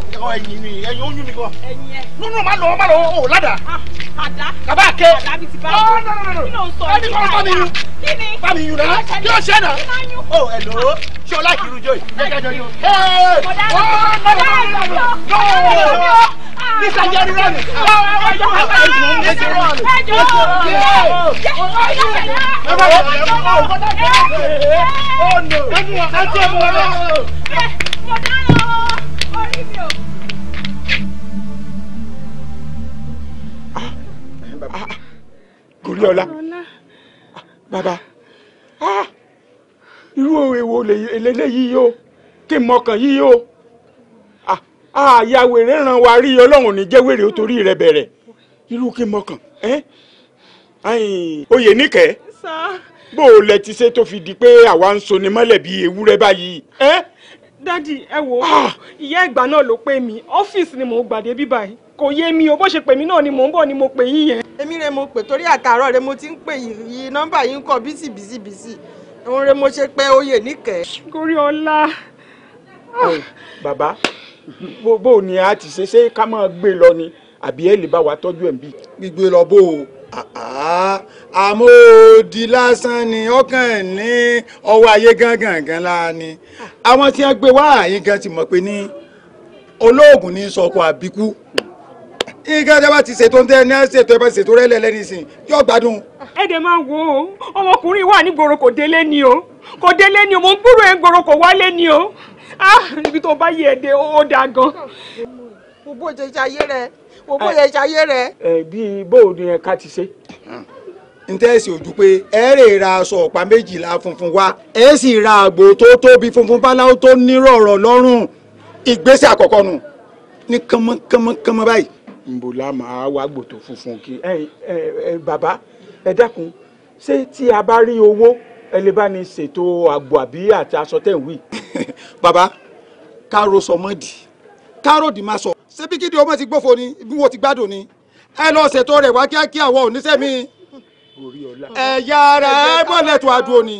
ọ ẹyin ni ẹyin oyún mi kọ. ẹyin ẹ. nínú ma lọ ma lọ o ládàá. àdá. kaba kẹ. àdá bi ti bá wọn. ọ nọ nọ nọ. kí ló ń sọ yìí. ẹni kọ́ bá mi yun. kí ni. bá mi yun náà. kí ló ṣe náà. o ẹ̀lò ṣe ọ láìkiri jọ yìí. ẹ jẹjọ yìí. ee ọ nọ nọ nọ nọ nọ. Nísà jẹ́ rírọ́ ni. Ẹjọ́ ẹjọ́ ẹjọ́ ẹjọ́ ẹjọ́ ẹjọ́ ẹjọ́ gorí ọlá bàbá ah! irú èwo eléyìí yìí o kí n mọkàn yìí o àyà ah, ah, wèrè ràn wá rí ọlọ́run ní jẹ́wèrè ó torí rẹ bẹ̀rẹ̀ irú kí n mọkàn oyè níkẹ́ bó o lẹ ti ṣe tó fi di pé àwa ń so ni mọ́lẹ̀ bíi ewúrẹ́ báyìí. Eh? dádì ẹ wo ah! ìyá ìgbà náà ló pè mí ọ́fíìsì ni mò ń gbàdé bí báyìí kò yé mi o bó ṣe pè mí náà ni mò ń bọ̀ ni mo pè yín yẹn. èmi rẹ mo pè torí àtàárọ̀ rẹ mo ti ń pè yìí nọ́mbà yìí ń kọ bísí bísí bísí òun rẹ mo ṣe pé oyè níkẹ́. gorí ọlá. bàbá bó ni a ti ṣe ṣé ká máa gbé lọ ni àbí ẹ lè bá wa tọ́jú ẹ̀ ń gbígbé lọ bó o àmóòdì ah, ah. lásán ni ọkàn ní ọwọ́ ayé gangan gan la ni àwọn tí wọ́n gbé wá yín gan ti mọ̀ pé ní olóògùn ní sọkọ àbíkú nǹkan tí a bá ti ṣètò ẹ ní ṣètò ẹ ṣètò rẹ lẹ́lẹ́ nísìnyí yóò gbádùn. ẹ dẹ̀ máa wo ọmọkùnrin wà nígboro kò délé ni o kò délé ni o mo ń gbúrò ẹ gbòòrò kò wálé ni o ibi ah, tó bá yẹ ẹ dé ó dáa gan. mo bó jẹjẹ ayé rẹ wò bó yẹ ṣayé rẹ. ẹ bí bóò ni ẹ ká ti ṣe. n tẹ́sí ojú pé ẹ rè ra aṣọ ọ̀pá méjìlá funfun wá ẹ sì ra àgbò tó tóbi funfun báláwo tó nírọ̀rọ̀ lọ́rùn ìgbésẹ̀ àkọ́kọ́ nù ní kánmọ́kánmọ́kánmọ́ báyìí. nbọ la máa wá gbòtò funfun kí. ẹ ẹ bàbá ẹ dákun ṣé tí a bá rí owó ẹ lè bá ní ṣètò àgbò àbí àti aṣọ tẹ̀ ń wí. bàbá ká sọmọdì ká ròdì máa sọ ṣebí kí ni ọmọ ti gbófo ni bí wọ́n ti gbádùn ni ẹ lọ ṣètò rẹ̀ wá kíákíá wọ oníṣẹ́ mi ẹ̀yà rẹ̀ mọ̀lẹ́tò àdúró ni.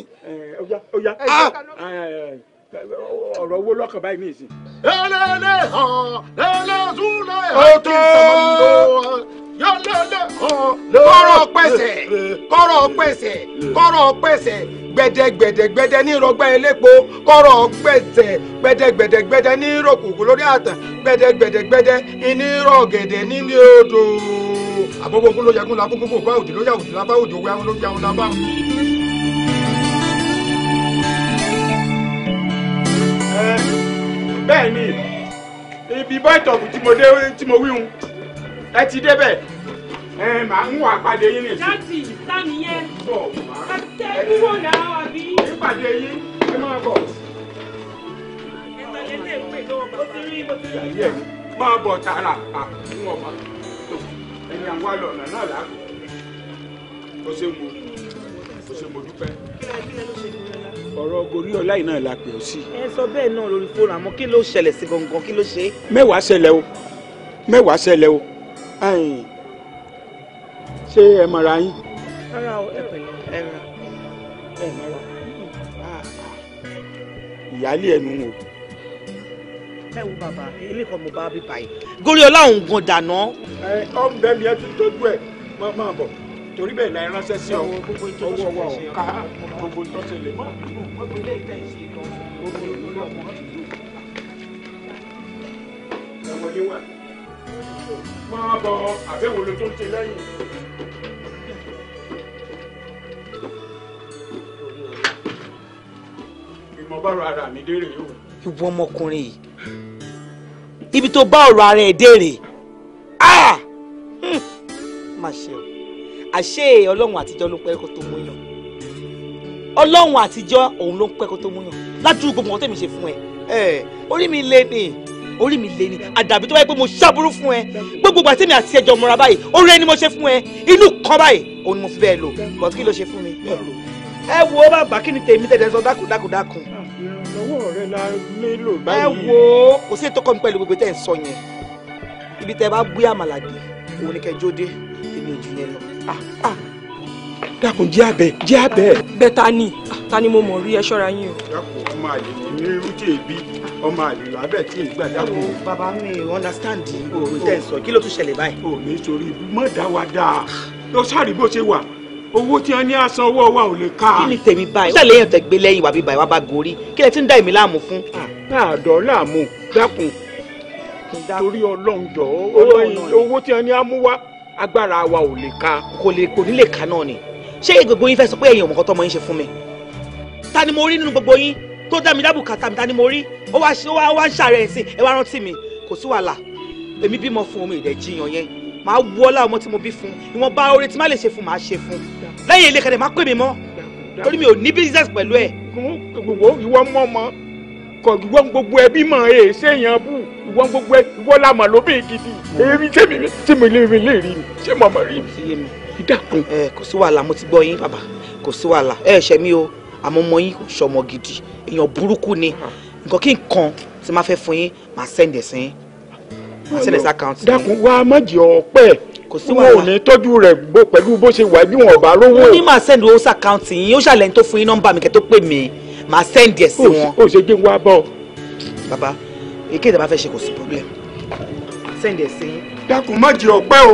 Ah, ọ̀rọ̀ owó lọ́kàn báyìí nìyí sí. lẹ́lẹ́ hàn lẹ́lẹ́ sùn lẹ́hàn kí n sọ̀rọ̀ ń lọ kọ́rọ̀ pẹ̀sẹ̀ kọ́rọ̀ pẹ̀sẹ̀ kọ́rọ̀ pẹ̀sẹ̀ gbẹdẹgbẹdẹgbẹdẹ ní ìrọgbà elépo kọ́rọ̀ pẹ̀sẹ̀ gbẹdẹgbẹdẹgbẹdẹ ní ìrọkùnkùn lórí àtàn gbẹdẹgbẹdẹgbẹdẹ ní ìrọgẹdẹ nílé odò. àbọ̀bọ̀ ogun ló yagun labúgbó bò bá òdì ló yà òdì lábá òdì òwe àwọn ló yà òdì lábá òdì. ni ibi bá ìtọ̀kù tí mo dé tí mo wí hun ẹ ti débẹ̀. ẹ màá ń wà pàdé yín nìyí. láti sáni yẹn ẹ kúrò náà àbí. ìpàdé yín ẹ máa bọ̀. ẹ̀sán lẹ́sẹ̀ ń pè lọ́wọ́ mo ti rí mo ti rí. máa bọ̀ tààrà àwọn ọmọ ẹni àwọn àlọ́ọ̀nà náà láàbò ó ṣe mú ó ṣe mo dúpẹ́. ọ̀rọ̀ Goriola yìí náà la pè ó sí. ẹ sọ bẹ́ẹ̀ náà lórí fóònù àmọ́ kí ló ṣẹlẹ̀ sí gangan kí ló ṣe é. mẹ́wàá ṣẹlẹ̀ o mẹ́wàá ṣẹlẹ̀ o ṣé ẹ mọ̀ra yín. rárá o ẹ pẹ̀lẹ́ ẹ rà ẹ mọ̀ra. ìyáálé ẹnu o. ẹ wo bàbá ilé kan mo bá bí báyìí. gorí ọláhùn gan dànù. ẹ ọ ń bẹ mi ẹ ti tójú ẹ máa máa bọ̀ torí bẹ́ẹ̀ la ránṣẹ́ sí ọ ọwọ́ ọwọ́ ká gbogbo ìtọ́sẹ̀lẹ̀ mọ́. gbogbo ilé ìtẹ̀ ìṣe kan gbogbo ìlú lọ́kùnrin. ọmọdé wà máa bọ àbẹ̀wò ló tó ń ṣe lẹ́yìn. ìmọ̀ bára ara mi dé rèé o. ìwọ ọmọkùnrin yìí ibi tó bá ọ̀rọ̀ ara ẹ̀ dé rèé ah! hmm. ọlọ́run àtijọ́ ló pẹ́ kó tó mú yàn ọlọ́run àtijọ́ òun ló pẹ́ kó tó mú yàn ládùúgbò mọ́ tẹ̀mí ṣe fún ẹ orí mi lé ni orí mi lè ní àdàbí tó báyìí pé mo ṣàbúrú fún ẹ gbogbo àti èmi àti ẹjọ mọra báyìí orí ẹni mo ṣe fún ẹ inú kan báyìí òun ni mo fi bẹ́ẹ̀ lò but kí ló ṣe fún mi. ẹ wo bàbá kí ni tèmi tẹ̀lé sọ dákùdákùdákùn. ìrànlọ́wọ́ rẹ la nílò báyìí. ẹ wo kò sí ètò kọ́mi pẹ̀lú gbogbo tẹ̀ ń sọ yẹn ibi tẹ bá gbé àmàlàdé òun ni kẹjọ dé tèmi òjò yẹn lọ. Ah, ah. dákun jẹ́ àbẹ̀ jẹ́ àbẹ̀. bẹ́ẹ̀ ta ni ah, ta ni mo mọ̀ rí ẹ ṣọ́ra yín o. dákun ọmọ àlè ní irú tèébí ọmọ àlèlò abẹ́ tí èyí gbàdá kù. bàbá mi understand òru tẹ̀ ń sọ kí ló tún ṣẹlẹ̀ báyìí. ò ní sori mọ̀ dá wa dáa lọ sáré bó ṣe wà owó tí wọn ní asan owó wa ò lè ká. kí ni tèmi báyìí ó ṣàlẹ́yìn tẹ̀gbẹ́ lẹ́yìn wàbí báyìí wà bá gorí kí lẹ ti ń dá èmi láàmú fún. àdọ̀ láàmú dákun torí ọlọ́run jọ owó tí wọn ní amúwá agbára wa ò lè ká. kò lè kò ní lè ká náà ni ṣé gbogbo yín fẹ́ sọ pé ẹ̀yin ò mọ̀ yín ṣe fún mi ta ni mo rí nínú gbogbo yín tó dá mi lábùkátà mi ta ni mo rí ó wá ń ṣàárẹ̀ ẹ̀sìn ẹ wá rántí mi kò sí wàhálà èmi bímọ fún omi ìdẹ́jìyàn yẹn màá wú ọlá ọmọ tí mo bí fún ìwọ̀n bá oore tí má lè ṣe fún màá ṣe fún lẹ́yìn ilé kẹ̀dẹ̀ má pè mí mọ́ torí mi ò ní business pẹ̀lú ẹ̀. ìwọ ìwọ mọ ọmọ kọ ìwọ gbogbo ẹbí mọ ẹ ṣéèyàn bù ìwọ gbogbo ẹ ìwọ làmọ ló bẹ gidi èmi tèmi tèmi lè rí lè rí ṣé rí mi. ẹ kò sí wàhálà mo ti gbọ́ yín bàbá kò sí wàhálà ẹ ṣẹ mi o àmọ́ ọmọ yín kò ṣọmọ gidi èèyàn burúkú ni nǹkan kí nǹkan tí máa fẹ́ fún yín ma send ẹ̀ sẹ́yìn máa send ẹ̀ sí àkáǹtì. dákun wá má jẹ ọpẹ́ kò sí wàhálà wọn ò ní tọ́jú rẹ̀ gbó pẹ̀lú bó ṣe wà bí wọn ò bá rówó. wọ́n ní máa send owó sí àkáǹtì yín ó ṣàlẹ̀ ní tó fún yín nọ́mbà mi kẹ́ tó pè mí máa send ẹ̀ sí wọn. ó ṣe jẹ́ wá bọ́. bàbá èké ìdàbà fẹ́ ṣe kò sí problem send ẹ̀ sí yín. dákun má jẹ ọpẹ́ o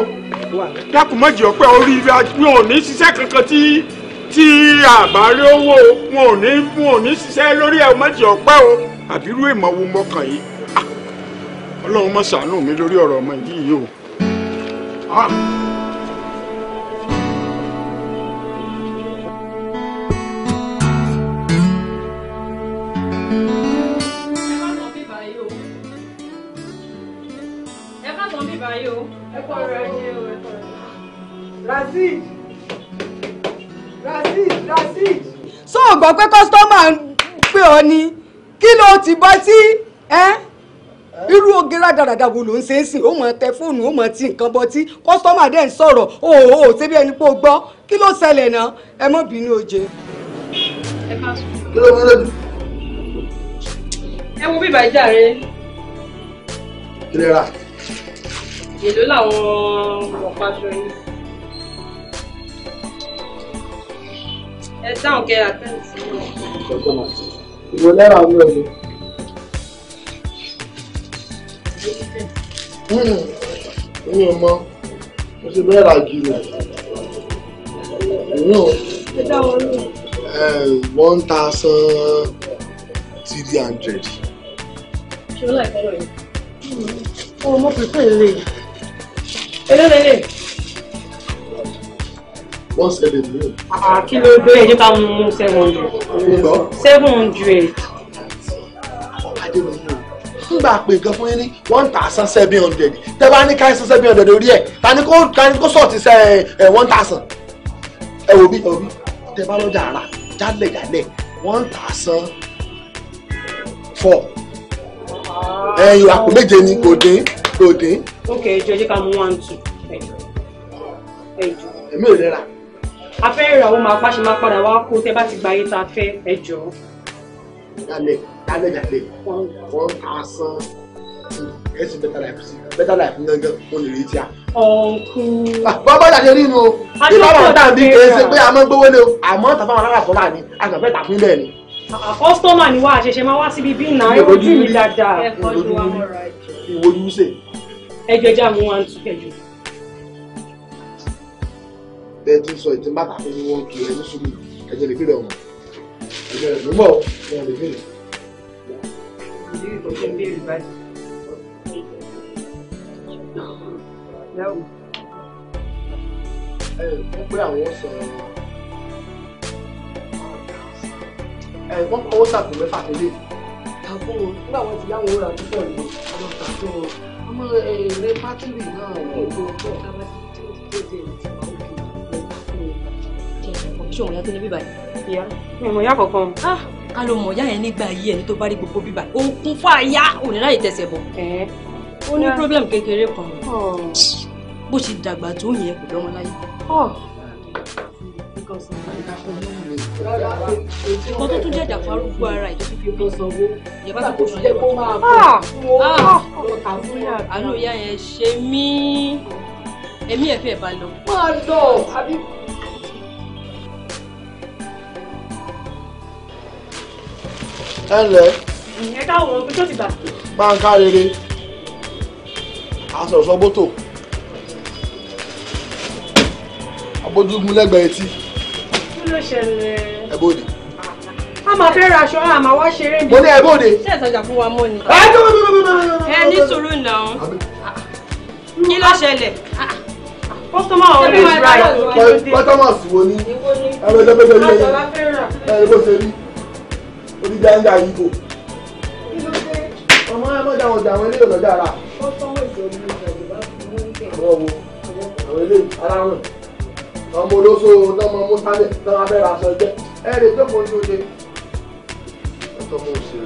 dákun má jẹ ọpẹ́ orí wọn ò ní ṣiṣẹ́ tí àbárí owó wọn ò ní wọn ò ní ṣiṣẹ́ lórí ẹ̀ mọ́jì ọ̀pẹ́ o àbírú ìmọ̀ wo mọ́kàn yìí ah! ọlọ́run mọ̀ ṣàánú mi lórí ọ̀rọ̀ ọmọ yìí o. Ah. Brazil so gbọ́ pé kọ́sítọ́mà ń pè ọ́ ni kí ló ti bọ́ sí irú oge rádaràda wo ló ń ṣe é sìn ó mọ tẹ fóònù ó mọ ti nǹkan bọ tí kọ́sítọ́mà dẹ̀ ń sọ̀rọ̀ o ò ò ṣebí ẹni pé o gbọ́ kí ló ṣẹlẹ̀ náà ẹ mọ́ bínú oje. ẹ wo bíbá ìjà rẹ. ìlera. èló làwọn ọ̀pá aṣọ yìí. ẹ dáhùn kẹ àtẹ̀sí. ìwọ lẹ́rọ àwọn ọ̀dọ́. Hmm. mi ò mọ mo ṣe bẹ́ẹ̀ ra gírò ìwọ eh, one thousand three hundred. ṣọlá ìfọwọ́ yìí. ọmọ hmm. oh, pípé lè. eléré lè wọ́n ṣẹlẹ̀ mí. kí ló dé ẹjọ́ ká mú seven hundred. seven hundred. nígbà pé nǹkan fún yín ní one thousand seven hundred tẹ́ bá ní ká ẹsẹ̀ seven hundred orí ẹ̀ ta ni kó ta ni kó sọ̀tì sẹ́ ẹ̀ one thousand ẹ wò bí ọbí tẹ́ bá lọ́jà ara jálẹ̀ jálẹ̀ one thousand four ah. ẹ̀yìn àpò méje ni kò dín kò dín. ok ẹjọ́ ẹjọ́ ká mú one two ẹjọ́. èmi ò lè rà a fẹ́ rà ó máa pàṣẹ máa padà wá kó tẹ́ bá ti gba ayé tá a fẹ́ ẹ jọ. dalẹ dalẹ dalẹ one thousand ẹsùn better life sí better life gángan mo lè rí tíá. ọ̀nkún. Ah, bọ́bá ìdàdé nínú o ìbá wọn dàbí kìí ṣe pé a máa ń gbówó lé o àmọ́ tàbá wọn alára sọ́lá ni a kàn fẹ́ tà fún ilẹ̀ ni. kọ́sítọ́mà ah, ah, ni wà á ṣẹ̀ṣẹ̀ máa wá síbi bí náà ojú mi dáadáa. ìwòjú ṣe. ẹgbẹ̀já mú wa ń tún kẹjọ bẹ́ẹ̀ tún sọ ìtì bàtà fún mi wọ́n tu ẹ̀ ní sùúrù lè fi rẹ̀ ọ̀mọ̀ lè fi mọ̀ lè fi rẹ̀. pé àwọn sọ̀rọ̀ ẹ wọ́n kọ́ wọ́sàpù mẹ́fà tẹ́lẹ̀ nígbà wọn ti yáwọn òwúrọ̀ àtúntò ìlú àwọn ta fún ọmọ ẹ̀rẹ́ náà ẹ̀ ṣé òun yá tó ní bíbá yìí. ìyá mi mọ̀ ìyá kankan. ká ah, ló mọ̀ ìyá yẹn nígbà yìí ẹni tó bá rí gbogbo bíbá òun kún fún àyà òun ní láyè tẹ̀sẹ̀ bọ̀. ó ní problem kékeré kan bó ṣe dàgbà tó yẹn kò lọ́mọ láyé. nǹkan tó tún jẹ́ ìdàpọ̀ arúgbó ara ìjọba fi omi sanwó ìyẹn bá tó kó sùn ah! ah! lẹ́kọ̀ọ́. àánú ìyá yẹn ṣe mí ẹ̀mí ẹ̀fẹ̀ bá lọ. máa lọ àbí ẹ ǹlẹ́. ẹ káwọn ọkùnrin tó ti gbà. pàǹkà rere aṣọ ìṣọ́gbótò abójúgun lẹ́gbẹ̀ẹ́ etí. kí ló ṣẹlẹ̀. ẹ a máa fẹ́ ra aṣọ àmà wá ṣeré ni. mo ní ẹ ṣé ìtajà fún wa mọ́ ni. ẹ ní sùúrù náà kí ló ṣẹlẹ̀. kọ́sọ́mà ọ̀rẹ́ ìṣúra ẹ̀. kọ́sọ́mà sì wo ni. ẹ bẹ jẹ́ bẹ́ẹ̀ bẹ́ẹ̀ yẹn ẹ bó ṣe rí orí dáńgá yìí kò. ọmọ ẹ mọ́jà wọn jà àwọn eléyìí lọ́jà rà. àwọn wo àwọn eléyìí ara wọn ọmọ olóso lọmọ mú lọ́wọ́ abẹ́rẹ́ aṣọ jẹ́ ẹ lè jókòó ní oṣù. ọtọ́ mo ṣe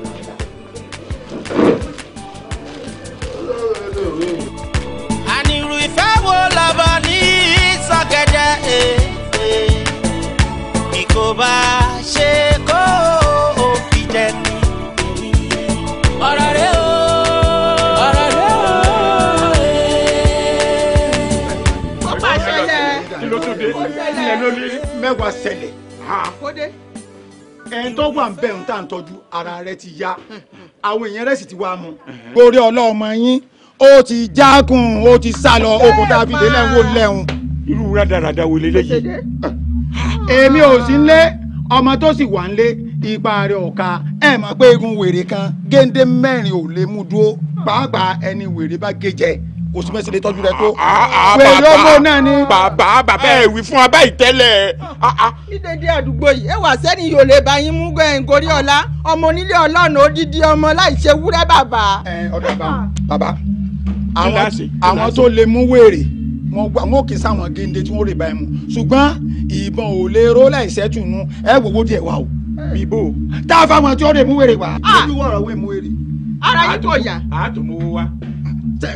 é. ànírú ìfẹ́ wo lọ́bọ ní sọ́kẹ́jẹ́ eh, eh, ìkó bá ṣe é. mẹ́wàá ṣẹlẹ̀ ẹni tó wà ń bẹ̀ ń tà ń tọ́jú ara rẹ ti yá àwọn èèyàn rẹ sì ti wá mu. gorí ọlọ́mọ yín ó ti jákùn ó ti sá lọ okùn tá a fi délẹ̀ wò lẹ́hùn. irú rádaràda wo leléyìí. èmi ò sí lé ọmọ tó sì wà ń lé ipa rẹ ọ̀ka ẹ mọ̀ pé egun wèrè kan géńdé mẹ́rin ò lè mú dúró pàápàá ẹni wèrè bá gé jẹ kò sí mẹ́sẹ̀ lè tọ́jú rẹ tó. Ah, ah, ah, pẹ̀lú ọmọ náà ni. bàbá bàbá ẹ wí fún wa báyìí tẹ́lẹ̀. dídèdè àdúgbò yìí ẹ wà sẹ́ni yóò lè bá yín mú gòrí ọ̀la ọmọ onílé ọlọ́run odidi ọmọ láì ṣe wúrẹ́ bàbá. ọ̀dọ̀ bàbá àwọn tó lè mú wèrè wọn gbọ́ àwọn òkè sáwọn géńdé tí wọ́n rè báyìí mu ṣùgbọ́n ìbọn ò lè ró láìsẹ́tùnú ẹ wò wó díẹ̀ wá o. bíbó tá a fáwọn tí wọ́n rè mú wèrè wá. lójú wọ̀rọ̀ wé mú wèrè. ara yín tó yà. àá tó mú wá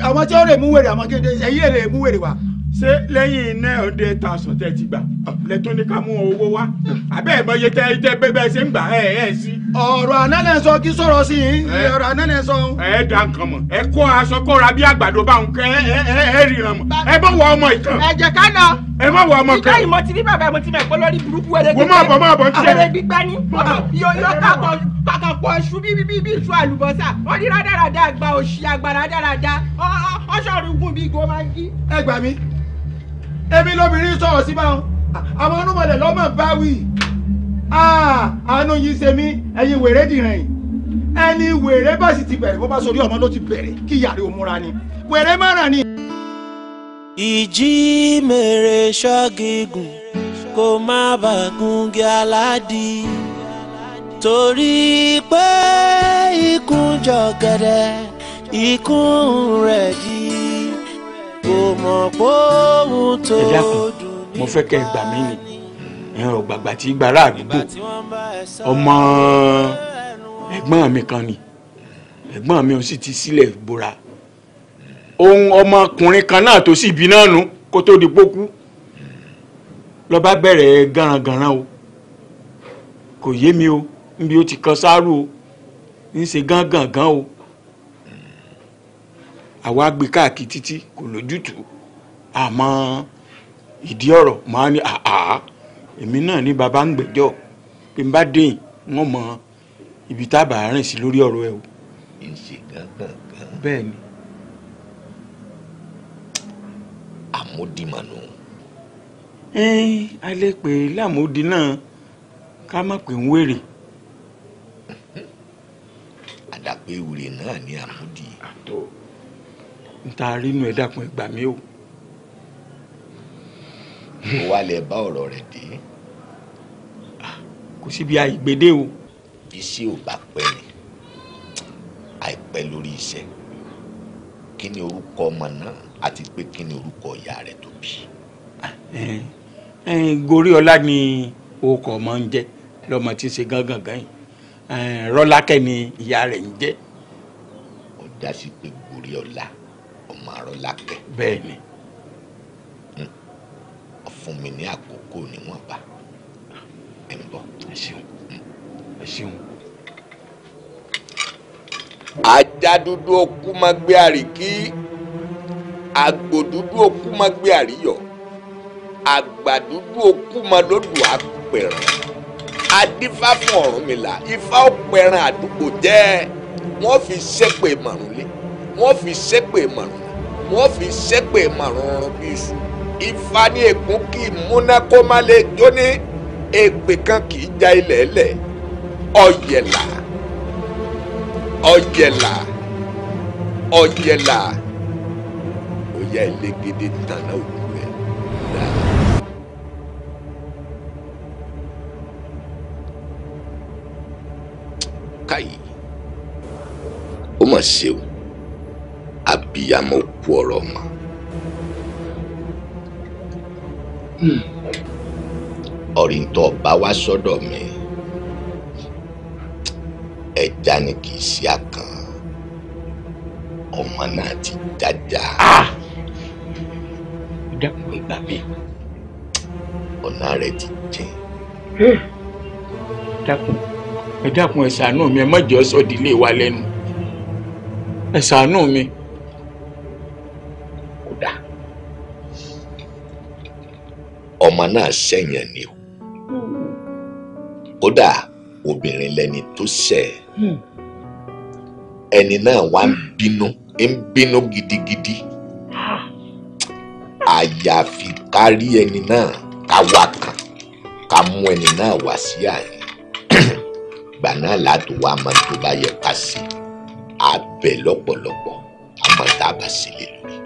àwọn tí ó rè mú wèrè àwọn kéde ẹ̀yìn èrè mú wèrè wá ṣé lẹ́yìn nine hundred thousand tẹ́ ti gbà lẹ́tọ́ ká mú owó wá àbẹ́ ìmọ̀ye tẹ́ tẹ́ pé bẹ́ẹ̀ ṣe ń gbà ẹ̀ ẹ̀ sí. ọ̀rọ̀ ànálẹ̀ sọ kí sọ̀rọ̀ sí i ọ̀rọ̀ ànálẹ̀ sọ. ẹ da nǹkan mọ̀ ẹ kó aṣọ kóra bí àgbàdo bá ń kẹ ẹ ríran mọ̀ ẹ bá wọ ọmọ ìkan. ẹ ká lọ. ẹ bá wọ ọmọ kan. ìkẹyìn mo ti rí bàbá mo ti mẹ pé lórí èmi lóbìnrin sọ̀rọ̀ sí báwọn àwọn ọlọ́mọdé lọ́mọ bá wí ah, àánú yìí ṣe mí ẹ̀yin wèrè dìrẹ̀ yìí ẹni wèrè bá sì ti bẹ̀rẹ̀ bó bá sórí ọmọ ló ti bẹ̀rẹ̀ kí yàrá òmùra ni wèrè márùn ni. ìjì mèrè ṣọ́gígùn kó má bàa gungi aládì torí pé ikú jọ̀gẹ̀dẹ̀ ikú rẹ̀ yìí kò mọ̀ pé òun tó dùn ní. mo fẹ́ kẹ́ ẹ gbà mí ni ọ̀gbàgbà tí gbàrà àdúgbò ọmọ ẹ̀gbọ́n mi kan ni ẹ̀gbọ́n mi ò sì ti sílẹ̀ bora ohun ọmọkùnrin kan náà tó sì bí náà nù kó tó di pókú ló bá bẹ̀rẹ̀ garangaran o kò yé mi o níbi ó ti kan sáárù o ń ṣe gángangan o àwa gbé káàkiri títí kò lójútùú àmọ́ ìdí ọ̀rọ̀ máa ní àhà èmi náà ní baba ń gbẹ́jọ́ pé n bá dẹ́yìn wọ́n mọ ibi tábà rìn sí lórí ọ̀rọ̀ ẹ o. bẹ́ẹ̀ ni. àmódìmọ̀nù. ẹ́ẹ́n a lè pè é náà ká má pè ń wèrè. àdàpé wèrè náà ni àmódì. àtọ́ níta rínú ẹ dákun ẹ gbà mí o. ó wá lè bá ọ̀rọ̀ rẹ̀ dé. kò síbi àìgbédè o. iṣẹ́ ò bá pẹ́ ni àìpẹ́ lórí iṣẹ́ kí ni orúkọ ọmọ náà àti pé kí ni orúkọ ìyá rẹ̀ tó bí. Goríọlá ni orúkọ ọmọ ń jẹ́ lọ́mọ tí ń ṣe gángan gan yìí Rọ́lákẹ́ ni ìyá rẹ̀ ń jẹ́. ó sí pé Goríọlá Arọ́lákẹ́. bẹ́ẹ̀ni. Hmm. ó fún mi ní àkókò níwọ̀nba ẹ̀ ń bọ̀. ẹ ṣeun hmm. ẹ ṣeun. ajá dúdú okú má gbé àríkí àgbò dúdú okú má gbé àríyọ àgbà dúdú okú má lódù àpẹrẹ adífá fún Ọ̀rúnmìlà ifá ọ̀pẹ̀rẹ̀ àdúgbò jẹ́ wọ́n fi ṣépè màrúnlé wọ́n fi ṣépè màrúnlé wọ́n fi ṣépè màrọ̀rọ̀ bí iṣu ifá ní ègún kí múnákó má lè jóní èpè kan kì í ja ilẹ̀ ẹlẹ̀ ọ̀yẹ̀là ọ̀yẹ̀là ọ̀yẹ̀là òyà elégédé tànà òkú ẹ̀ dáa. ó mà ṣe o abiyamọ kú ọ̀rọ̀ ọmọ. Hmm. ọ̀rìntọ́ bá wá sọ́dọ̀ mi ẹja ni kì í ṣe àkàn ọmọ náà ti jájà. Ah! dákun ìgbà mi. ọ̀nà rẹ̀ ti jìn. Eh! dákun ẹ dákun ẹ mi ẹ má jẹ́ ọ wa lẹ́nu ẹ mi. ọmọ náà ṣẹ̀yàn ni o kódà obìnrin lẹni tó ṣẹ̀ hmm. ẹni náà wá ń bínú ń bínú gidigidi àyàfi ká rí ẹni náà ká wá kan ká mú ẹni náà wá sí àyè gbà náà láti wá máa tó bá yẹ ká sí abẹ lọ́pọ̀lọpọ̀ àmọ́ tá a bá sílẹ̀ lórí.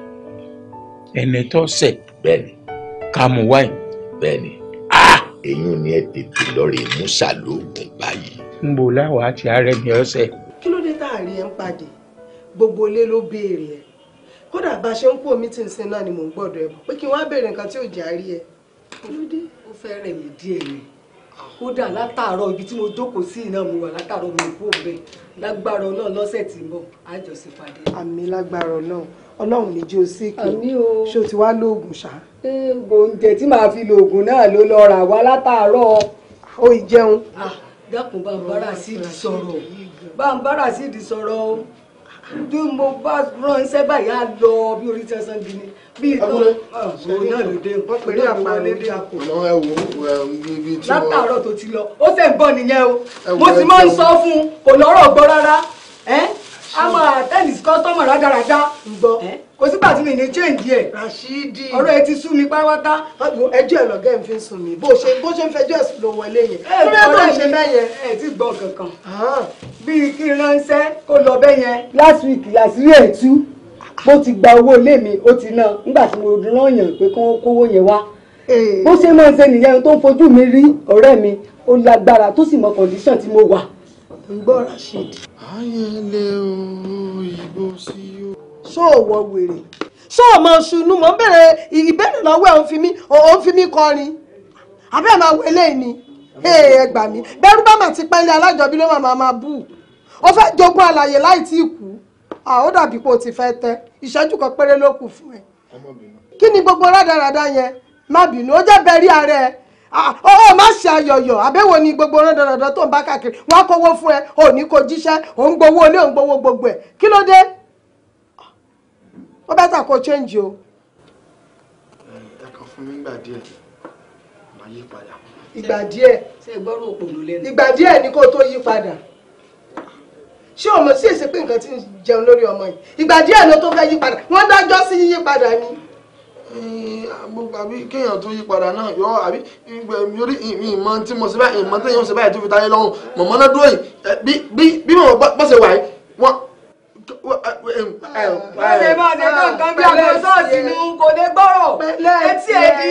ẹni tó ṣẹ̀ bẹ́ẹ̀ ni ká mú wáyé bẹ́ẹ̀ ni èyún ni ẹ tètè lọ́ọ̀rì musa lóògùn báyìí. ń bò láwọn àti ààrẹ mi ọ̀sẹ̀. kí ló dé tá a rí ẹ ń pàdé gbogbo ilé ló béèrè ẹ kódà bá a ṣe ń kó mítìn sí náà ni mò ń gbọ́dọ̀ ẹ pé kí wọn á béèrè nǹkan tí ò jẹ àárí ẹ. kí ló dé ó fẹ́ rẹ̀ mí díẹ̀ ni kódà látàárọ̀ ibi tí mo jókòó sí iná mo wà látàárọ̀ mi kú òbẹ lágbára Ọlọ́run lọ́sẹ̀ tí ń bọ̀ àjọṣe pàdé. àmì lágbára Ọlọ́run Ọlọ́run ní jó síkì ṣó ti wá lóògùn ṣá. oúnjẹ tí màá fi lòògùn náà ló lọ rà wá látàárọ̀. ó ì jẹun. Ah, dákun bá ń bára sí sọ̀rọ̀ bá ń bára sí sọ̀rọ̀ o bí mo bá rán iṣẹ́ báyìí á lọ bí orí tí ẹsan gini bí ìtọ́ ah, òun náà ló dé wọ́n pèrè àpá lédè àpò. ẹ wo ibi tí wọ́n. látàárọ̀ tó ti lọ ó sì ń bọ̀ nìyẹn o mo ti máa ń sọ fún un kò lọ́rọ̀ gbọ́ rárá a máa tẹ́nìsì kọ́sítọ́mù rádaràda ǹgbọ́ kò sígbà tí mi ní chéǹdì ẹ̀. Rashidi ọ̀rọ̀ ẹ ti sú mi pátápátá. ẹjọ́ ẹ lọ́gẹ́ ń fi ń sùn mí bó ṣe bó ṣe ń fẹjọ́ ẹ̀sùn ló wọlé yẹn. kúrẹ́ tó ń ṣe bẹ́yẹn ẹ ti gbọ́ kankan. Ah. bíi kí ránṣẹ́ kó lọ bẹ́yẹn. last week làṣírí ẹ̀ tú bó ti gba owó ilé mi ó ti ná nígbà tí mo rányàn pé kówó yẹn wá bó ṣe máa ń ṣe nìyẹn tó ń fojú mi rí ọ̀rẹ́ mi ó lágbára tó sì mọ kọ̀ǹdíṣàn tí mo wà ń gbọ́ Rasheed. ayẹlẹ òyìnbó sí o. ṣó o wọ wèrè ṣó o mọ ṣùnú mọ bẹ̀rẹ̀ ìbéèrè lọ́wọ́ ẹ ò fi kọrin abẹ́ máa wọ eléyìí ni ẹ gbà mí bẹ́rù bá mà ti pẹ́lẹ́ alájọbí ló máa máa bù ó fẹ́ jogún àlàyé láì tí ì kú ó dàbí pé o ti fẹ́ tẹ ìṣẹ́jú kan péré ló kù fún ẹ kí ni gbogbo rádaràda yẹn má bínú ó jẹ́ bẹ́ẹ̀ ara ẹ ọ ah, oh, oh, má ṣe ayọ̀yọ̀ àbẹ̀wò ni gbogbo rán dandan tó ń bá káàkiri wọn á kówó fún ẹ ò ní kó jíṣẹ́ ò ń gbowó ilé ò ń gbowó gbogbo ẹ̀ kí ló dé ó bẹ́tà kó change o. ẹ̀ẹ́dàkan fún mi nígbà díẹ̀ máa yí padà. ìgbà díẹ̀ ìgbà díẹ̀ ni kó tó yí padà ṣé ọmọ sí èsì pé nǹkan ti ń jẹun lórí ọmọ yìí ìgbà díẹ̀ ló tó fẹ́ yí padà wọ́n dájọ́ sí yíyí padà ni gbogbo àbí kéèyàn tó yí padà náà yọ àbí yorí ìmọ̀ tí mo ṣe báyìí ìmọ̀ téèyàn ṣe báyìí tó fi táyé lọ́rùn mọ̀mọ́ náà dúró yìí bí bí mọ̀mọ́ gbọ́sẹ̀ wà yìí wọ́n. bọ́sẹ̀ bọ́sẹ̀ kankan bí àgbọ̀sọ̀ọ̀sì ni kò dé gbọ́rọ̀ etí ẹ̀ di.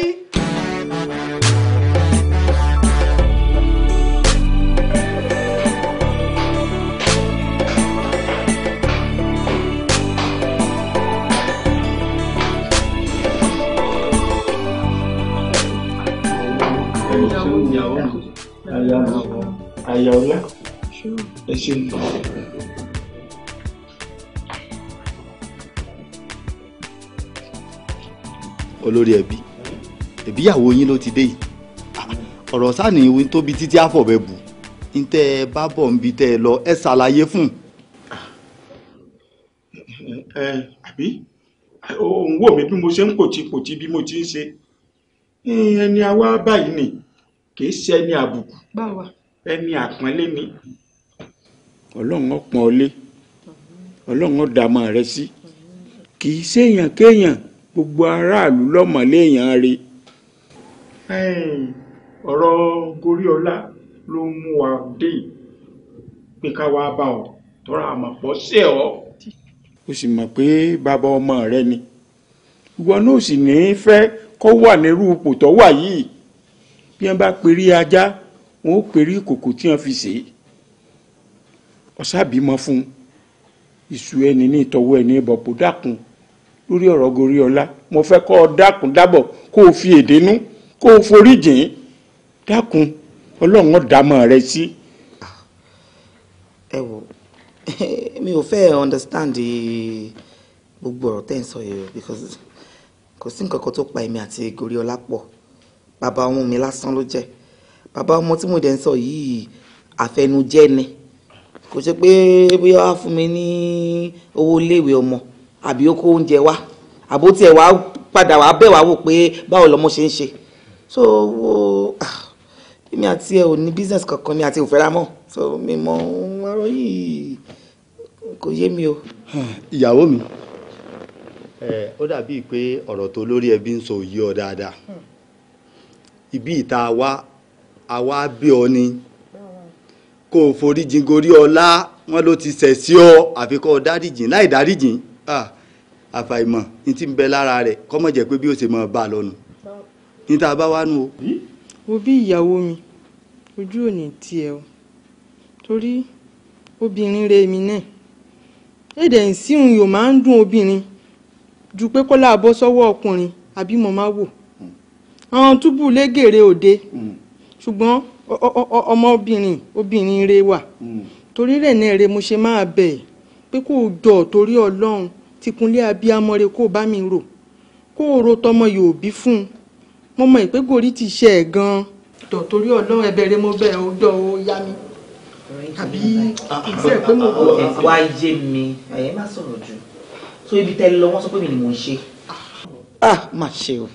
ìyàwó mi àyà mi àyà ọlá ẹ ṣe mi. olórí ẹbí ẹbí ìyàwó yín ló ti dé yìí ọ̀rọ̀ sáàní ìwé tóbi títí àfọ̀bẹ bù ń tẹ́ ẹ bá bọ̀ ń bi tẹ́ ẹ lọ ẹ ṣàlàyé fún. ẹ àbí òun wò mí bí mo ṣe ń pòtipòti bí mo ti ń ṣe ẹni àwa báyìí nìyí kì í ṣe ẹni àbùkù ẹni àpọ́nlé ni ọlọ́run ọ̀pọ̀n ọlé ọlọ́run ọ̀dàmọ̀ rẹ sí kì í ṣèyàn kéèyàn gbogbo aráàlú lọ́mọ̀lé èèyàn rè. ọ̀rọ̀ Goríọlá ló mú wa dé pé ká wá bá ọ tọ́ra àmọ̀pọ̀ sí ọ. o sì mọ̀ pé bàbá ọmọ rẹ ni ìwọ náà sì ní í fẹ́ kó wà nírú ipò tó wà yìí bí wọ́n bá perí ajá wọn ó perí ìkòkò tí wọ́n fi sè é ọ̀sá bímọ fún ìṣù ẹni ní ìtọ́wọ́ ẹni ìbọ̀pọ̀ dákun lórí ọ̀rọ̀ gorí ọlá mo fẹ́ kọ́ ọ dákun dábọ̀ kó o fi èdè nú kó o forí jìn dákun ọlọ́run ọ̀dàmọ̀ rẹ sí. ẹ wo mi ò fẹ́ understand gbogbo ọ̀rọ̀ tẹ́ ń sọ yìí because kò sí nǹkan kan tó pa èmi àti gorí pọ̀ bàbá ọmọ mi lásán ló jẹ́ bàbá ọmọ tí mo dẹ̀ ń sọ yìí àfẹnujẹ́ ni kò ṣe pé bóyá wá fún mi ní owó iléèwé ọmọ àbí ó kó oúnjẹ wá àbó tiẹ̀ wá padà wá bẹ̀ wá wò pé báwo lọmọ ṣe ń ṣe so wo ah, èmi àti ẹ ò ní business kankan ni àti òfẹ́ra mọ́ so mi mọ ọ̀rọ̀ yìí kò yé mi o. ìyàwó mi ó dàbíi pé ọ̀rọ̀ tó lórí ẹbí ń sọ yìí ọ dáadáa ibi ìta wa àwa bí ọ ni kó o foríjìn gorí ọlá wọn ló ti ṣẹ̀ sí ọ àfi kó o dáríjìn láì dáríjìn ah, àfàìmọ̀ ní ti ń bẹ lára rẹ̀ kọ́mọ̀ jẹ́ pé bí o ṣe mọ̀ bá a lọ́nu níta bá wá nù o. wo bí ìyàwó mi ojú ò ní tiẹ̀ o torí obìnrin rẹ mi náà èdè ìsíhun yóò máa ń dùn obìnrin ju pé kọ́lá bọ́ sọ́wọ́ ọkùnrin àbí mo máa wò àwọn túbú légèrè òde hmm. ṣùgbọ́n ọmọbìnrin obìnrin rẹ wà hmm. torí rẹ̀ náà rẹ mo ṣe máa bẹ̀ pé kó o jọ torí ọlọ́run tìkúnlé abiyamọ rẹ kó o bá mi rò kó o ro tọmọ yòòbí fún un mo mọ ìpé gòrí ti ṣe ẹ̀ gan-an jọ torí ọlọ́run ẹ̀bẹ̀ rẹ mo bẹ̀ ọ́ jọ o yá mi àbí ìṣe ẹ̀ pé mo kó. ẹ̀fọ́ ayé mi ẹ̀yẹ́ má sọ̀rọ̀ jù tó ibi tẹ́lẹ̀ lọ wọ́n sọ pé mi ni mò ń ṣe. ah má ṣe o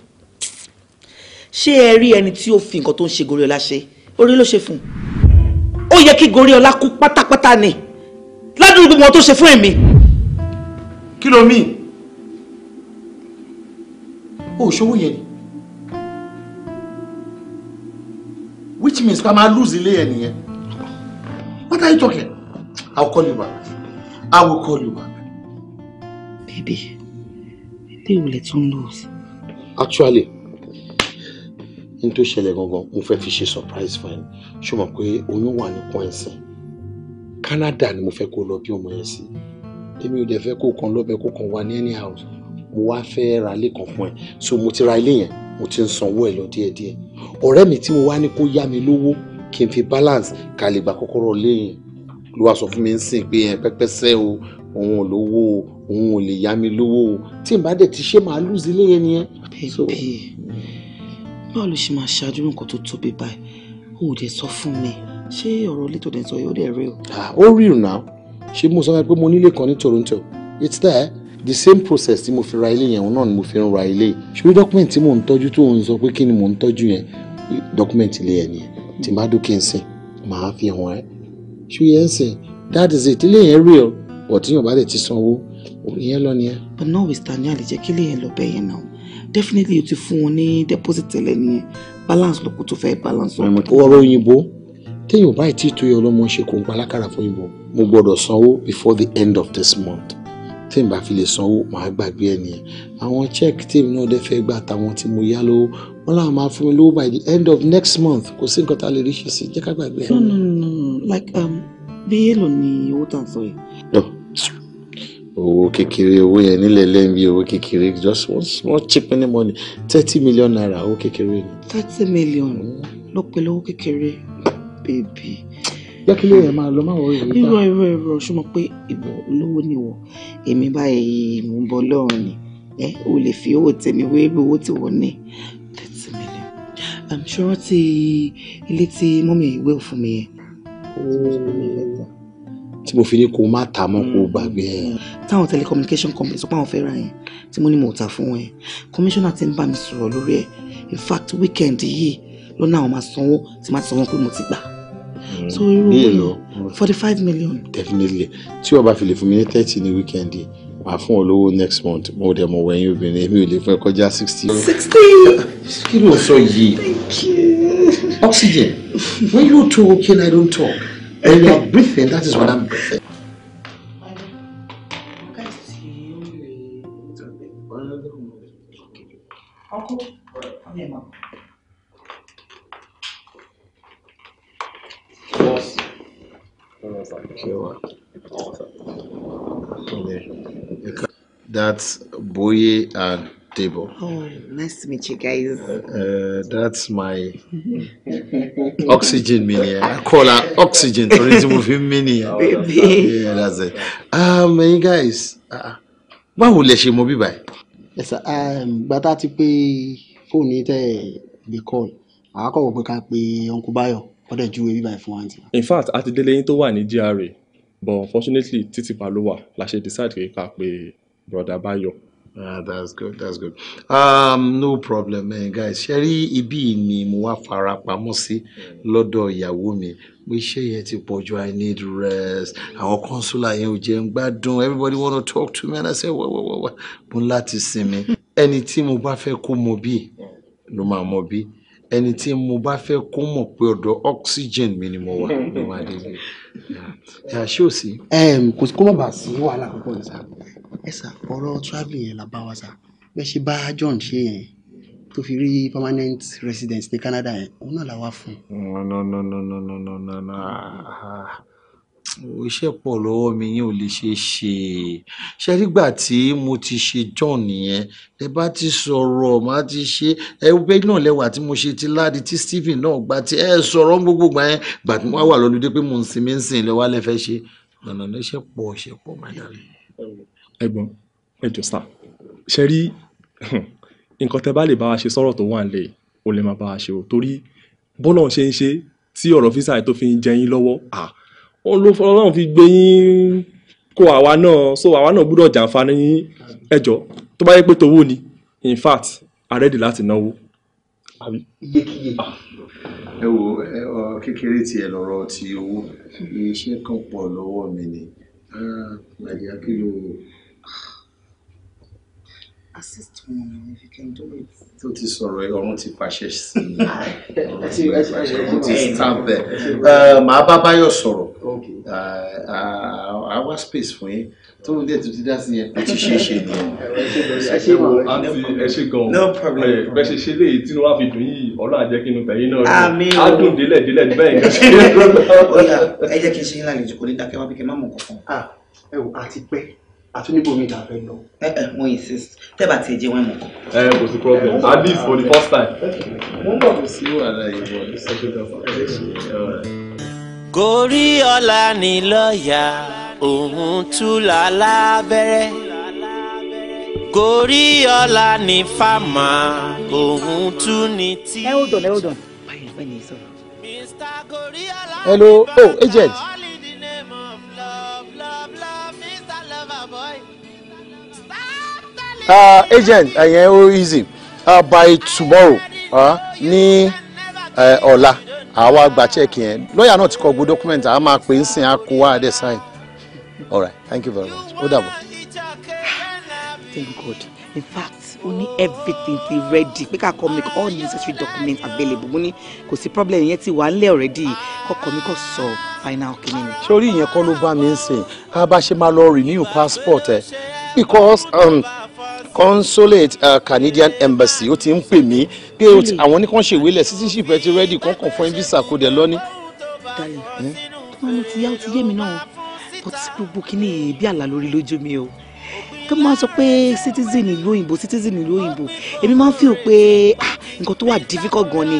ṣé ẹ rí ẹni tí ó fi nǹkan tó ń ṣe Goriola ṣe orí ló ṣe fún un ó yẹ kí Goriola kú pátápátá ni ládùúgbò gbogbo wọn tó ṣe fún èmi. kí ló mí o ṣòwò yẹn which means ká máa lose ilé yẹn nìyẹn what are you talking I will call you back I will call you back. baby they will let you lose. actually n tó ṣẹlẹ̀ gangan mo fẹ́ fi ṣe surprise fún ẹ ṣó mọ̀ pé oyún wà ní pọ́ǹsìn Canada ni mo fẹ́ kó lọ bí ọmọ yẹn sí èmi ò dẹ̀ fẹ́ kó kan lọ́bẹ̀ kó kan wá ní any house mo wá fẹ́ ra ilé kan fún ẹ so mo ti ra ilé yẹn mo ti ń sanwó ẹ lọ díẹ̀díẹ̀ ọ̀rẹ́ mi tí mo wá ní kó yá mi lówó kí n fi balance ká lè gba kọ́kọ́rọ́ lé yẹn ló wá sọ fún mi ń sìn pé yẹn pẹ́pẹ́sẹ́ o òun ò lówó o òun ò lè yá mi lówó o tí n bá dẹ̀ ti ṣe máa lùzí lé yẹn nìyẹn báwo ló ṣe máa ṣáájú nǹkan tó tóbi báyìí o ò dẹ̀ sọ fún mi ṣé ọ̀rọ̀ ilé tó dẹ̀ sọ yóò dẹ̀ rí o. ó rí ìrùnà ṣé mo sọ pé mo nílé kan ní Toronto it's there the same process tí mo fi ra ilé yẹn náà ni mo fi ń ra ilé ṣùgbọ́n document tí mò ń tọ́jú tó ń sọ pé kí ni mò ń tọ́jú yẹn document ilé yẹn nìyẹn tí n bá dókè ń sìn màá fi hàn ẹ́ ṣú yẹn ń sìn that is it ilé yẹn real but tíyàn bá dẹ̀ ti sanwó ìyẹn lọ nìyẹn. but now we stand ní àlejò kí ilé yẹn lọ bẹ́ẹ̀ yẹn náà definitely o ti fún wọn ní deposit tẹ́lẹ̀ nìyẹn balance ló kù tó fẹ́ balance. ọ̀rọ̀ òyìnbó téèyàn ò báyìí tí tó yẹ ọlọ́mọ ṣe kò ń pa lákàrà fún òyìnbó mo gbọ́dọ̀ sanwó before the end of this month tí n bá fi lè sanwó màá gbàgbé ẹ nìyẹn àwọn check team náà dé fẹ́ gbà tàwọn tí mo yá lówó wọn làwọn máa fún mi lówó by the end of next month kò sí nǹkan tá a lè rí ṣe sí jẹ́ ká gbàgbé ẹ. no no no like um bí èèlò ni owó tà ń sọ yìí owó kékeré owó yẹn nílẹ̀ lẹ́yìn owó kékeré just one small cheap any money thirty million naira owó kékeré thirty million ló pe lówó kékeré bèbí. jẹ́ kí lóye máa lọ máa wọ ìwé. irọ́ irọ́ irọ́ ṣùgbọ́n pé ìwọ olówó ni wọ èmi báyìí mò ń bọ lọ́rùn ni o lè fi owó tèmi wé irú owó tí wọ́n ní thirty million. ṣọ́rọ́ ti ilé tí mọ́mí ìwé òfin mi yẹn. owó mi lẹ́tà tí mo fi ní kó má ta mọ́ kó mm. gbàgbé ẹ̀. táwọn telecommunication company sọ pé àwọn fẹ́ràn yẹn tí mo ní mo ta fún ẹ kọmíṣánná ti ń bá mi sọ̀rọ̀ lórí ẹ̀ in fact weekend yìí lọ́nà àwọn máa sanwó tí máa sanwó pé mo ti gbà. Mm. so irú owó forty five million. definitely tí o bá fi lè fún mi ní thirty ní weekend yìí màá fún ọ lówó next month mo dẹ̀ mọ̀ wẹ̀yìn obìnrin mi ò lè fún ẹ kọjá sixty. sixty. kí ló sọ yìí oxygen when you talk and I don't talk. And you're breathing, that is what I'm breathing. That's Boye and table. Oh, nice to meet you guys. Uh, uh that's my oxygen mini. I call her oxygen tourism of mini. Baby. Yeah, that's it. Um, hey guys, uh, báwo lẹ ṣe mọ bí báyìí? Yes, sir. Um, gbàtà ti pé phone tẹ̀ gbé call, I call pé ká pe Uncle Bayo, What did you báyìí fún àǹtí. In fact, at the delay into one in ní GRA, but unfortunately Titi Palua, ló wà la ṣe decide pé ká Brother Bayo. Ah, that's good that's good um, no problem man. Eh, guys Sherry, Ibi, ibí ni mo wá fara pamọ́ sí lọ́dọ̀ ìyàwó mi mo i need rest àwọn kọ́nsúlà yẹn ò jẹ́ ń gbádùn everybody wanna talk to me and i say wẹ́wẹ́wẹ́wẹ́ mo ń láti Bunlati ẹni tí mo bá fẹ́ kó mọ bí ló máa mọ bí ẹni tí mo oxygen minimum. ni mo wà ló máa délé ṣe àṣìòsí. kò sí kó má bàa sí ẹ sà ọ̀rọ̀ travelling yẹn là bá wa sà bẹ́ẹ̀ ṣe bá John ṣe yẹn tó fi rí permanent residence ní Canada yẹn òun náà là fún. no no no no no no no no o iṣẹ́ pọ̀ lọ́wọ́ mi yín ò lè ṣeé ṣe ṣe nígbà tí mo ti ṣe John yẹn ẹ bá ti sọ̀rọ̀ má ti ṣe ẹ wẹ́ náà lẹ́wà tí mo ṣe ti ládi tí Stephen náà gba ti ẹ sọ̀rọ̀ gbogbo gbà yẹn gbà tí wọ́n wà lọ́dún dé pé mo ń sinmi ń sìn lẹ́wọ́ alẹ́ fẹ́ ṣe nànà iṣẹ́ pọ̀ ṣe pọ̀ máa dàrí ẹ̀gbọ́n ẹ jọ̀ọ́ sà ṣe rí nǹkan tẹ bá lè bá wa ṣe sọ̀rọ̀ tó wà ń lẹ̀ ò lè má bá wa ṣe o torí bọ́lọ̀ ṣe ń ṣe tí ọ̀rọ̀ físà yìí tó fi ń jẹ yín lọ́wọ́ à òun ló fọlọ́run fi gbé yín kó àwa náà so àwa náà gbúdọ̀ jàǹfààní yín ẹ jọ̀ọ́ tó bá yẹ pé tówó ni in fact a ready láti náwó. Ah. ẹ wo kékeré tí ẹ lọ́rọ̀ ti owó iṣẹ́ kan pọ̀ lọ́wọ́ mi ni ẹ̀yà ah, kí ló assist wọn if you can do it. tó ti sọ̀rọ̀ ẹ ọ̀run ti pàṣẹ sí i ah, ọ̀run ti stamp uh, ẹ̀ màá bá báyọ̀ sọ̀rọ̀ àá wá uh, uh, space fún yín tó ń dé tó ti dá sí yẹn kò ti ṣeé ṣe nìyẹn. ẹ ṣe gan ẹ ṣe gan bẹ́ẹ̀ ṣe ṣe léyìí tí wọ́n á fi dùn yìí ọlọ́run á jẹ́ kí inú tẹ̀yìn náà dùn á dùn délẹ̀ délẹ̀ bẹ́ẹ̀ yẹn ṣe é. ẹ jẹ́ kí n ṣe yín lálejò kò ní dákẹ́ wá bí kẹ́ má mọ̀ kọ̀ọ̀kan. Ah, ẹ wò á ti pẹ́ àti níbo mi ìdàfẹ́ lọ. ẹ ẹ mo insist tẹ́ bá tiẹ̀ jẹ́ wọ́n mọ̀. ẹ kò sí problem at least for the first time. mo ń bọ̀ kò sí wàhálà yìí wọ̀ ní sẹ́kẹ̀tà fún kórí ọ̀la ní lọ́ọ̀yà òun túlà lábẹ́rẹ́ kórí ọ̀la ní fàmà òun tú ní tí. ẹ hold on ẹ hold on báyìí báyìí sọ̀rọ̀. hello oh agent. uh, agent ẹ̀yẹn uh, ó oh, easy uh, by tomorrow uh, ní uh, ọ̀la àwa gba check yẹn lọ́ọ̀yà náà ti kọ gbogbo document àá máa pè é sìn á kó wá dé sign all right thank you very much ó dàbọ̀. Ah, thank God in fact o ní everything ti ready pé ká kọ́ make all necessary documents available mo ní kò sí problem yẹn ti wà ń lẹ̀ already kọ́kọ́ mi kò sọ final kìíní ni. sórí ìyẹn kọ́ ló bá mi ń sìn ká bá ṣe máa lọ renew passport ẹ because. Um, consulate uh, Canadian embassy ó ti ń pè mí pé àwọn ní kàn ṣèwé lẹ̀ citizenship ẹ ti ready kàn kàn fún visa kó dẹ̀ lọ ní. dalẹ̀ wọn mo ti yá ó ti yé mi náà but gbogbo kìíní bí àlá lórí lójú mi o tó máa sọ pé citizen ìlú òyìnbó citizen ìlú òyìnbó èmi máa ń feel pé ah, nǹkan tó wà difficult gan ni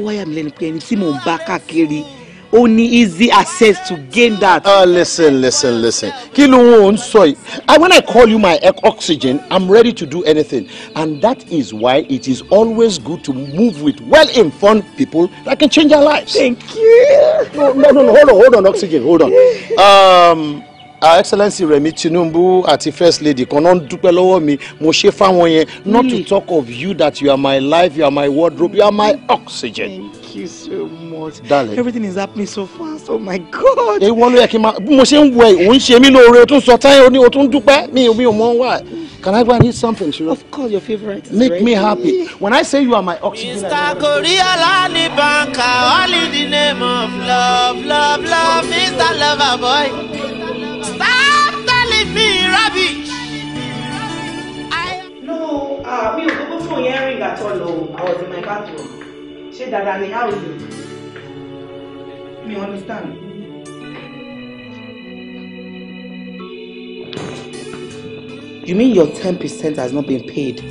ó wáyà mí lẹ́nu pé ẹni tí mò ń bá káàkiri Only easy access to gain that. Uh, listen listen listen Kilo ló soy. sọ when i call you my oxygen i'm ready to do anything and that is why it is always good to move with well-informed people that can change our lives. thank you. no no no hold on hold on oxygen hold on. Um, her excellency Remi at the first lady kan náà ń not to talk of you that you are my life you are my wardrobe you are my oxygen. Thank you you so much. Darling. Everything is happening so fast. Oh my God. Èwo ló yẹ kí n máa bí mo ṣe ń wọ òun ṣe mí lóore o tún sọ táyà oní o tún dúpẹ́ mi ò mi ò mọ wá. Can I go and eat something, Shiro? Of course, your favorite. Make ready. me happy. When I say you are my oxygen. Mr. Korea Lali Banka, only the name of love, love, love, Mr. Lover Boy. Stop telling me rubbish. No, uh, mi I was in my bathroom ṣé dáadáa ni how is it understand. You mean your ten percent has not been paid?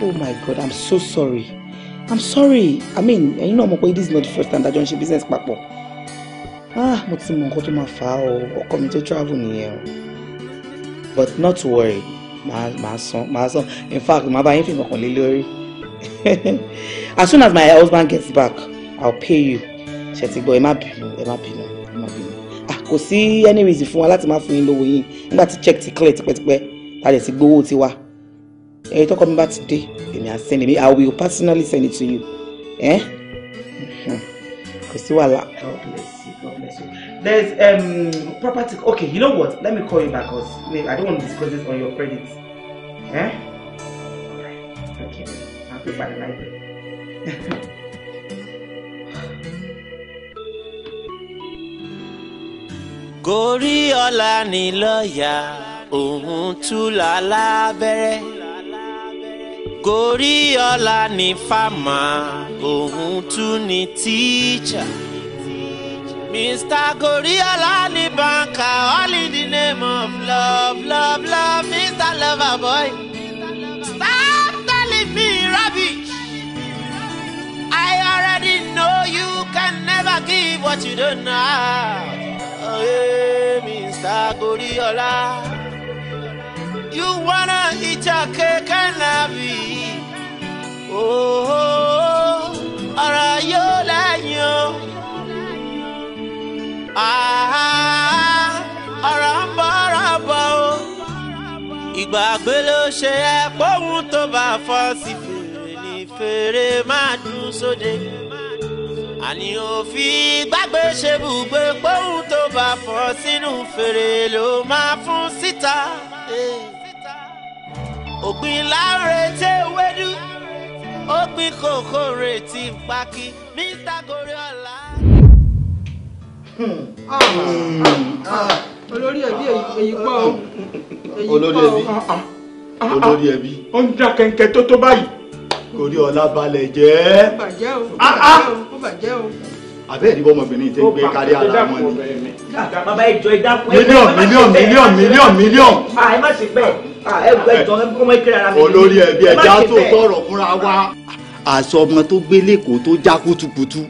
Oh my God, I'm so sorry. I'm sorry. I mean, you know, Mokoi, this is not the first time that John ṣe business papọ̀. Ah, mo ti mọ nǹkan tó máa fà á o, ọkọ travel nìyẹn But not to worry, my san, my san. In fact, my bá yín fi ìmọ̀kànlé lórí. as soon as my husband gets back i'll pay you ṣètìgbọ́ ẹ má bínú pino, má pino. Ah, go see. kò sí any reason fún wa láti má fún yín lówó yín nígbà tí check ti clear tipẹ́tipẹ́ ta lè ti gbowó tiwa what? tọkọ mi bá about today, èmi á send èmi i will personally send it to you ẹ eh? kò sí wàhálà. God bless you God bless you there's um, property okay you know what let me call you back cause i don't want to discuss this on your credit. Eh? Alright. right. Thank you pè padà láìpẹ́. Goriola ni lọ́ọ̀yà òun túlà lábẹ́rẹ́ Goriola ni fàmà òun tún ni tíjà. Mr. Goriola ni banka, all in the name of love love love Mr. Loverboy. give what you don't have. Oh, hey, Mr. Goriola. You wanna eat a cake and have it. Oh, oh, oh, láyọ̀. Ọ̀rọ̀ ń bọ̀ ọ̀rọ̀ bọ̀ o. Ìgbàgbé ló ṣe ẹ́ pọ́hùn tó bá fọ́ sí fèrè ní fèrè máa dùn sóde àní òfin gbàgbé ṣe bùgbé pòun tó bá fọ́ sínú fèrè ló máa fún síta. ògbìn láre tẹ wẹ́dú ó kòkó retí pákí mr goriola. Hmm. olórí ẹbí èyí pọ̀ o. olórí ẹbí olórí ẹbí. ó ń já kẹ̀kẹ́ tó tó báyìí orí ọlá balẹ̀ jẹ́. ó bàjẹ́ o ó ah, ah. bàjẹ́ o abẹ́ ìdíbọn ọmọbìnrin tẹ́ gbé kárí ara wọn ni. bàbá ìjọ ìdákun ẹ mílíọ̀n mílíọ̀n mílíọ̀n mílíọ̀n mílíọ̀n. ẹ má ṣe bẹ́ẹ̀ ẹ gbọ́ ìjọ ọmọ ìkẹrẹ ara mi. olórí ẹbí ẹja tó tọrọ fúnra wa. àṣọ ọmọ tó gbé lẹ́kọ̀ọ́ tó já kutukutu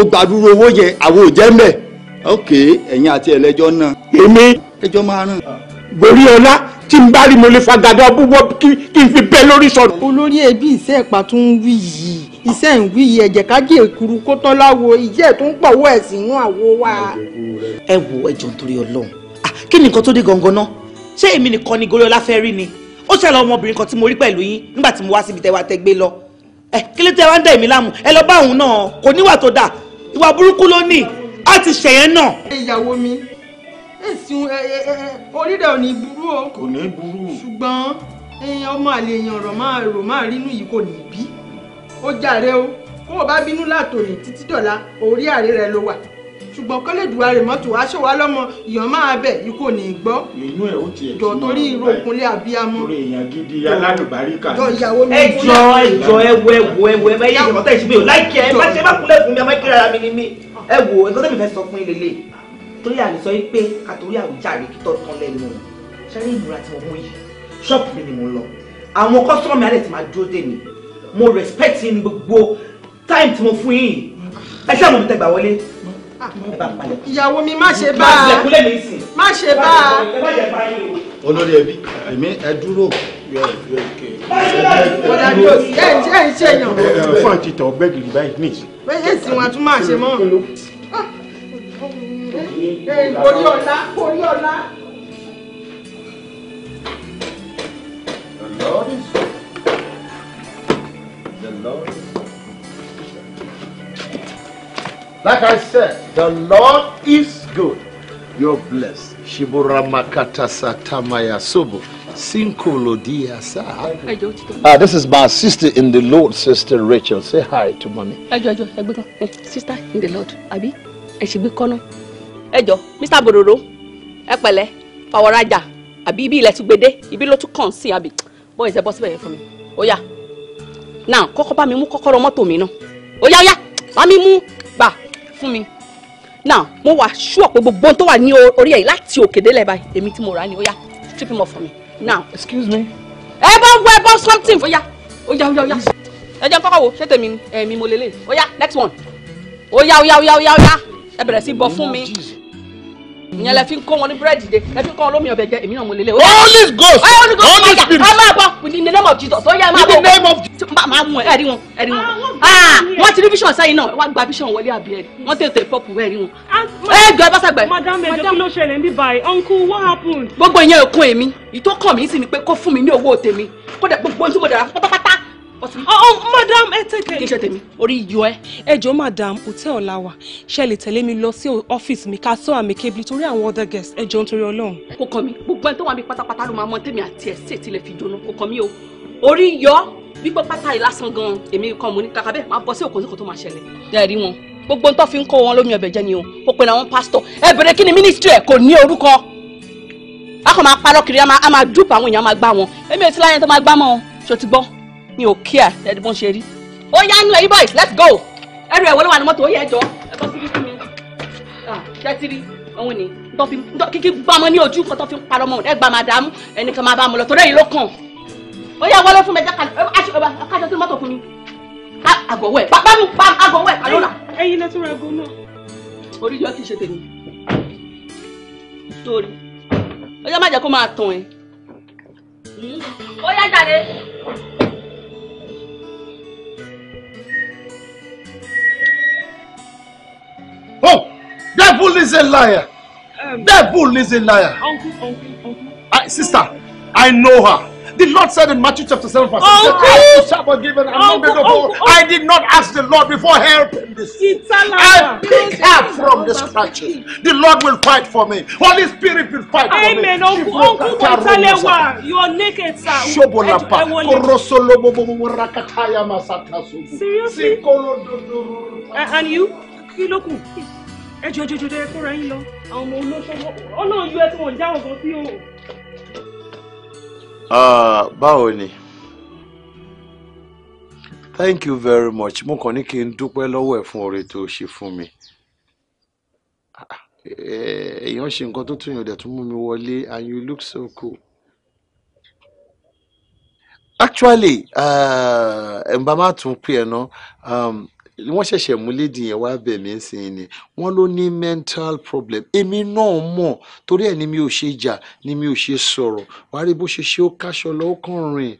ó gbàdúró owó yẹn àwọn ò jẹ́ mbẹ́. ok ẹ̀yin àti ẹlẹ́jọ́ náà. èmi ẹjọ́ máa ràn. borí ọlá tí n bá rí mo lè fagada búwọ́ kí n fi bẹ́ lórí sọ̀rọ̀. olórí ẹbí iṣẹ́ ìpà tó ń wí yìí iṣẹ́ ń wí yìí ẹ̀jẹ̀ kájí èkuru kó tán láwo ìjẹ́ tó ń pọ̀wọ́ ẹ̀ sínú àwo wa. ẹ wo ẹjọ́ nítorí Ọlọ́run ah, kí ni nǹkan tó dé gangan náà ṣé èmi nìkan ni goriola fẹ́ rí ni ó ṣẹlẹ̀ ọmọbìnrin kan tí mo rí pẹ̀lú yín nígbà tí mo wá síbi tẹ́wà tẹ́ lọ ẹ eh, kí ló tẹ́ wá ń dẹ̀ mí láàmú ẹ lọ bá òun náà kò níwà tó dáa ìwà burúkú ló ní á ṣẹ̀yẹn náà. ìyàwó mi èsùn orí rẹ̀ ò ní burú o. kò ní burú. ṣùgbọ́n ọmọ àlè èèyàn ọ̀rọ̀ máa rò máa rínú yìí kò ní bí ó jàre o kó o bá bínú látòní títí dọ̀la orí àárẹ̀ rẹ ló wà ṣùgbọ́n kọ́lẹ́dùwà rẹ̀ mọ́tò aṣọ wa lọ́mọ ìyàn máa bẹ̀ yìí kò ní gbọ́. inú ẹ ó tiẹ̀ tí mo torí ìròkunlé abiyamọ. orí èèyàn gidi alálùbáríkà. jọ ìyàwó mi. ẹ jọ ẹ jọ ẹ wo ẹ wo ẹ wo ẹ bá yẹ ìṣòro tẹ̀ sí mi ò láìkí ẹ má ṣe má kúnlẹ̀ fún mi ẹ má kíra torí àlùsọ yìí pé àtòrí àwùjáre kí tọ́ lẹ́nu o ṣáré ìmúra tí mo mú yìí ṣọ́ọ̀pù mi ni mo lọ àwọn kọ́sọ́mù alẹ́ ti máa dúró dé mi mo respect yín gbogbo time tí mo fún yín ẹ ṣáà mo fi tẹgbà wọlé ẹ bá palẹ̀. ìyàwó mi má ṣe bá a má ṣe bá a. olórí ẹbí èmi ẹ dúró ọ̀dàdúró ẹ̀ ń ṣe èèyàn. fún àti ọgbẹ́ gidi báyìí ní ìsìn. bẹ́ẹ̀ sì wọn a tún máa ṣe mọ́ orí ọ̀la orí ọ̀la. The Lord is good. Like I said, the Lord is good. You're blessed. Shibura makata satamaya subu. Ah, this is my sister in the Lord, Sister Rachel. Say hi to mommy. Sister in the Lord, Abi. And she be calling ẹ Mr. Bororo ẹ pẹ̀lẹ́ fàwọ̀rajà àbí ibi ilẹ̀ tún gbede ibi ló tún kàn sí àbí bọ́ọ̀ ìṣẹ́ bọ́ síbẹ̀ yẹn fún mi ó yá náà kọ́kọ́ bá mi mú kọ́kọ́rọ́ mọ́tò mi náà ó yá ó yá bá mi mú gbà fún mi náà mo wà ṣú ọ̀pọ̀ gbogbo tó wà ní orí ẹ̀ láti òkè délẹ̀ báyìí èmi tí mo rà ni ó strip him off for me now excuse me. ẹ bá wọ ẹ bá something Oya, oya oya oya. ó yá ó yá ẹ jẹ́ kọ́kọ́ wo ṣé tèmi ẹ̀mí mo lélẹ̀ ó yá next one Oya oya oya oya ẹ bẹ̀rẹ̀ sí bọ fún mi ìyẹn lẹ fi ń kó wọn ní búrẹ́dì dé lẹ fi ń kó wọn lómi ọbẹ̀ jẹ èmi náà mo lélẹ̀. holy ghost holy spirit a máa bọ in the name of jesus ó yẹ máa bọ in the name of jesus. máa mú ẹ ẹ rí wọn ẹ rí wọn wọn ti rí vision sẹ́yìn náà wọ́n gba vision wọlé àbí ẹ wọ́n tètè pọ́pù ẹ rí wọn. ẹ jọ ẹ bá sàgbẹ́. madam ẹjọ kí ló ṣẹlẹ̀ ń bí báyìí uncle what happened. gbogbo ìyẹn òkun èmi ìtókàn mi sì ni pé kó fún mi ní owó tèmi kó dẹ gbogbo ojú kó dẹ pátápátá Oh, oh madam ẹ tẹ̀kẹ́. kí n ṣe tèmi. orí yọ ẹ. ẹ jọ̀ọ́ madam hotel la wà ṣe lè tẹ̀lé mi lọ sí ọ́fíìsì mi ká sọ àmì kébìlì torí àwọn other guests ẹ jọ̀ọ́ nítorí ọlọ́run. kò kàn mí gbogbo ẹni tó wà mí pátápátá ló máa mọ tèmi àti ẹ sí ètìlẹ̀ fi jóná kò kàn mí o orí yọ gbígbọ́ pátá yìí lásán gan èmi kan mo ní kàkà bẹ́ẹ̀ máa bọ́ sí òkòtò tó máa ṣẹlẹ̀. dẹ́ẹ̀rí wọn gbogbo tó fi ń kó wọn lómi ọbẹ̀ jẹ́ ni o ó pe àwọn pásítọ̀ ẹ bèrè kí ni mínísítírì ẹ̀ kò ní orúkọ a kò máa parọ́ kiri a máa dúpọ̀ àwọn èèyàn máa gbá wọn èmi ò sí láyé tó máa gbá mọ́ o ṣòtí mi ò kíà ẹni bó ń ṣe rí. ó yá nú ẹyí boys let's go ẹrù ẹ̀wọ̀ ló wà ní mọ́tò ó yẹ ẹjọ́ ẹ̀kọ́ síbí fún mi ṣẹ́tìrì òun ni kíkí gbọ́mọ ní ojú kan tó fi ń parọ́ mọ́ ẹ gba màdàmú ẹnìkan máa bá mọ lọ torí èyí ló kàn ó yá wọlé fún mi ẹjẹ kájọ sí mọ́tò fún mi àgọ̀wẹ̀ bá mi pa àgọ̀wẹ̀ àlọ́là. ẹyin lẹ́tọ́ ra ago náà. orí yọ kì í ṣe tèmi sórí ó yá má jẹ́ kó máa tàn ẹ́ hmm? ó yá jáde. Devil is a liar. Um, Devil is a liar. Uncle, uncle, uncle. I, sister, I know her. The Lord said in Matthew chapter 7, verse 6, I shall given and uncle, uncle, uncle. I did not ask the Lord before helping this. I pick up from the scratches. The Lord will fight for me. Holy Spirit will fight for me. Amen. Uncle, uncle, Montalewa, you are naked, sir. Shobolapa. Korosolobo, Seriously? And you? Kiloku ẹ jọ jọjọ ẹ kóra yín lọ àwọn ọmọ olóṣòwò ọlọ́run yóò ẹ tí wọ́n já ọ̀gán sí o. Ah, báwo ni thank you very much mo kàn ní kí n dúpẹ́ lọ́wọ́ ẹ̀ fún oore tó ṣe fún mi ah, eh, èèyàn ṣe nǹkan tó tún yàn dẹ̀ tún mú mi wọlé and you look so cool. actually ah, ẹ̀ ń bá má tún pè ẹ̀ náà. Um, wọ́n ṣẹ̀ṣẹ̀ mú lady yẹn wá bẹ̀ mí sí ni wọ́n ló ní mental problem èmi náà mọ̀ torí ẹ̀ ni mi ò ṣe jà ni mi ò ṣe sọ̀rọ̀ wàá rí bó ṣe ṣe ó káṣọ lọ ó kàn rìn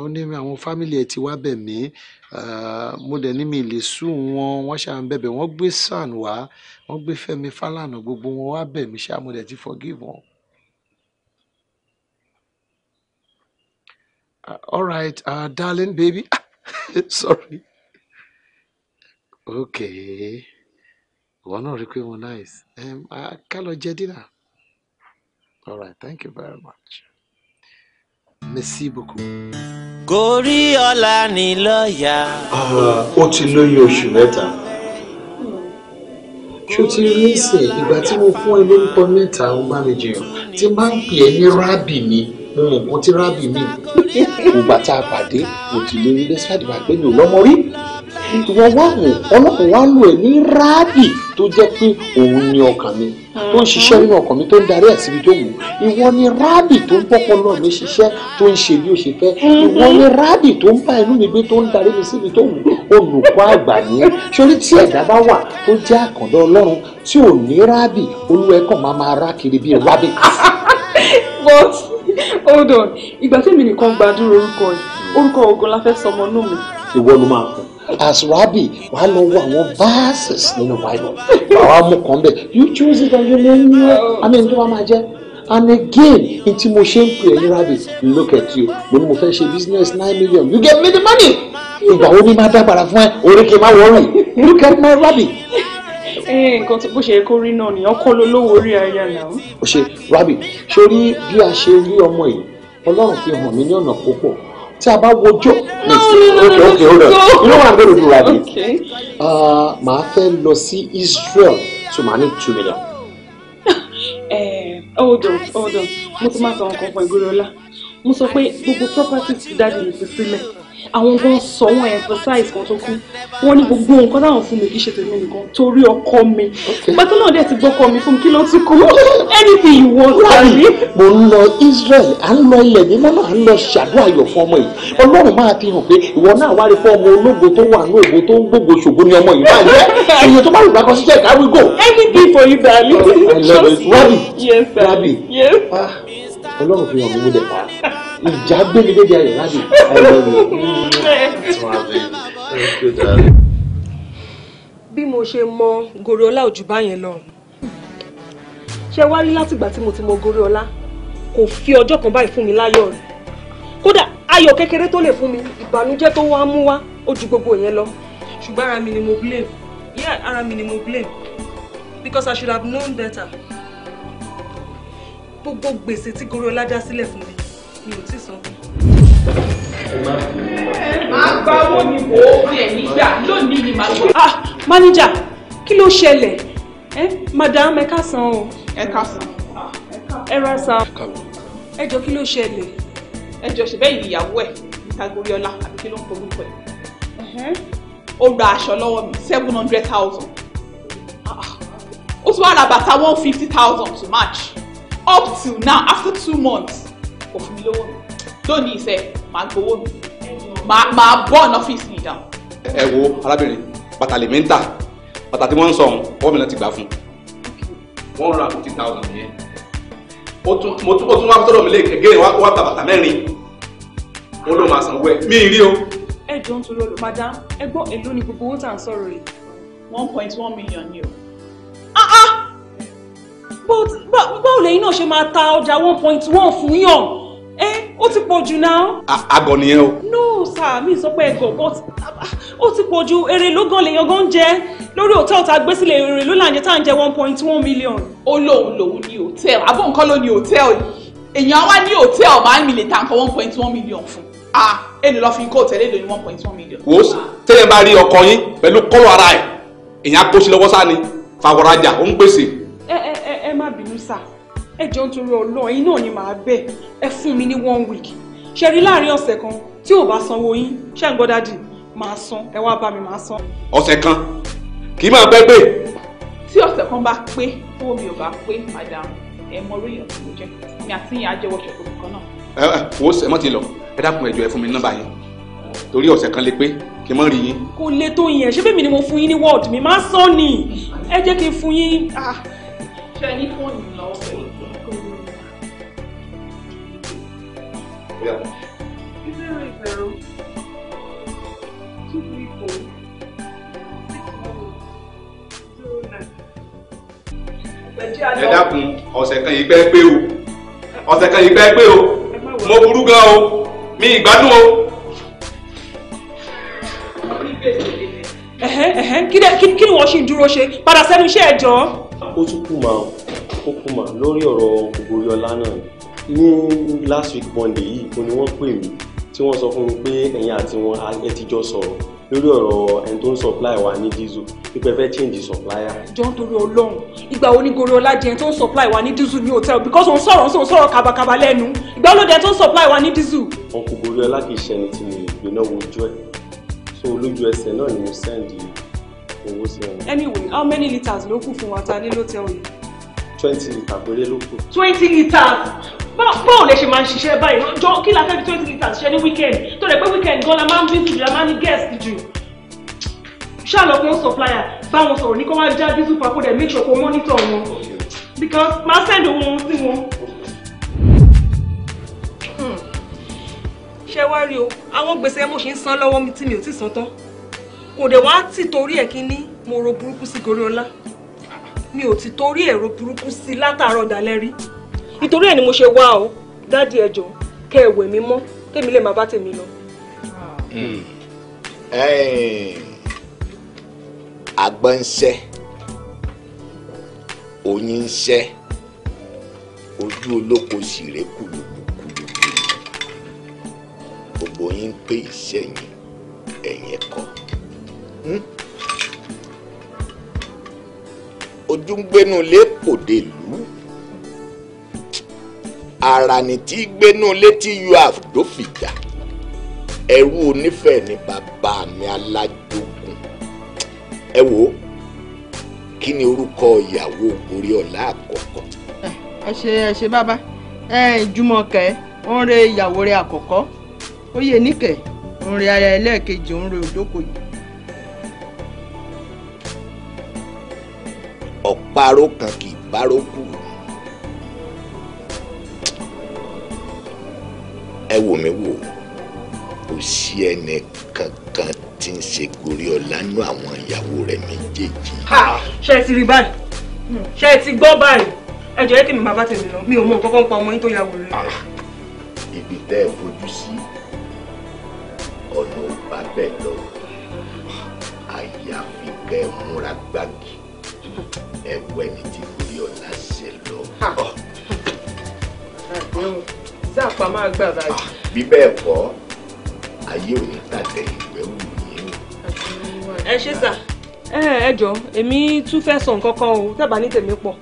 ó ní àwọn fámìlì ẹ̀ ti wá bẹ̀ mí mo dẹ̀ ní mi lè sú wọn wọ́n ṣáà ń bẹ̀bẹ̀ wọ́n gbé sàn wá wọ́n gbé Fẹ́mi Fálànà gbogbo wọn wá bẹ̀ mí ṣáà mo dẹ̀ ti forgive wọn. Uh, all right, uh, darling baby, sorry. Okay. Ìwọ náà rí pé mo nice. Um, a- ká lọ jẹ dínà. All right, thank you very much. Merci beaucoup. Gorí ọ̀la ni lọ́ọ̀yà. Ah, ó ti lóyún oṣù mẹ́ta. ṣó ti rí nísìn ìgbà tí mo fún ẹ lórúkọ mẹ́ta ó bá mi jiyàn tí máa ń pè é ní rábì mi mo mọ̀ nǹkan tí rábì mi. ìgbà tá a pàdé mo ti lóyún lẹ́sàdìbà pé mi ò lọ́mọ rí ìwọ wá wò ọlọ́run wá lò ẹ̀ ní ráàbì tó jẹ́ pé òun ni ọkàn mi tó ń ṣiṣẹ́ nínú ọkàn mi tó ń darí ẹ̀ síbi tó wù ìwọ ni ráàbì tó ń pọ́pọ́lọ́ mi ṣiṣẹ́ tó ń ṣe bí ó ṣe fẹ́ ìwọ ni ráàbì tó ń bá inú mi gbé tó ń darí mi síbi tó wù olùkọ́ àgbà ni ẹ́ sórí tí ẹ̀dá bá wà tó jẹ́ àkàndá ọlọ́run tí ò ní ráàbì olúwa ẹ̀kọ́ máa máa rá kiri bíi rábì. but hold on ìgbà tí èmi nìkan gbàdúrà orúkọ yìí orúkọ ògo la fẹ́ sọmọ náà mi. ìwọ ló máa kún as rabbi wàá lọ wo àwọn verses nínú bible àwa mú kan bẹ́ẹ̀ you choose it and you name it àmì ìdúró wa máa jẹ́ and again n tí mo ṣe ń pè ẹ̀yin rabbi look at you mo ní mo fẹ́ ṣe business nine million you get me the money ìgbà wo ni máa dábàrà fún ẹ oríkè máa wọ̀ọ́rọ̀ yìí look at my rabbi nǹkan tí bó ṣe kó rí náà nìyẹn kọ́ ló lówó orí aya náà. ó ṣe rabi ṣorí bí a ṣe rí ọmọ yìí ọlọ́run fi hàn mí ní ọ̀nà púpọ̀ tí a bá no. Okay, okay, hold on you know what i'm gonna do right now. Okay. Uh, màá fẹ́ lọ sí Israel so màá ní two million. Eh, hold on hold on mo ti máa sọ nǹkan fún ìgbéròlá mo sọ pé gbogbo property ti dájú mi ti sílẹ̀ àwọn gan sọ wọn emphasize kan tó kú wọn ní gbogbo nǹkan táwọn fún mi kì í ṣe tèmi nìkan torí ọkọ mi pàtó náà dẹ̀ ti gbọ́kọ mi fún mi kí ló tún kú anything you want tàbí. mo ń lọ Israel à ń lọ ilẹ̀ mímọ́ náà à ń lọ ṣàdúrà ayọ̀ fún ọmọ yìí Ọlọ́run máa fi hàn pé ìwọ náà wá rí fún ọmọ ológo tó wà ní ògo tó ń gbogbo ṣògo ni ọmọ yìí máa jẹ́ ẹ̀yìn tó bá rìn bákan síṣẹ́ ìkáwé gò. anything for you darling. I Yes, sir. Yes. Ah ọlọ́run fi hàn mí nílẹ̀ pa ìjà gbé mi ayọ̀ láti àìlọ́run. bí mo ṣe mọ goriola ò jù báyẹn lọ ṣe wá rí látìgbà tí mo ti mọ goriola kò fi ọjọ́ kan báyìí fún mi láyọ̀ rẹ̀ kódà ayọ̀ kékeré tó lè fún mi ìbànújẹ́ tó wá mú wá ó gbogbo yẹn lọ ṣùgbọ́n ara mi ni mo blame yeah ara mi ni mo blame because I should have known better gbogbo gbèsè tí Goriola dá sílẹ̀ fún mi mi ò tí san. màá gbá owó ni mò ó tiẹ̀ nígbà lónìí ni màá gbọ́. ah manager kí ló ṣẹlẹ̀ ẹ madam ẹ káàsán o. ẹ káàsán. ẹ rásán. ẹ jọ kí ló ṣẹlẹ̀. ẹ jọ ṣe bẹ́ẹ̀ ìyàwó ẹ̀ níta Goriola àbí kí ló ń polú pẹ̀lú. ó ra aṣọ lọ́wọ́ mi seven hundred thousand ah, ó tún wá ra bàtà one fifty thousand to match up till now after two months kò fún mi lówó mi lónìí iṣẹ́ màá gbowó mi màá bọ̀ ní ọ́fíìsì mi dáhùn. ẹ wo arábìnrin bàtà lèmi ń tà bàtà tí wọ́n ń sọ ọ̀hún ọwọ́ mi náà ti gbà fún un one hundred and fifty thousand yẹn ó tún wá tọ́lọ̀ mi lé gẹ́gẹ́ wá ta bàtà mẹ́rin wọ́n ló máa sanwó ẹ̀ mí rí o. ẹ jọ ń torí olè madam ẹ gbọ́ èlò ni gbogbo owó tà ń sọ̀rọ̀ yìí. one point one million ni o. Ah, ah! báwo lẹ́yìn náà ṣe máa ta ọjà one point one fún yàn ẹ ó ti pọ̀ jù náà. àgọ̀ nìyẹn o. no sir mi sọ pé ẹgọ̀ but ó ti pọ̀ jù èrè lógán lèèyàn gan jẹ lórí hòtẹ́ẹ̀lì tá a gbé sílẹ̀ èrè ló là ń jẹ tá à ń jẹ one point one million. ó lóun lòun ní hòtẹ́ẹ̀lì àbọ̀ nǹkan ló ní hòtẹ́ẹ̀lì èèyàn wá ní hòtẹ́ẹ̀lì máa ń mi lè ta nǹkan one point one million fún ah èlò lọ fi kó tẹ̀lé lóyún one point one million. wo tẹ́yẹ̀ bá rí ọkọ yín pẹ̀lú kọ́lọ̀ ara ẹ̀ èèyàn á kó sí lọ́wọ́ sáà ni fàwọ̀rajà ó ń gbèsè ẹ jọ nítorí Ọlọ́run yín náà ni màá bẹ̀ ẹ fún mi ní one week ṣe rí láàrin ọ̀sẹ̀ kan tí ò bá sanwó yín ṣe ń gbọ́dá dì máa san ẹ wá bá mi máa san. ọ̀sẹ̀ kan kì í máa bẹ́ gbé. tí ọ̀sẹ̀ kan bá pé owó mi ò bá pé madam ẹ mọ orí èèyàn tí mo jẹ mi àti ìyá jẹ́wọ́ ṣọ̀kọ̀ kan náà. ẹ ẹ wo ṣe mọ́ ti lọ ẹ dákun ẹjọ́ ẹ fún mi nọ́mbà yẹn torí ọ̀sẹ̀ kan lè pé kí n mọ́ rí yín. kò lè tó yẹn ṣé bẹ́ẹ̀ mi ni mo fún yín ní wọ́ọ̀dù mi máa ń sọ ni ẹ jẹ́ kí n fún yín. Ah. ṣe ní fóònù lọ́wọ́ pẹ̀lú Yeah. Is it now? Two people. ẹ dákun ọ̀sẹ̀ kan yìí pẹ́ pé o ọ̀sẹ̀ kan yìí pẹ́ pé o mo burú gan o mi ìgbádùn o. kí ni wọ́n ṣì ń dúró ṣe padà sẹ́nu iṣẹ́ ẹ̀ jọ. ó tún kù mà ó kù mà lórí ọ̀rọ̀ Ògúngbóyọlá náà ní last week monday yìí ó ní wọ́n pè mí tí wọ́n sọ fún mi pé ẹ̀yin àti wọn ẹ ti jọ sọ̀rọ̀ lórí ọ̀rọ̀ ẹni tó ń supply wa ní diesel pípẹ́ fẹ́ change supplier. jọ́ nítorí ọlọ́run ìgbà wo ni goriola jẹ́ ẹni tó ń supply wa ní diesel ní hotel because òun sọ̀rọ̀ òun sọ̀rọ̀ kabakaba lẹ́nu ìgbà wo ló dé tó ń supply wa ní diesel. wọn kò goriola kì í ṣẹni tí mo lè gbé náà wojú ẹ so lójú ẹsẹ̀ náà ni mo send owó sí wọn. anyway how many litres ló kù fún wa ta ní hotel yìí. twenty litres péré ló kù. twenty litres báwo lè ṣe máa ń ṣiṣẹ́ báyìí jọ kí la fẹ́ fi twenty litres ṣe ní weekend tó rẹ̀ pé weekend gan la máa ń bí jù la máa ń ní guest jù ṣàlọ́kùn supplier báwọn sọ̀rọ̀ ní kó wá já diesel papò dẹ̀ make sure kó monitor wọn because máa send owó wọn sí wọn. Hmm. ṣé wá rí o àwọn gbèsè mo ṣe ń san lọ́wọ́ mi tí mi ò tí ì san tán kò dẹ̀ wá tì torí ẹ̀ kí ní mo ro burúkú sí gorí ọlá mi ò tì torí ẹ̀ ro burúkú sí látàárọ̀ dalẹ́ rí nítorí ẹ̀ ni mo ṣe wá o dádì ẹ jọ̀ọ́ kẹ́ ẹ wẹ̀ mí mọ́ kémi lè máa bá tèmi lọ. àgbọn hmm. ń ṣẹ́ oyin ń ṣẹ́ ojú olóko sì ré kùlùkùlù gbogbo yín ń pè ìṣẹ́yìn ẹ̀yìn ẹ̀kọ́ hmm? ojú ń gbénu lé pòdè lù àràní tí gbénú létí yọ àdófìjà ẹrú onífẹ̀ẹ́ ni bàbá mi alájogun ẹ wò ó kí ni orúkọ ìyàwó gorí ọ̀la àkọ́kọ́. ẹ ṣe ẹ ṣe bàbá ẹ jùmọ̀kẹ́ ń re ìyàwó rẹ̀ àkọ́kọ́ ó yẹ níkẹ́ ń re aya ẹlẹ́ẹ̀kejì ń re òdókòyì. ọ̀paró kan kì í báró kù ẹ wò mí wò kò sí ẹnì kankan tí ń ṣe gorí ọ̀la nú àwọn ìyàwó rẹ̀ méjèèjì. ṣé ẹ ti rí báyìí ṣé ẹ ti gbọ́ báyìí ẹ jọ̀ọ́ yẹ kí mi máa bá tèmi lọ mi ò mọ nǹkan kan pa ọmọ yín tó yàwó rẹ̀. Ah, ibi tẹ́ ẹ fojú sí ọ̀nà ọba bẹ́ẹ̀ lọ àyàfi kẹ́ ẹ múra gbági ẹ wẹ́ni tí gorí ọ̀la ṣe lọ sáàpá máa gbà báyìí. Ah, bí bẹ́ẹ̀ kọ́ ayé ò ní tàtẹ̀ ìwé wù mí o. ẹ ṣe sà. ẹ ẹ jọ èmi tún fẹ́ sọ nǹkan kan o tábà ní tèmi pọ̀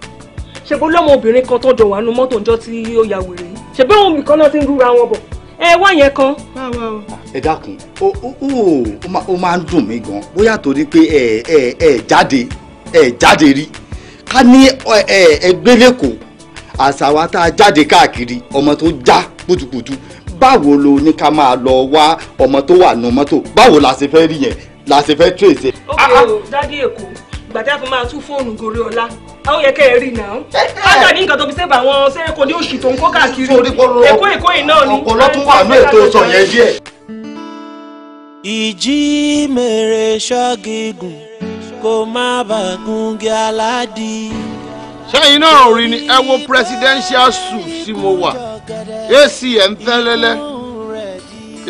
ṣebó lọ́mọbìnrin kan tọ́jọ wà nù mọ́tò ńjọ́ tí ó ya wèrè yìí ṣebó òun nìkan náà ti ń rúra wọn bọ̀ ẹ wá yẹn kan. ẹ dákun ó máa ń dùn mí gan bóyá torí pé ẹ ẹ jáde ẹ jáde rí ká ní ẹgbẹ́ lẹ́kọ̀ọ́ àṣà wa tá a jáde káàkiri ọmọ tó já pùtùpùtù báwo lo ní ká máa lọ wá ọmọ tó wà nù mọ́tò báwo la ṣe fẹ́ rí yẹn la ṣe fẹ́ e? ah, ah. tírèsè. ó kẹ́ o dádì èkó gbàdá fún máa tún fóònù gòrí ọlá àwọn yẹ kẹ́ ẹ rí náà ájá ní nǹkan tó fi sẹ́fà àwọn sẹ́kọ̀ọ́ ní oṣù tó ń kó káàkiri èkó èkó yìí náà ni ọ̀pọ̀lọpọ̀ wà ní ètò sọ yẹn díẹ̀. ìjì mèrè ṣọ́gígùn kó má bàgùn gí aládìí sẹ́yìn náà rí ni ẹ wo presidential suit tí mo wà acn tẹ́lẹ́lẹ́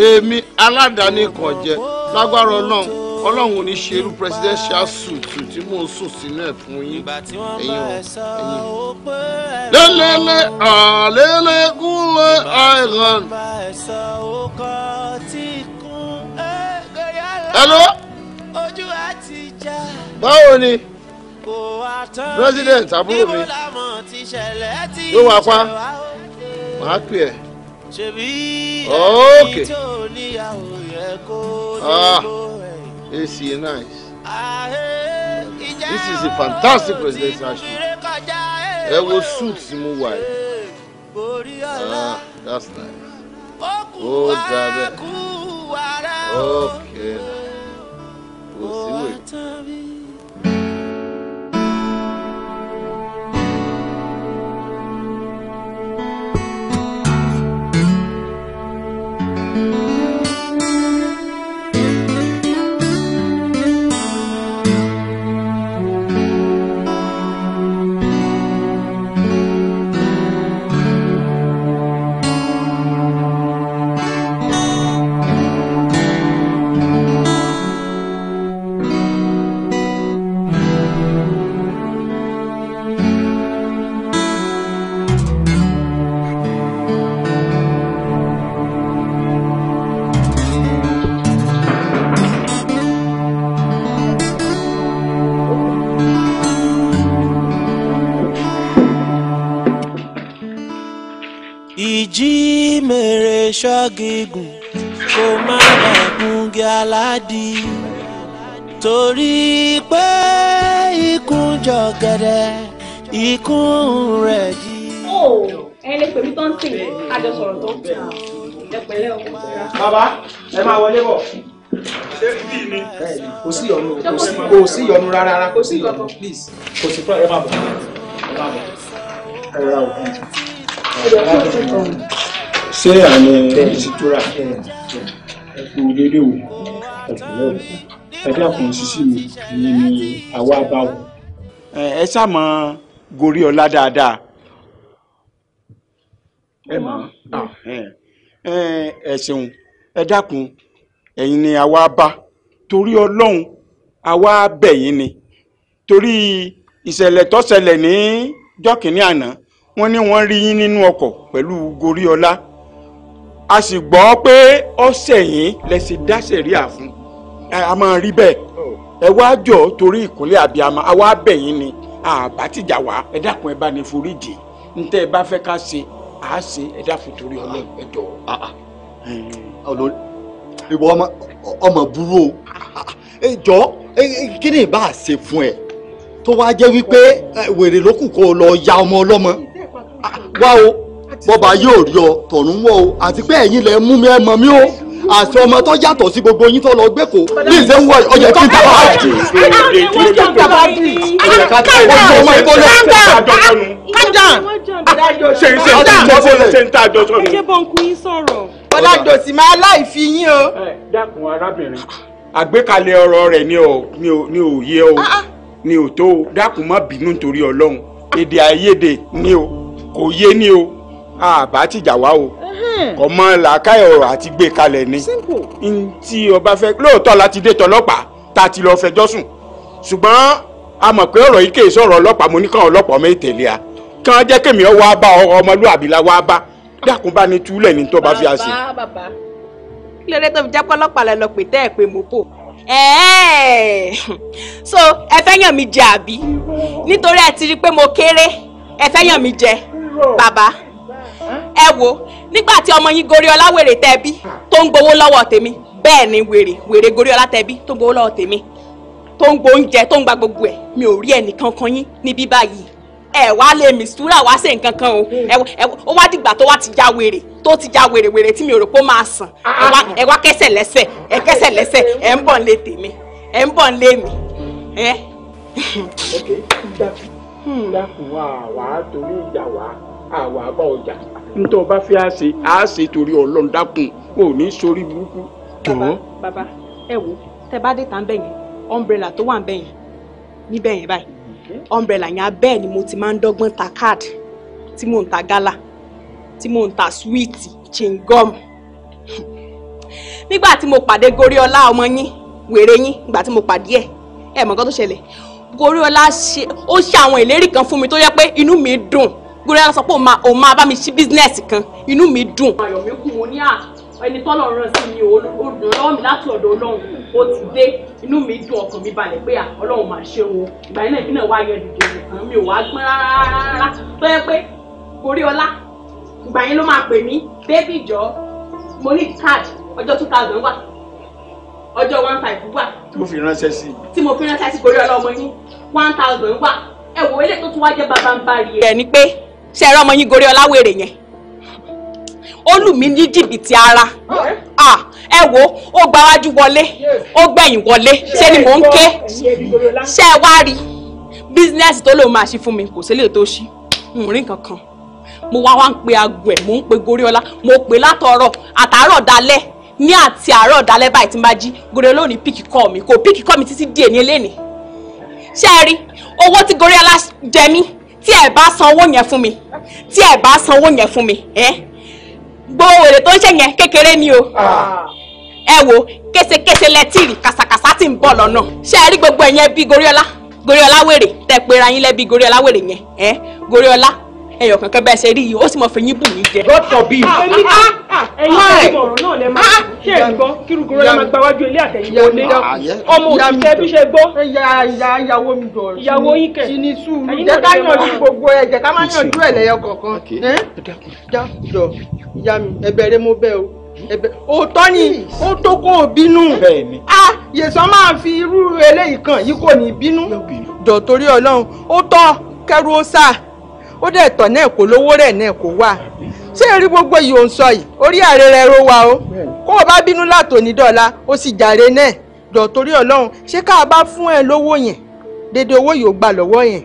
èmi aládàáni kan jẹ lágbára ọlọ́run ọlọ́run ò ní ṣe irú presidential suit tí mò ń sùn sínú ẹ̀ fún yín ẹ̀yin o ẹ̀yin. lélẹ́lẹ́ àlélẹ́ kúnlẹ̀ àìràn. hello. báwo ni president àbúrò mi ló wà pa màá pè ẹ́ okay ah this is nice this is a fantastic presidential show ẹ wo suit tí mo wà yìí ah that's nice ó dábẹ́ okay kò sí wèé. ṣọ́gígùn kó má bàa gungi aládì torí pé ikùn jọ gẹ̀dẹ̀ ikùn rẹ̀ jí. ó ẹ lè pè mí tó ń sìn àjọsọ̀rọ̀ tó ń tẹ̀ ẹ pẹ̀lẹ́ o. bàbá ẹ máa wọlé bọ̀ kò sí ìyọnu kò sí ìyọnu rárá kò sí ìyọnu please kò sí fún ẹ má bọ̀ ẹ má bọ̀ ẹ rà òkú se àmì ìṣètura ẹkú dédé wò ẹdá kan sísí mi ni àwa bá wò. ẹ sàmọ gorí ọlá dáadáa ẹ mọ ẹ ṣeun ẹ dákun ẹ̀yin ni àwa bá torí Ọlọ́run àwa bẹ̀yín ni torí ìṣẹ̀lẹ̀ tó ṣẹlẹ̀ ní jọ́kìnní àná wọ́n ní wọ́n rí yín nínú ọkọ̀ pẹ̀lú gorí ọlá a sì gbọ́ pé ọ̀sẹ̀ yìí lẹ́sìn dáṣẹ̀ rí àfún a máa rí bẹ́ẹ̀ ẹ wá jọ torí ìkúnlẹ̀ abiyamọ àwa bẹ̀ yín ni àbá tìjà wá ẹ dákun ẹ bá ní foríjì ntẹ ẹ bá fẹ́ ká ṣe à á ṣe ẹ dákun torí Ọlọ́run ẹ jọ. Ah, ah. ìwọ ọmọ burú o jọ kí ni ìbá ṣe fún ẹ tó wá jẹ́ wípé wèrè lókùn kó lọ ya ọmọ ọlọ́mọ ah, wá o bọ́ba yóò rí ọ tọ̀run wọ̀ o àti pé ẹ̀yin lẹ mú mi ẹ mọ̀ mí o àti ọmọ tó yàtọ̀ sí gbogbo yín tó lọ gbé kò ní ìṣe ń wọ ọyẹ kí n tàbá dì dì í ọyẹ ká tẹ ọwọ́ tó ṣe ń ṣe ń ṣe ń ṣe ń tà àjọṣọ nù. ẹ jẹ́ bọ́ǹkù yín sọ̀rọ̀. ọ̀làjòsì máa láìfi yín o. dákun arábìnrin àgbékalẹ̀ ọ̀rọ̀ rẹ̀ ni ò yé o ni ò tó o dákun má bínú nítorí ọlọ́run èdè àìyedè ni o kò yé ni o àbá tìjà wá o ọmọ làákàyè ọ̀rọ̀ àti gbé kalẹ̀ ni ntí ọba fẹ́ lóòótọ́ láti dé tọlọ́pàá tá a ti lọ fẹjọ́ sùn ṣùgbọ́n a mọ̀ pé ọ̀rọ̀ yìí kì í sọ̀rọ̀ ọlọ́pàá mo ní kàn ọlọ́pàá mi tẹ̀lé a kàn jẹ́ kémi ọ wá bá ọmọlúwàbí la wá bá dákun bá ní túlẹ̀ ní tó bá fi àṣẹ. bàbá bàbá kí ló dé tó fi jẹ́ pé ọlọ́pàá lẹ lọ pè tẹ́ ẹ̀ pé mo pò. so ẹ fẹ́ yàn mí jẹ àbí nítorí ẹ ti rí i pé mo kéré ẹ fẹ́ yàn mí jẹ bàbá ẹ wo nígbà tí ọmọ yín gorí ọlá wèrè tẹbí tó ń gbowó lọ́wọ́ tèmi bẹ́ẹ̀ ni wèrè wèrè gorí ọlá tẹbí tó ń gbowó lọ́wọ́ tèmi tó ń gbóúnjẹ tó ń gba gbogbo ẹ̀ mi ò rí ẹnìkan kan yín níbí báyìí ẹ wá lè mìsúrà wá sí nǹkan kan o ó wá dìgbà tó wá ti já wèrè tó ti já wèrè wèrè tí mi ò rò pé ó máa sàn ẹ wá kẹsẹ̀ lẹ́sẹ̀ ẹ kẹsẹ̀ lẹ́sẹ̀ ẹ ń bọ̀ nílé tèmi ẹ ń bọ̀ nílé mi. dákun àwa torí ìjà wa àwa bá ọjà nítorí ọba fẹ́ á ṣe á ṣe torí ọlọ́run dákun ò ní sórí burúkú. bàbá bàbá ẹ wo tẹ bá dé tán bẹ́yẹn umbrella tó wà bẹ́yẹn níbẹ̀ yẹn báyìí umbrella yẹn abẹ́ẹ̀ ni mo ti máa ń dọ́gbọ́n ta card tí mò ń ta gala tí mò ń ta swiiti chingom nígbà tí mo pàdé goriola ọmọ yín wèrè yín ìgbà tí mo pàdé ẹ ẹ mọ̀ nǹkan tó ṣẹlẹ̀ goriola ṣe ó ṣe àwọn ìlérí kan fún mi tó yẹ pé inú mi dùn gbọ́dọ̀ yà sọ pé òun máa bá mi ṣí bísínẹ́sì kan inú mi dùn. ayọ̀ mi kù mo ní à ah, ẹni tọ́lọ̀ ràn sí mi ò lọ́wọ́ mi láti ọ̀dọ̀ ọlọ́run ó ti dé inú mi dùn ọkàn mi balẹ̀ pé ah, ọlọ́run máa ṣe wọn ìgbà yẹn náà ìbílẹ̀ wá yẹn dìde ọ̀kan mi ò wá gbọ́n rárá tó yẹ pé gorí ọlá ìgbà yẹn ló máa pè mí bébì jọ mo ní card ọjọ́ two thousand wà ọjọ́ one five wà. tí mo fi ránṣẹ́ sí. tí mo fi ránṣẹ́ sí gorí ọlọ́mọ yín one thousand wà ẹ wò ó ilé tó tún wá jẹ́ bàbá ń bá rí ẹ. ẹ ní pé ṣe ẹ̀rọ ọmọ yín gorí ọláwèrè yẹn ó lù mí ní jìbìtì ara ẹ wo ó gbáwájú wọlé ó gbẹ̀yìn wọlé ṣé ni mò ń ké ṣé ẹ wá rí bísínẹ́sì tó lòun máa ṣe fún mi kò sílè tó ṣí n rí nǹkan kan mo wá wá ń pe aago ẹ̀ mò ń pe goriola mo pè látọ̀rọ̀ àtàárọ̀ dalẹ́ ní àti àárọ̀ dalẹ́ báyìí tí n bá jí goriola ò ní píkì kọ́ mi kò píkì kọ́ mi títí díẹ̀ ní eléni ṣé rí owó tí goriola jẹ mí tí ẹ bá san owó yẹn fún mi tí ẹ bá sanwó yẹn fún mi gbogbo èrè tó ń ṣe yẹn kékeré ni o ah. ẹ wo késekése lẹtìrì kàsàkàsà tí ń bọ̀ lọ́nà ṣé ẹ rí gbogbo ẹ̀yẹn bí Goriola Goriola wèrè tẹ pera yín lẹ́bi Goriola wèrè yẹn Goriola ẹyọ kankan bẹ́ẹ̀ ṣe rí yìí ó sì mọ fẹ̀yìn bù mí jẹ. God forbid. Ah, ah, ah, ẹ̀yin ẹ̀yin ọ̀rọ̀ náà lẹ máa ṣe ìgbọ́ kírukúrú la máa gba wájú ilé àtẹ̀yìn wọlé ọmọ òṣìṣẹ́ bí ṣe gbọ́. ìyàwó mi jọ ọ̀rọ̀ ìyàwó yín kẹ̀. ẹ̀yin náà jẹ́ ká yanjú gbogbo ẹ̀ jẹ́ ká má yanjú ẹ̀ lẹ́yọ kọ̀ọ̀kan. jọ ìyá mi ẹ̀bẹ̀ rẹ mo bẹ̀ o òótọ́ ni ó tó kó o bínú a yèsàn máa fi irú eléyìí kan yìí kò ní bínú jọ torí Ọlọ́run ó tọ́ kẹrù ó sà ó dẹ̀ tọ̀ náà kò lówó rẹ̀ náà kò wà ṣé ẹ gbogbo yìí ò ń sọ yìí orí ààrẹ rẹ ro wa o kó o bá bínú látòní dọ́la ó sì jàre náà dọ̀ torí ọlọ́run ṣé ká a bá fún ẹ lówó yẹn dédé owó yìí ó gbà lọ́wọ́ yẹn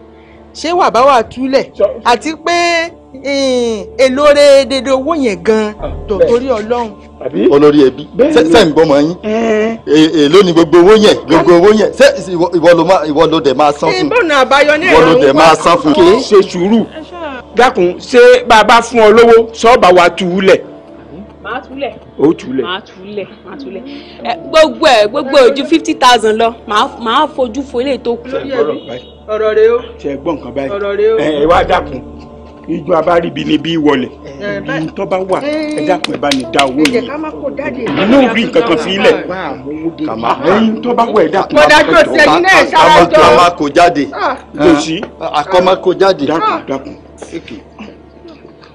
ṣé wà bá wà túlẹ̀ àti pé èlò rẹ dédé owó yẹn gan dọ̀ ọlọ́run. olórí ẹbí ṣe ń yín èlò ni gbogbo owó yẹn gbogbo owó yẹn ṣé ìwọ ló dẹ̀ máa san fún ìwọ ló dẹ̀ máa san fún kì ṣe sùúrù dákun ṣé bá a bá fún ọ lówó sọ́ọ̀bà wa tu ú lẹ̀. màá tu lẹ̀. ó tu lẹ̀. màá tu lẹ̀ ẹ gbogbo ẹ gbogbo ojú fifty thousand lọ màá fojú fo eléyìí tó kù. ọ̀rọ̀ rẹ o. ṣe gbọ́ nǹkan báyìí ọ̀rọ̀ rẹ o. ẹ wá dákun ijó abáríbi ni bí wọlé ibi tó bá wà ẹ dákun ẹ bá ní da owó yìí inú rí nǹkan kan sí ilẹ̀ kàmá ẹyin tó bá wà ẹ dákun àpẹjọ àmọjọ àmọkò jáde ah. kò jáde dákun dákun èkì.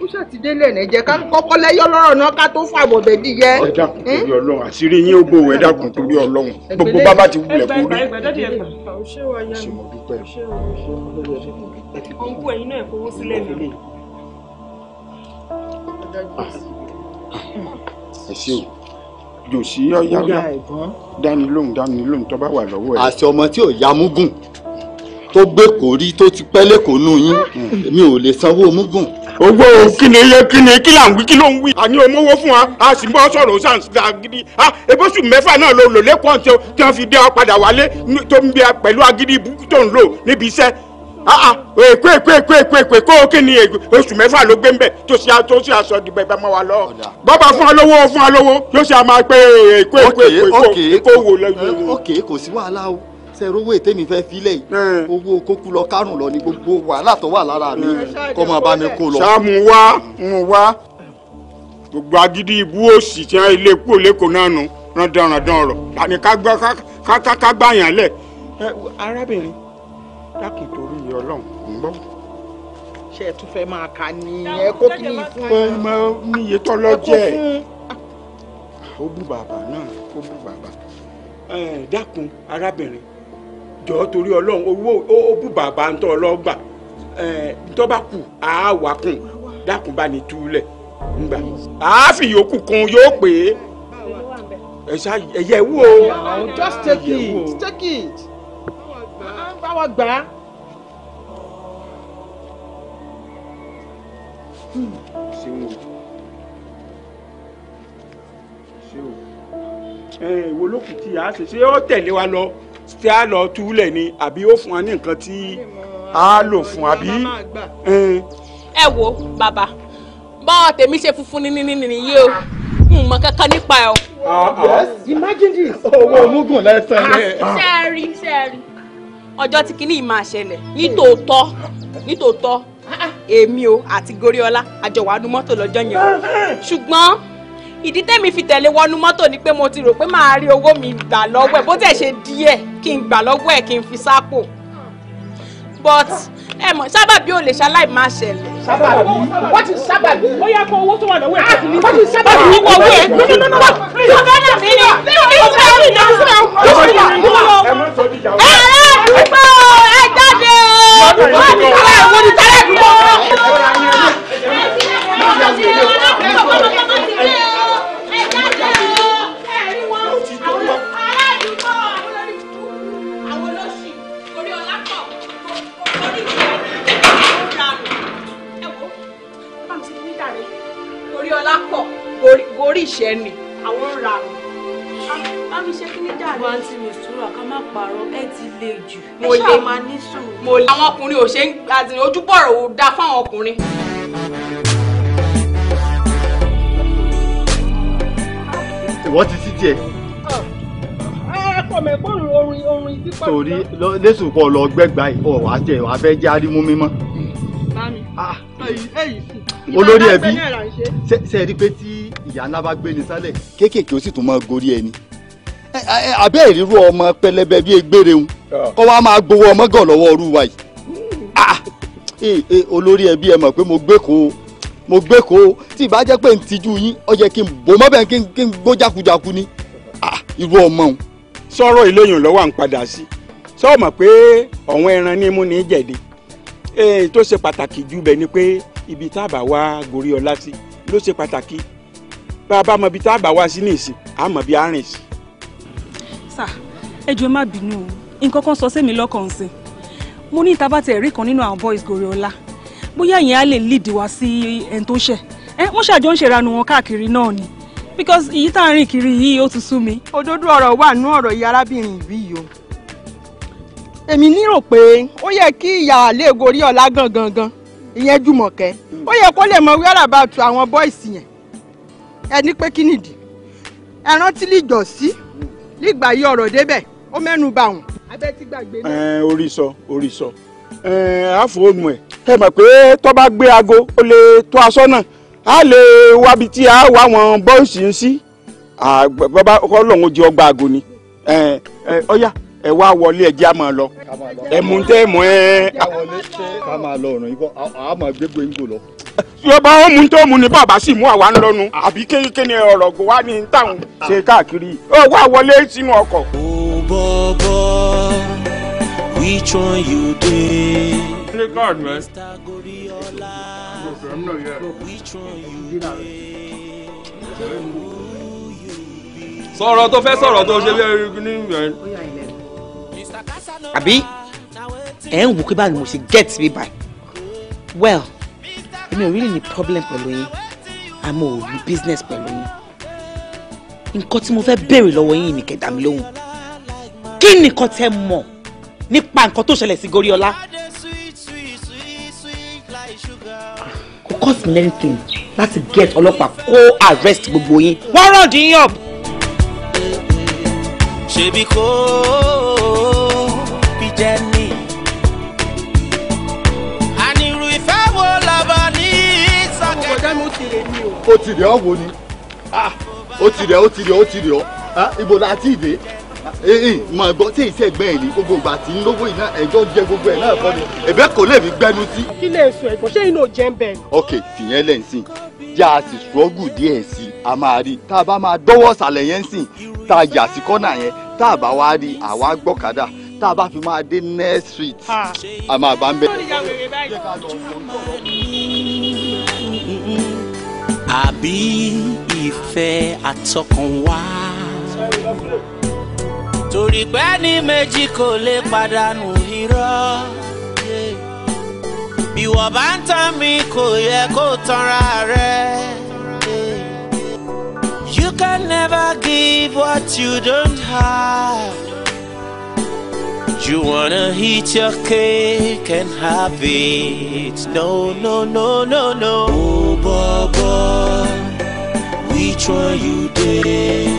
ó ṣàtidélẹ̀ ní jẹ́ ká kọ́kọ́ lẹ́yọ́ lọ́rọ̀ náà ká tó fàbọ̀ bẹ́ẹ̀ di yẹ. ẹ dákun torí ọlọ́run àṣírí yín ó gbòòwò ẹ dákun torí ọlọ́run gbogbo bàbá ti wulẹ̀ kó rí. ṣé mo dúpẹ́ ọ̀nkú ẹ̀yin náà fowó sílẹ̀ mi. ẹ ṣé o jòsí ọ̀yá dání lóhùn dání lóhùn tó bá wà lọ́wọ́ ẹ̀. àṣọ ọmọ tí ò yá mú gùn tó gbé kò rí tó ti pẹ́ lẹ́kọ̀ọ́ nù yín mi ò lè sanwó mugun. owó kí ni iye kí ni kí là ń wí kí ló ń wí. àní omówó fún wa a sì mọ sọ̀rọ̀ sàn gidi a ebóṣù mẹ́fà náà ló lò lẹ́kọ̀ọ́ tí wọ́n fi dé ọ padà wálé tó ń bẹ pẹ̀lú agídí ibùkún tó ń lò níbi iṣẹ́ èkó èkó èkó èkó èkó èkó kí ni oṣù mẹ́fà ló gbé ń bẹ̀ tó ṣe tó ṣe aṣọ ìdìbò ìbá mọ́ wa lọ. bọ́bá fún olówó fún olówó yóò ṣe àmà pé èkó èkó èkó èkó wò lẹ́yìn. ok ok kò sí wàhálà o sẹ́rọ owó ètèmi fẹ́ filẹ̀ yìí owó kókú lọ kárùn lọ ni gbogbo wàhálà tó wà lára mi kọ́ máa bá mi kó lọ. ṣáà mú wá mú wá gbogbo agídí ibú òsì tí wọn ilé kú lẹkọọ náà nù randanrandan ọ̀rọ̀ tani ká gbá yàn lẹ. arábìnrin dákun torí iye Ọlọ́run ń bọ. ṣé ẹ tún fẹ́ máa kà ní ẹ kó kí ni fún ẹ. ọmọ mi tọ́lọ́ jẹ́ ẹ̀ ó bú bàbá náà ó bú bàbá dákun arábìnrin jọ̀ọ́ torí ọlọ́run owó ó bù bàbá ń tọ́ ọlọ́gbà tó bá kù á wà kùn dákun bá ní túlẹ̀ ngbà á fi yòókù kun yóò pè é ẹ ṣá ẹyẹ wò ó oh, just take it take it báwa gbà á. ẹ wo ló kù tí a ṣe ṣé ó tẹ̀lé wa lọ tí a lọ túlẹ̀ ni àbí ó fún wa ní nǹkan tí a lò fún àbí. ẹ wo bàbá bọ́ọ̀ tèmi ṣe funfun ní ní nìyí o n mọ kankan nípa ẹ o. Ah, ah. imagine this. owó omugun lẹ́sẹ̀ rẹ̀. sẹ́ẹ̀rì ah, sẹ́ẹ̀rì ọjọ́ tí kinní yìí máa ṣẹlẹ̀ nítòótọ́ nítòótọ́ èmi o àti goriola àjọwádùn mọ́tò lọ́jọ́ yẹn o ṣùgbọ́n ìdí tẹ́mi fi tẹ̀lé wọnú mọ́tò ni pé mo ti rò pé màá rí owó mi gbà lọ́wọ́ ẹ̀ bó tẹ̀ ṣe díẹ̀ kí n gbà lọ́wọ́ ẹ̀ kí n fi sápò but ẹ mọ̀ sábàbí ò lè ṣaláì máa ṣẹlẹ̀. sábàbí wọ́n ti sábàbí. ó yá kó owó tó wà lọ́wọ́ ẹ̀ kó ti sábàbí. wọ́n ti sábàbí owó ẹ̀ kó ti sábàbí. tó bá nà mí ni kí n fẹ́ rí iná sílẹ̀ o. kí n fẹ́ rí iná o. ẹ ẹ àdúgbò ẹ jáde o. wọ́n ti tẹ́lẹ̀ wọ́n ti tẹ́lẹ̀ gbọ́. torí ìṣẹ́ ni àwọn ń ra àrùn. bá mi ṣe kí ní dàrú. wọ́n ti lè sùúrù ká má parọ́ ẹ ti le jù. mo lè máa ní sùúrù. mo lè àwọn ọkùnrin ò ṣe ń àtìyàn ojúbọ̀rọ̀ ò dáa fáwọn ọkùnrin. ìwọ ti sí torí lẹ́sùn kọ́ lọ gbẹ́gbàá ìfọ̀ wàá jẹ́ wàá fẹ́ jẹ́ àrímú mímọ́. Ah, olórí ẹbí ṣe ẹ rí i pé tí ìyá ńlá bá gbé ni sálẹ̀ kéékèèké ó sì tún máa gorí ẹni abẹ́ ìrírú ọmọ pẹlẹbẹ bíi egbére ń kọ́ wa máa gbowó ọmọ gàn lọ́wọ́ ọrú wa yìí ah, olórí ẹbí ẹ mọ̀ pé mo gbé kó mo gbé kó tí ìbá jẹ́ pé ń tijú yín ó yẹ kí n bò mọ́bẹ̀ kí n gbó jákujáku ni ah, irú ọmọ òun. sọ̀rọ̀ ìlóyún lọ́wọ́ à ń padà sí sọ́ọ̀mọ̀ pé ọ̀wọ́n ẹran ní mú ní jẹ̀dẹ̀ ee eh, tó ṣe pàtàkì jù bẹ́ẹ̀ ni pé ibi tá a bá wá gorí ọlá sí ló ṣe pàtàkì bá a bá mọ ibi tá a bá wá sí ní ìsìn a mọ bí a rìn sí. sà ẹ jọ̀ọ́ ẹ má bínú o nǹkan kan sọ sẹ́mi lọ́kàn sí mo ní ìta bá tẹ̀ rí kan nínú àwọn boys gorí ọlá bóyá ìyẹn á lè lead wá sí ẹni tó ṣẹ̀ ẹ wọ́n ṣàjọ ń ṣèranu wọn káàkiri náà ni because èyí tá a rìn kiri yìí ó ti sú mi. òdodo ọ̀rọ̀ wà nú ọ̀rọ̀ ìyá arábìnrin ìbí yìí o èmi nírò pé ó yẹ kí ìyá lè gorí ọ̀la gangan gan ìyẹn jùmọ̀kẹ́ ó yẹ kó lè mọ wíwárà bá tu àwọn bọ́ìsì yẹn ẹni pé kí nìdí ẹran tí lè jọ sí nígbà yí ọ̀rọ̀ débẹ̀ ó mẹ́nu bà wọ́n. abẹ́ ti gbàgbé náà. ẹ orí sọ orí sọ ẹ àfọwọ́nù ẹ ẹ mọ̀ pé tó bá gbé aago ó lè tó aṣọ náà a lè wábi tí a wá àwọn bọ́ìsì ń sí bàbá ọlọ́run ó jẹ ọgbà aago ni ọ̀ya. Eh, eh, ẹ wá wọlé ẹjẹ á lọ ẹmu tẹ mọ ẹ. ká máa lọ ọ̀nà yìí kọ́ máa gbégbé yín lọ. yọba ó mu tó mu ní bàbá sì mú àwa ń lọnu àbí kékeré ọ̀rọ̀ gò wá ní táwọn ṣe káàkiri ó wá wọlé sínú ọkọ̀. ó bọ́ which one you dey. play card man. sọ̀rọ̀ tó fẹ́ sọ̀rọ̀ tó ṣe bí ẹni àbí ẹ ń wò pé báyìí mo ṣe get me by well èmi ò rí ní problem pẹ̀lú yín àmọ́ ò rí business pẹ̀lú yín nǹkan tí mo fẹ́ béèrè lọ́wọ́ yín ní kẹ̀dá mi lóhùn kí nìkan tẹ́ mọ̀ nípa nǹkan tó ṣẹlẹ̀ sí Goriola kò cost me anything láti get ọlọ́pàá kó arrest gbogbo yín wọ́n rọ̀ dín yàn. ṣebí kò. ó ti rẹ̀ ọ́ wo ni ó ti rẹ̀ ó ti rẹ̀ ó ti rẹ̀ ọ́ ah, ibo la ti dé eh, eh, mọ̀ ẹ̀gbọ́n tí ìṣe ẹ̀gbẹ́ ẹ̀ ní gbogbo ìgbà tí ń lówó iná ẹ̀jọ́ jẹ gbogbo ẹ̀ náà fọ́ni ẹ̀bẹ́ kò lè fi gbẹ́nu sí. kí lè sùn ẹ̀gbọ́n ṣé inú ò jẹ́ ń bẹ̀. ok fìyẹn lẹ́yìn sí a sì sọ́gù díẹ̀ sí i a máa rí tá a bá máa dọ́wọ́ sàlẹ̀ yẹn sìn tá a yà sí kọ́nà yẹn tá a bá wá rí àwa gbọ́kadà tá a bá fi máa dé next street ah. a máa bá ń bẹ̀ àbí ìfẹ́ àtọkànwá. torí pé ní méjì kò lè pàdánù irọ́ bí wọ́n bá ń tán mi kò yẹ kó tanra rẹ̀. You can never give what you don't have. You wanna eat your cake and have it. No, no, no, no, no. Oh, Baba, which one you did?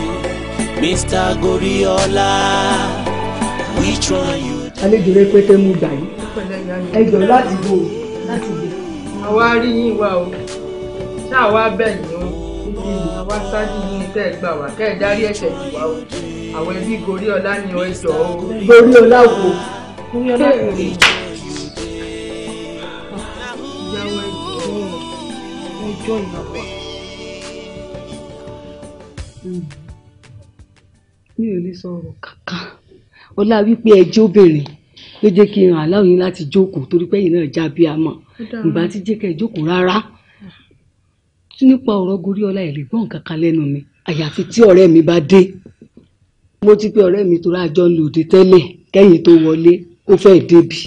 Mr. Goriola, which one you did? Àlejò rẹpẹtẹ mú gbà yín. Ẹjọ́ láti bò láti bò. Àwa rí yín wá o. Ṣáà wá bẹ̀yìn o bí àwa ṣáájú yìí kẹ́ ẹ gbà wá kẹ́ ẹ dárí ẹ̀ṣẹ̀ jù wá o àwọn ẹbí Goríọlá ni ọ ẹjọ́ o. Goríọlá wo Goríọlá kò rí. ìyàwó ẹjọ́ ẹjọ́ ìyàwó. mi ò lè sọ̀rọ̀ kankan ọlá wípé ẹjọ́ obìnrin ló jẹ́ kí n hàn láwọn yín láti jókòó torí pé yìí náà jábí àmọ́ ìgbà tí jẹ́ kẹ́ ẹ jókòó rárá nípa ọ̀rọ̀ Goríọlá ẹ̀ lè gbọ́ nǹkan kan lẹ́nu mi àyàfi tí ọ̀rẹ́ mi bá dé mo ti pe ọ̀rẹ́ mi tó rájọ́ lòdì tẹ́lẹ̀ kẹ́yìn tó wọlé ó fẹ́ débi.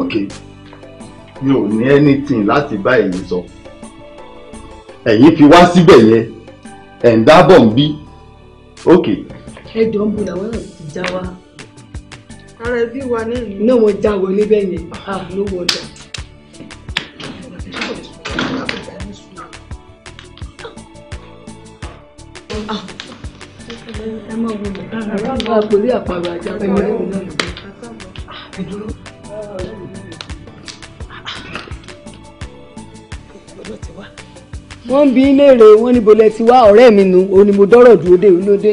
ok mi ò ní anything láti bá èyí sọ ẹ̀yin fi wá síbẹ̀ yẹn ẹ̀ ń dábọ̀ ń bí ok. ẹ jọ ń bu ìyàwó náà já wa. ara ẹbí wa náà ni. náà wọ́n já wọlé bẹ́ẹ̀ yẹn ló ah. ah, wọ̀dà. Ah. ẹ wọ́n ń bi léèrè wọ́n níbo lẹ ti wá ọ̀rẹ́ mi nù òun ni mo dọ́rọ̀ dúró dé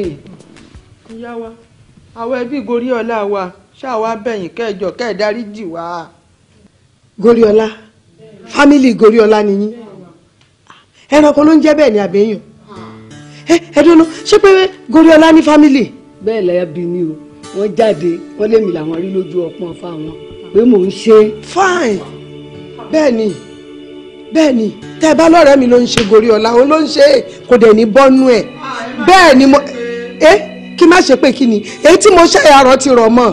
òun ló àwọn ẹbí Goríọlá wa ṣáà wá bẹ̀yìn kẹjọ kẹ́ dáríjì wá. Goríọlá fámìlì Goríọlá ni yín ẹranko ló ń jẹ́ bẹ́ẹ̀ ni àbẹ́yàn ẹ dúró ṣé pé Goríọlá ní fámìlì. bẹ́ẹ̀ lẹ́yà bí mi o wọ́n jáde wọ́n lèmi làwọn rí lójú ọpọ́n fáwọn pé mò ń ṣe. fine bẹ́ẹ̀ ni bẹ́ẹ̀ ni tẹ́ ẹ bá lọ́rẹ̀ẹ́ mi ló ń ṣe Goríọlá òun ló ń ṣe kò dẹ̀ ní bọ́nú ẹ̀ ah, bẹ́ẹ̀ ni mo. Eh? kí má ṣe pé kí ni èyí tí mo ṣe àrọ ti rọ̀ mọ́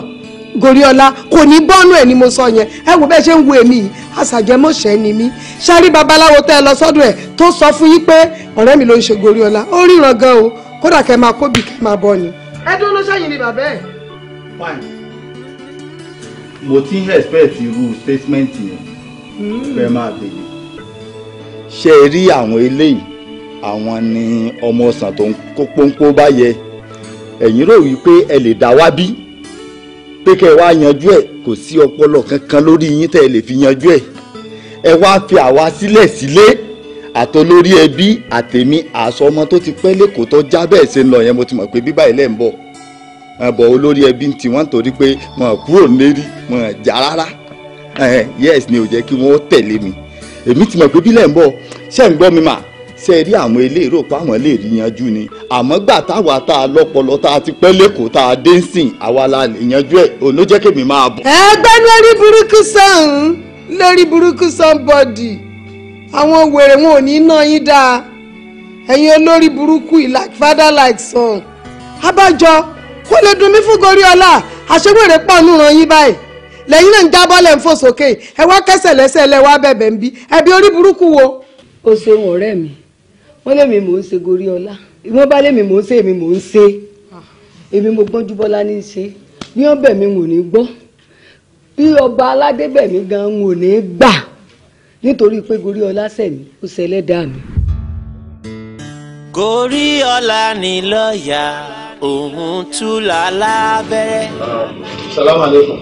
gòríọlá kò ní bọ́ọ̀nù ẹ̀ ni mo sọ yẹn ẹ wò bẹ́ẹ̀ ṣe ń wo èmi yìí àṣàjẹmọ́ṣẹ́ ni mí ṣárí babaláwo tẹ́ ẹ lọ sọ́dọ̀ ẹ̀ tó sọ fún yín pé ọ̀rẹ́ mi ló ń ṣe gòríọlá ó ríran gan o kódà kẹ́ máa kóbì kẹ́ máa bọ̀ ni. ẹ dúró ló ṣẹ́yìn ni bàbá ẹ̀. fine mo ti ń expect irú statement yẹn hmm. fẹ́ máa bèèrè ṣé ẹ rí àwọn eléyìí àwọn ni ọmọ ọsàn tó ń kó pọ́npọ́ báyẹn ẹ̀yin rò wípé ẹ lè dá wá bí pé kẹ́ ẹ wá yanjú ẹ̀ kò sí ọpọlọ kankan lórí yín tẹ́ ẹ lè fi yanjú ẹ̀ ẹ wá fi àwa sílẹ̀ sílé àtolórí ẹbí àtèmi àsọmọ tó ti pẹ́ lẹ́kọ̀ọ́ tó já bẹ́ẹ̀ ṣe ń lọ yẹn mo ti mọ̀ pé bíbá ilẹ̀ ń bọ̀ àbọ̀ olórí ẹbí ti wọ́n torí pé wọn kúrò lérí wọn jà rárá yes ni ò jẹ́ kí wọ́n tẹ̀lé mi èmi ti mọ̀ pé bílẹ̀ ń bọ̀ ṣẹ́ ń gbọ́ mi mà ṣe rí àwọn eléèrò pàmò lè rí yanjú ni àmọ́ gbà táwa tá a lọ́pọlọ tá a ti pẹ́ lẹ́kọ̀ọ́ tá a dé ń sìn àwa la lè yanjú ẹ̀ òun ló jẹ́ kémi máa bọ̀. ẹ gbẹ́ lórí burúkú sàn lórí burúkú sàn bọ́dì àwọn wèrè wọn ò ní ná yín dáa ẹ̀yin olórí burúkú like father like son abájọ kó lè dùn mí fún gorí ọlá àṣewèrè pọ̀ nù ràn yín báyìí lẹ́yìn náà ń jábọ́ lẹ́ ń fò sókè ẹ wá kẹsẹ̀ lẹ́sẹ̀ lẹ́ wá ń bí ẹbí orí burúkú wo. o ṣeun ọ̀rẹ́ mi wọ́n lèmi mò ń ṣe gorí ọlá wọ́n bá lèmi mò ń ṣe èmi mò ń ṣe èmi mo gbọ́njú bọ́lá ní í ṣe bí wọ́n bẹ̀ mí wò ní gbọ́ bí ọba aládé bẹ̀ mí gan wò ní gbà nítorí pé gorí ọlá sẹ̀mí ó ṣẹlẹ́dàá mi. gorí ọlá ni lọ́ọ̀yà òun tú lálábẹ́rẹ́. salaam aleykum.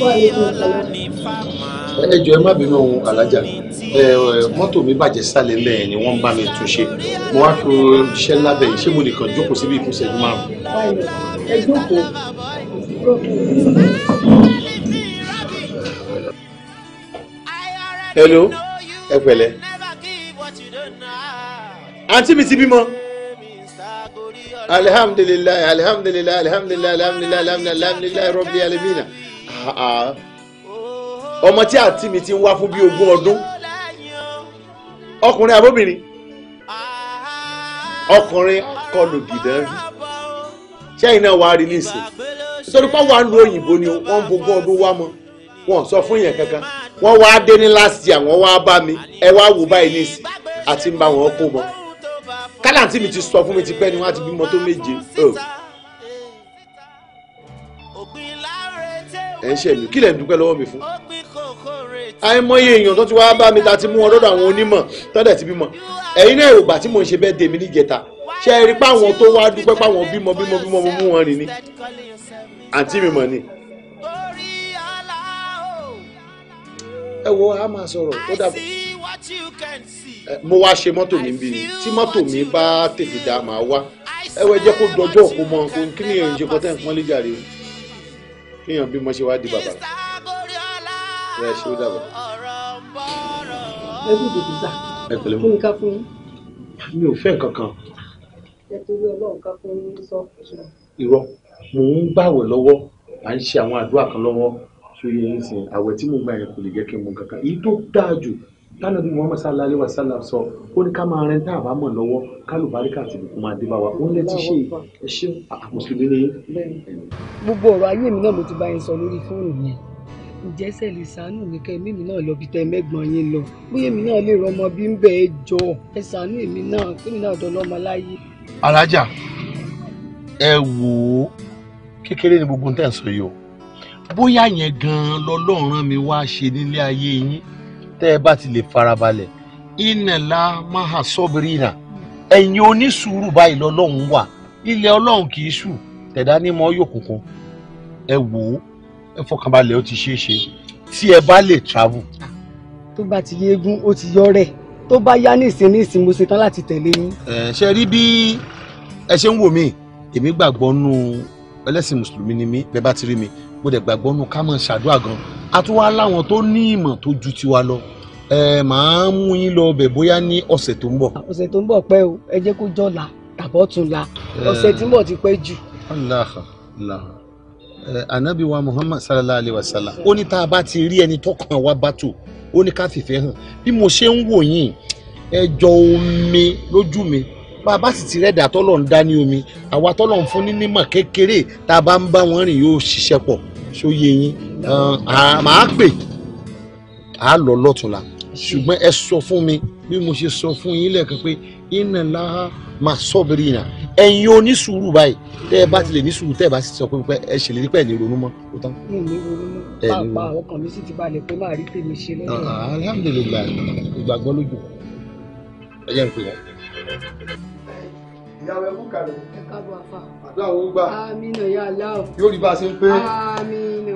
gorí ọlá ni fáwọn ẹ ẹ má bínú ohun alájà mọ́tò mi bàjẹ́ sálẹ̀ lẹ́yìn ni wọ́n bá mi tún ṣe mo wá kó iṣẹ́ lábẹ́ ṣé mo nìkan jókòó síbi ìkúnṣẹ́jú márùn hello ẹ pẹ̀lẹ́ àǹtí mi ti bímọ. alhamdulilayi alhamdulilayi alhamdulilayi alhamdulilayi alhamdulilayi rabbil ọmọ tí àǹtí mi ti ń wá fún bí ogún ọdún ọkùnrin àbóbìnrin ọkùnrin kọlù gìdẹ́rì sẹ́yìn náà wàá rí nísìn nítorí pé wàá lu òyìnbó ni wọ́n ń bogún ọdún wá mọ́ wọn sọ fún yẹn kankan wọ́n wáá dé ní last year wọ́n wáá bá mi ẹ wá wò báyìí nísìn àti ń bá wọn kó mọ́ kálàntì mi ti sọ fún mi ti pẹ́ ni wọ́n ti bímọ tó méje ẹ̀ ń ṣe mí kí lẹ̀ dúpẹ́ lọ́wọ́ mi fún àìmọye èèyàn tó ti wá bá mi ta ti mú wọn lọ́dọ̀ àwọn onímọ̀ tọ́dẹ̀ ti bímọ ẹ̀yin náà ìwògbà tí mò ń ṣe bẹ́ẹ̀ dèmi níjẹta ṣe é rí páwọn tó wá dúpẹ́ páwọn bímọ bímọ bímọ mú wọn rìn ni àǹtí mi mọ̀ ni. ẹ wo a máa sọ̀rọ̀ ó dàbọ̀ mo wá ṣe mọ́tò mi bí tí mọ́tò mi bá tètè dá màá wá ẹ wẹ́ jẹ́ kó dọjọ́ òkú mọ́ kí ni èèyàn ṣe kọ́tẹ́ nǹkan lè jàre kí èèyàn bí mo ṣe wá di bàbá ẹ ṣe ó dàbọ̀. ẹ bí ìdìbò sá fún mi ká fún yín. mi ò fẹ́ kankan. ẹ torí ọlọ́run ká fún yín sọ. irọ́ mò ń gbàwẹ̀ lọ́wọ́ à ń ṣe àwọn àdúrà kan lọ́wọ́ sórí ẹ̀yìn sìn àwẹ̀ tí mo gbà yẹn kò lè jẹ́ kí n mọ kankan èyí tó dáa jù tánà bí muhammed sallallahu alayhi wa sallam sọ ó ní ká máa rẹ tá a bá mọ̀ lọ́wọ́ kálù baríkà àti ìbùkún máa dé bá wa òun lè ti ṣe ẹ àmùsùlùmí ni. gbogbo ọ̀rọ̀ ayé mi náà ló ti bá yín sọ lórí fóònù yẹn ǹjẹ́ sẹ́lì sàánù ní kẹ́ mímí náà lọ bí tẹ mẹ́gbọ̀n yín lọ bóyá èmi náà lè rọmọ bí ń bẹ ẹ jọ ẹ sàánù èmi náà kémi náà dọ́ lọ́mọ láyé. alájà ẹ wò ó kékeré ni gbogbo tẹ̀ ń sọ yìí o bóyá yẹn gan-an lọ́lọ́run rán mi wá ṣe nílé ayé yín tẹ́ ẹ bá ti lè farabalẹ̀ ìnàlá máa sọ́bìrì náà ẹ̀yin onísùúrù báyìí lọ́lọ́run wà ilẹ̀ ọlọ́run kì í ṣù tẹ̀dá ní mọ́ yòókùnkùn ẹ wò ó ẹ fọkànbalẹ̀ ó ti ṣeé ṣe tí ẹ bá lè travel. tó bá ti yé eégún ó ti yọ rẹ tó bá yá ní ìsìn ní ìsìn mo ṣetán láti tẹ̀lé yín. ẹ ṣe rí bí ẹ ṣe ń wò mí èmi gbàgbọ́ nù ẹlẹ́sìn mùsùlùmí ni mí bẹ́ẹ̀ bá ti rí mi mo dẹ̀ gbàgbọ́ nù ká máa ṣàdúrà gan a láwọn tó ní ìmọ̀ tó ju tiwa lọ ẹ màá mú yín lọ bẹ̀ bóyá ní ọ̀sẹ̀ tó ń bọ̀. ọ̀sẹ̀ tó ń bọ̀ pẹ́ o ẹ jẹ́ kó jọ̀la tàbọ̀tún la ọ̀sẹ̀ tí ń bọ̀ ti pẹ́ jù. Allah Allah anabiwa eh, muhammad sallallahu alaihi wasallam sallam ó ní tá a bá ti rí ẹni tó kàn wá bàtò ó ní ká fìfẹ́ hàn bí mo ṣe ń wò yín ẹjọ omi lójú mi bá a bá sì ti rẹ́dà tọ́lọ̀ ń dá ní omi àwa tọ́lọ̀ ń fún ní nímọ̀ kékeré tá a bá ń bá wọn rìn yóò ṣiṣẹ́ pọ̀ sóye yín eh, màá pè á lọ lọ́tùnla ṣùgbọ́n ẹ sọ fún mi bí mo ṣe sọ fún yín lẹ́ẹ̀kan pé inna laha masobirina ẹ̀yin o ní sùúrù báyìí tẹ́ ẹ bá tilẹ̀ ní sùúrù tẹ́ ẹ bá sì sọ pé ẹ ṣèlérí pẹ̀ ní ronú mọ́ ó tán. mi ní ronú mọ́ pàápàá ọkàn mi sì ti balẹ̀ pé máa rí tèmi ṣe lọ́dọ̀. Ah, alhamdulilayi ìgbàgbọ́ lójú ẹ jẹ́ n pè ìyàwó ẹkú kàlẹ́. ẹ káàbọ̀ àfà. àdúrà owó gbà. amina ya Allah. yóò rí bá a ṣe ń pé. amina.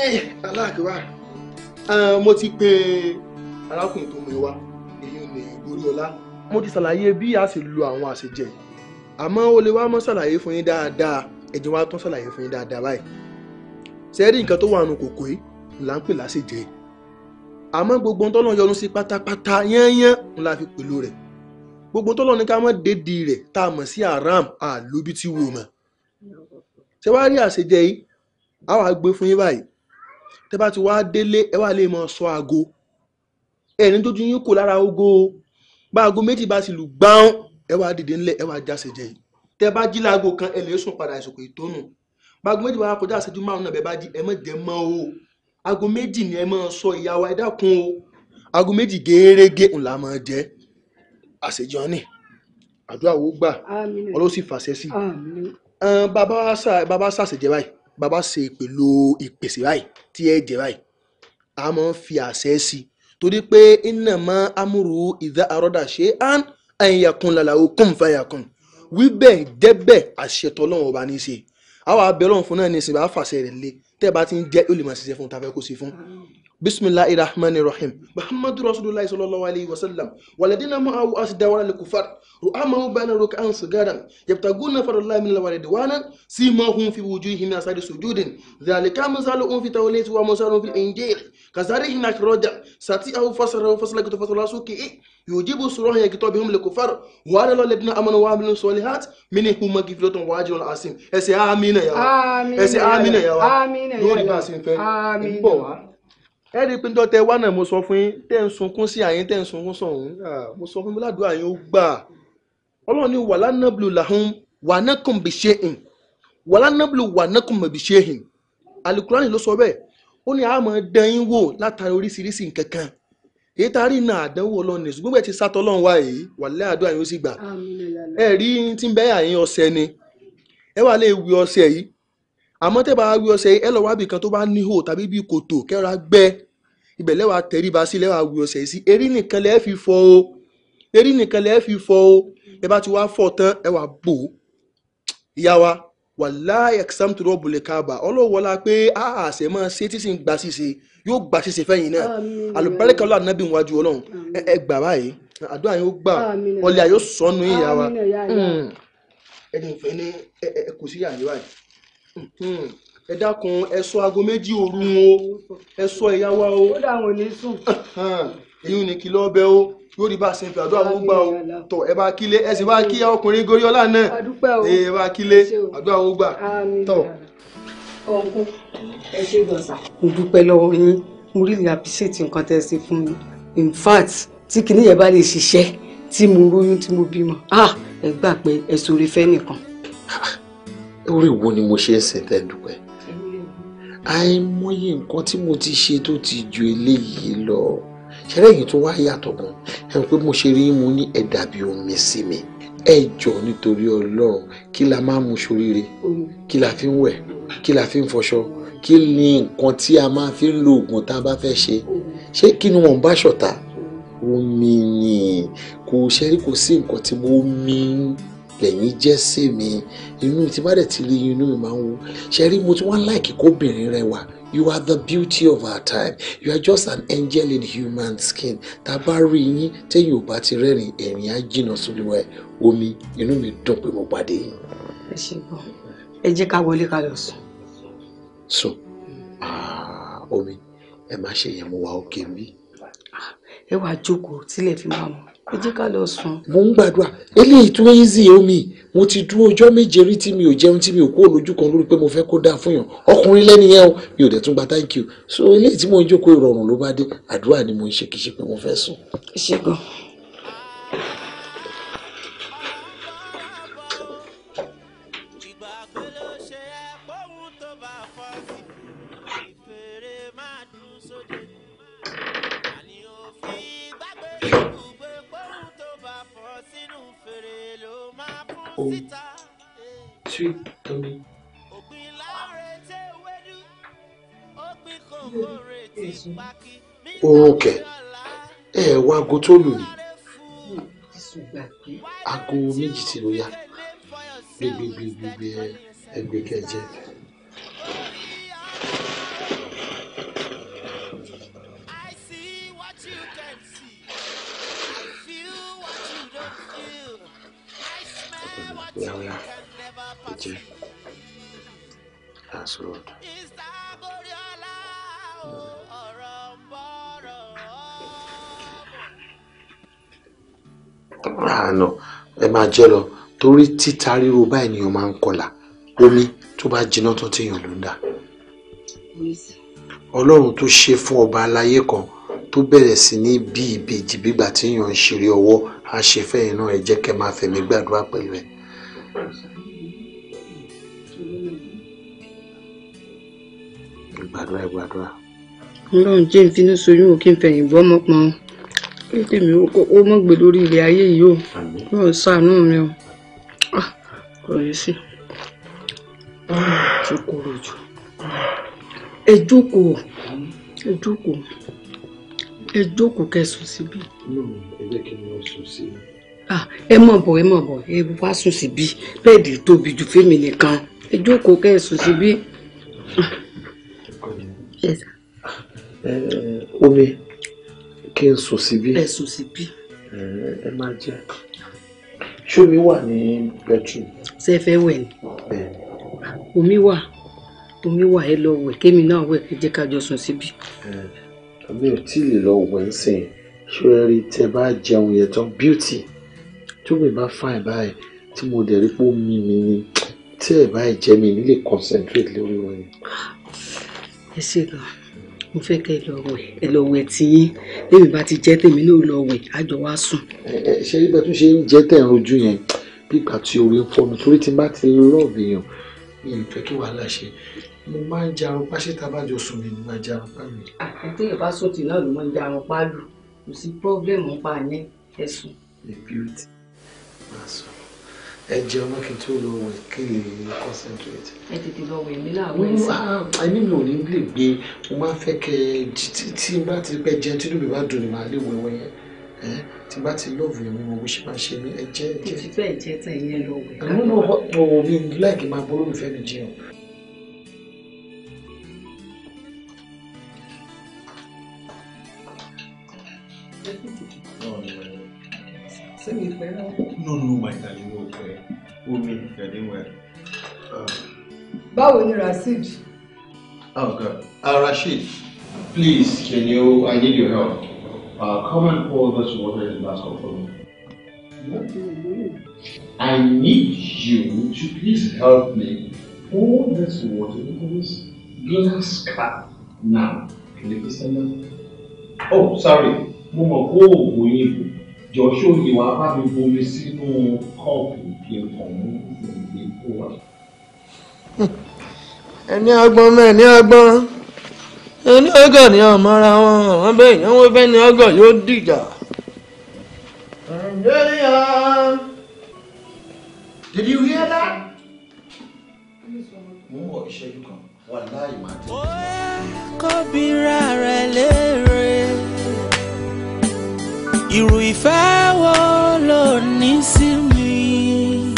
ẹ aláàkíwá mo ti pe arákùnrin tó mú wa èyí ò mo ti ṣàlàyé bí a ṣe lo àwọn àṣejẹ àmọ́ o lè wá mọ́ ṣàlàyé fún yín dáadáa ẹ jẹ́ wá tún ṣàlàyé fún yín dáadáa báyìí ṣẹ́ẹ́rì nǹkan tó wà nù kòkó yìí là ń pè láṣejẹ àmọ́ gbogbo ohun tọ́lọ́ yọnu sí pátápátá yányán ńlá fi pẹ̀lú rẹ̀ gbogbo ohun tọ́lọ́ ní ká mọ́ dédi rẹ̀ tá a mọ̀ sí haram àlóbi tí wò mọ̀ ṣé wàá rí àṣejẹ yìí a wàá gbé fún yín báyìí tẹ́ bá ti wá délé ẹ wà lè mọ sọ aago ẹ̀rín tó ju yín kò lára ogo o gbáago méjì bá sì lù gbáhùn ẹ wá dìde ńlẹ̀ ẹ wá jáse jẹ yìí tẹ bá jí láago kan ẹ lè sùn padà ìsòkò ìtọ́nù gbáago méjì bá kọjá àṣẹjú márùn náà bẹ bá jí ẹ mọ̀ jẹ mọ́ o aago méjì ni ẹ máa sọ ìyá wa ẹ dákun o aago méjì géérégé ńlá máa jẹ àṣejọ ni àdúrà wo gbà ọlọ́sì fàṣẹ sí bàbá bàbá sàṣẹjẹ báyìí bàbá ṣe ìpèlò ìpèsè báyìí tí ẹ jẹ báyìí a máa ń fi àṣẹ sí i torí pé iná mọ́ amúrú ìdá àrọ́dà ṣe án ẹ̀yàkùn làlàó kùn fàyàkùn wíbẹ̀ dẹ́bẹ̀ àṣetọ́ lọ́wọ́ ọba ní í ṣe àwọn abẹ́lọ́run fún náà ní ìsìn bá fàṣẹ rẹ̀ lé tẹ́ bá ti ń jẹ́ ó fún tàfẹ́ kó fún. bisimilahi rahman rahim muhammadu rasulillah sallallahu alayhi wa sallam waladina ma awu asidawara le kufar ru'amahu bana roka an sigaran yabtaguna farallah min lawaridi wanan si ma hun fi wujuhi min asari sujudin zalika masalu un fi tawlati wa masalu fi injil kasari hina roja ساتيئه فصلا وفصلا كتو فصلا سوكي إيه يجيب سروه يكتبهم لكفار وعلى الله الذين امنوا وعملوا الصالحات منهم مغفرة واجر عظيم ẹsẹ amina yà wá ẹsẹ amina yà wá lórí bá a ṣe ń fẹ́ ń bọ̀ wá. ẹ rí i pé njọ́ tẹ wá náà mo sọ fún yín tẹ́ ń sunkún sí àyín tẹ́ ń sunkún sọ̀hún ah, mo sọ fún mi ládùúgbò àyín ó gbà ọlọ́run ní wàhálà nàblu làhún wàhánà kùn bí ṣe hìn wàhálà nàblu wàhánà kùn bí ṣe hìn alukurani ló sọ bẹ́ẹ̀ ó ní àmọ́ dán latara wò látara oríṣiríṣi nǹkan kan èyí tá a rí iná àdánwò ọlọ́run ti sátọ́ ọlọ́run wá yìí wàlẹ́ àdúrà yóò sì gbà ẹ rí tí ń bẹ́ àyín ọ̀sẹ̀ ni ẹ wà lè wí ọ̀sẹ̀ yìí àmọ́ tẹ́ bá wí yìí ẹ lọ wá bìkan tó bá níhò tàbí bí kòtò kẹ́ra gbẹ́ ibẹ̀ lẹ́wà tẹríba wàláì exam tó rọ́ọ̀bù lè kábà ọlọ́wọ́lá pé àṣẹ máa ṣe tí sì ń gba ṣíṣe yóò gba ṣíṣe fẹ́yìn náà àlùbáríkà ọlọ́run náà bí wájú ọlọ́run ẹ gbà báyìí àdúrà yóò gbà ọlẹ́ àyò sọnù ìyá wa hmm. ẹni ìfẹ́ ní ẹ kò sí yàrá báyìí hmm. ẹ dákun ẹ sọ aago méjì òru o ẹ sọ ẹ̀yà wa o ó dà wọn ní sùn èyí ò ní kí lọ́ọ́ bẹ́ o lórí bá ṣe ń fi àdúrà wọn gbà ó tọ ẹ bá kílé ẹ sì bá kí ọkùnrin Goriola náà ẹ bá kílé àdúrà wọn gbà tọ. ọ̀nkún ẹ ṣe gbọ̀nsà. mo dúpẹ́ lọ́wọ́ yín mo rí appreciate nǹkan tẹ́ ṣe fún mi in fact tí kinní yẹn bá lè ṣiṣẹ́ tí mo róyún tí mo bímọ ah ẹ gbà pé ẹ sọ̀rọ̀ ìfẹ́ nìkan. orí wo ni mo ṣe ń sìn tẹ́ dúpẹ́ àìmọye nǹkan tí mo ti ṣe tó ti ju eléyìí lọ ṣẹlẹ̀ yìí tó wá yàtọ̀ gan ẹ pé mo ṣe rí mu ní ẹ dàbí omi sí mi ẹ jọ nítorí Ọlọ́run kí la máa mu ṣoríire kí la fi ń wẹ̀ kí la fi ń fọṣọ kí ni nǹkan tí a máa fi ń lo oògùn tá a bá fẹ́ ṣe ṣé kí ni wọ́n bá ṣọ̀tá omi ni kò ṣẹ́rí kò sí nǹkan tí mo mi ń lẹ́yìn jẹ́ sí mi inú tí bá dẹ̀ ti rí inú mi máa ń wú ṣe rí mo ti wá láìkí kóbìnrin rẹwà you are the beauty of our time you are just an angel in human skin tá a bá rí yín téyìn ò bá ti rẹ́rìn ẹ̀rín á jìnnà sóluwẹ̀ omi inú mi dùn pé mo pàdé yín. ẹ ṣe gbọ́ ẹ jẹ́ ká wọlé ká lọ sùn. sùn ah, omi ẹ má ṣe yẹn mo wà òkè mi. Ah, ẹ wàá jókòó tílẹ̀ fi máa mọ̀ ẹ jẹ́ ká lọ sùn. mo ń gbàdúrà eléyìí tún easy omi mo ti dúró ọjọ́ méje rí tí mi ò jẹun tí mi ò kúrò lójú kan lórí pé mo fẹ́ kó dáa fún yàn ọkùnrin lẹ́ni yẹn o mi ò dẹ̀ tún gba thank you so eléyìí tí mo ń jókòó ìrọ̀rùn ló bá dé àdúrà ni mo ń ṣe kì í ṣe pé mo fẹ́ sùn. ṣe gan-an oh, sweet tummy. oorun kẹ ẹ ẹ wá Ago tó lù ní aago méjì tí ló yá gbégbégbégbé ẹgbẹ kẹjẹ. Evans Road. ràánà ah, ẹ máa jẹ́ lọ torí títa ríro báyìí ni èèyàn máa ń kọlà omi tó bá jiná tán téèyàn ló ń dà. ọlọ́run tó ṣe fún ọba aláyé kan tó bẹ̀rẹ̀ sí ní bí ìbejì gbígbà téèyàn ń ṣeré ọwọ́ àṣefẹ́yìn náà ẹ jẹ́ kẹ́ máa fẹ̀mí gbàdúrà pẹ̀lú ẹ̀. ìgbàdúrà ìgbàdúrà. ọlọ́run jẹ́ ìfinú soyún o kí n fẹ̀yìn bọ́ ọmọ pọn kéèké mi ó mọ̀gbẹ́ lórí ilẹ̀ ayé yìí o yóò ṣàánú mi o ah, kò yẹ sí tó kúrò jù ẹ jókòó ẹ jókòó ẹ jókòó kẹsùn síbí. ẹ jẹ́ kí n lọ sùn sí i ah, ẹ mọ̀ bọ̀ ẹ mọ̀ bọ̀ ẹ wá sùn síbí bẹ́ẹ̀dì tóbi jù fẹ́mi nìkan ẹ jókòó síbí. Ah. Yes sir. Eh, omi kí n sùn síbí. Ẹ sùn síbí. Eh, ẹ máa jẹ. Ṣómi wà ní bedroom. Ṣé ẹ fẹ́ wẹ̀ ni? Bẹ́ẹ̀ni. Omi wà. Omi wà ẹ lọ wẹ̀. Kémi náà wẹ̀ kí jẹ́ ká jọ sùn síbí. Àmì eh, ò tí ì lè lọ wẹ̀ ń sìn. Ṣé ẹ rí tẹ bá jẹun yẹn tán beauty? Tóbi bá fine báyìí tí mo dẹ̀ rí pé ó mi mi ni tí ẹ̀ báyìí jẹ́ mi nílé concentrate lórí wọn ẹ ṣe gan mo fẹ́ kẹ́ ẹ lọ wẹ̀ ẹ lọ wẹ̀ tìyín lèmi bá ti jẹ́ tèmi náà lọ wẹ̀ àjọ wa sùn. ẹ ṣe bí bẹ́ẹ̀ tún ṣe ń jẹ́ tẹ̀ ń rojú yẹn gbígbà tí orí ń fọ́ mi torí tí n bá ti lọ́ọ̀bì yàn mi ò fẹ́ kí wàhálà ṣe mo máa ń jarun pa ṣé tabajọ sùn mi ni máa jarun pa mi. àtẹ̀tẹ̀ yẹn bá náà ló máa ń jarun pa lù kò sí pọ́blẹ́mù pa yẹn ẹ̀sùn. the beauty. That's ẹ jẹun náà kí n wẹ̀ kí concentrate. ẹ tètè lọ wẹ̀ mí láàárọ̀ ẹ sá. àìní mi ò ní lè gbé mo máa fẹ́ kẹ tí tí bá ti pẹ́ jẹun tí lóbi bá dùn ní màá lè wẹ̀ wẹ̀ yẹn tí bá ti lọ́ọ̀bù yẹn mi mo ṣe máa ṣe mí ẹ jẹ́ ẹ jẹ́. ètùtù ẹ̀ lọ wẹ̀. àmọ́ mi láìkí máa bọ́ Se mi fẹ́ràn. No, no, my darling, mo fẹ́. Omi very well. Um. Báwo ni Rasheed? Oh God, Ah, uh, Rashid. please, can you, I need your help. Uh, come and pour this water in the basket for me. What I need you to please help me pour this water into this glass cup now. Can you please stand up? Oh, sorry. Mama, oh, we need you jọ ṣó ìwà bá mi bomi sínú kọ́ọ̀pù kí n kàn mú ìgbé kó wá. ẹni ọgbọ́n mẹ́ni ọgbọ́n ẹni ọgọ́ ni ọmọ ara wọn àwọn bẹ́ẹ̀ yẹn wọ́n fẹ́ ni ọgọ́ yóò dìjà. Nigeria! Did you hear that? Mo ń wọ ìṣẹ́jú kan, wà láì máa tẹ̀lé. Ó kọ́ bí ra léèrè irú ìfẹ́ wo ló ní sí mi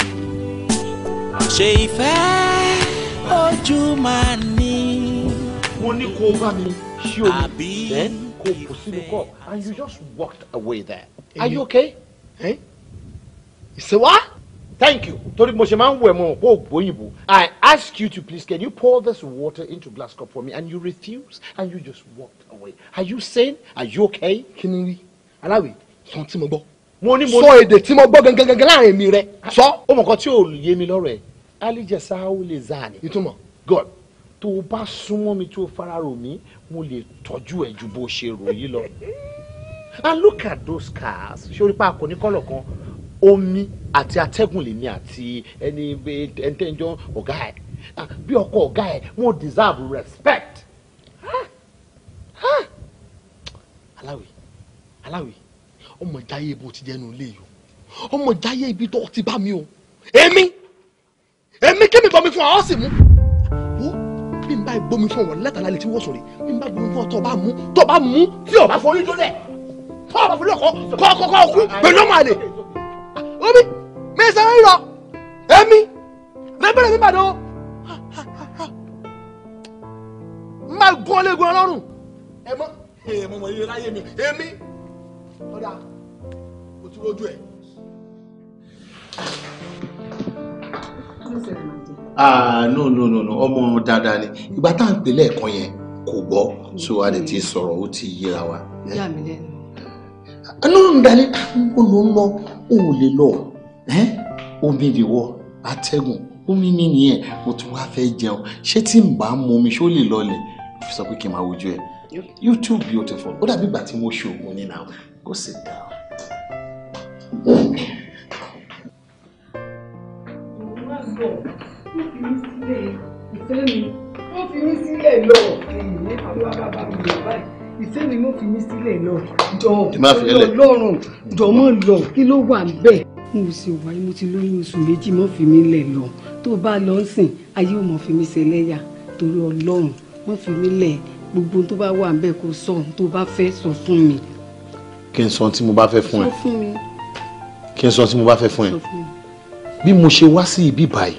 ṣe ìfẹ́ ojú máa ní. mo ní kó o bá mi ṣí omi àbí ìfẹ́ kó o kò sínú cup and you just walked away there. are you okay? Eh? ìṣèwá thank you torí mo ṣe máa ń wẹ̀ mọ́ pé ògbóyìnbó i ask you to please can you pour this water into glass cup for me and you refuse and you just walked away are you sane are you okay kí ni rí aláwì sọ tí mo gbọ́ mo ní mo sọ èdè tí mo gbọ́ gangan láàrin mi rẹ sọ. ó mọ̀ kan tí ò yé mi lọ́rọ̀ ẹ̀ alijasa ó lè zà ní. ìtumọ̀ god tó o bá súnmọ́ mi tó o fara rò mí mo lè tọ́jú ẹ̀ ju bó o ṣe rò yí lọ. and look at those cars ṣé orí pa àkọ́ní kọ́lọ̀ kan omi àti atẹ́gùn lèmi àti ẹni ẹntẹ́njọ́ ọ̀gá ẹ̀ ah, bí ọkọ ọ̀gá ẹ̀ wọ́n deserve respect. Ah! Ah! aláwì aláwì ọmọ jáyé ibo ti jẹ́nu ilé yìí o ọmọ jáyé ibi tó ti bá mi o èmi èmi kí mi bọ́ mi fún ọ sì mú wo bí n bá gbomi fún ọ lẹ́tà lálẹ́ tí wọ́n sọ̀rọ̀ bí n bá gbomi fún ọ tó bá mú tó bá mú tí o bá forí lólẹ̀ tó o bá forí lọ́kọ̀ kọ́ kọ́ kọ́ kú pẹ̀lú ọmọ àlè omi mi sọ ń lọ èmi lẹ́gbẹ̀rẹ̀ mi bàdó n bá gún ọ lé gun ọlọ́run ẹ mọ ẹ mọ mọ iye láyé mi èmi ọ̀dà o ti rojú ẹ̀. ah no no no no ọmọ dáadáa ni ìgbà tá à ń pè lẹ́ẹ̀kan yẹn kò gbọ́ so a lè ti sọ̀rọ̀ ó ti yíra wa. yà mí lẹ́nu. Ah, no no dalẹ o ló ń lọ o ò lè lọ omi ìdìwọ atẹ́gùn omi mi nìyẹn mo tún wá fẹ́ jẹun ṣé tí n bá mu omi ṣé ó lè lọlẹ̀ fi sọ pé kí n máa wojú ẹ you too beautiful ó dàbí ìgbà tí mo ṣe oògùn ní náà. Go sit down. Ìfẹ́ mi, mo fi mí sílẹ̀ lọ. Èyí àwọn bàbá mi lọ báyìí. Ìfẹ́ mi, mo fi mí sílẹ̀ lọ. Jọ̀ọ́ lọ́rùn, jọ̀ọ́ mọ̀ lọ, kí ló wà ń bẹ̀? mo sì wáyé mo ti lóyún oṣù méjì mọ́ fi mí lẹ̀ lọ tó bá lọ ń sìn ayé ò mọ̀ fi mí ṣẹlẹ́yà torí ọlọ́run mọ́ fi mí lẹ̀ gbogbo tó bá wà ń bẹ̀ kó sọ tó bá fẹ́ sọ fún mi kí n sọ tí mo bá fẹ́ fún ẹ kí n sọ tí mo bá fẹ́ fún ẹ bí mo ṣe wá sí ibi báyìí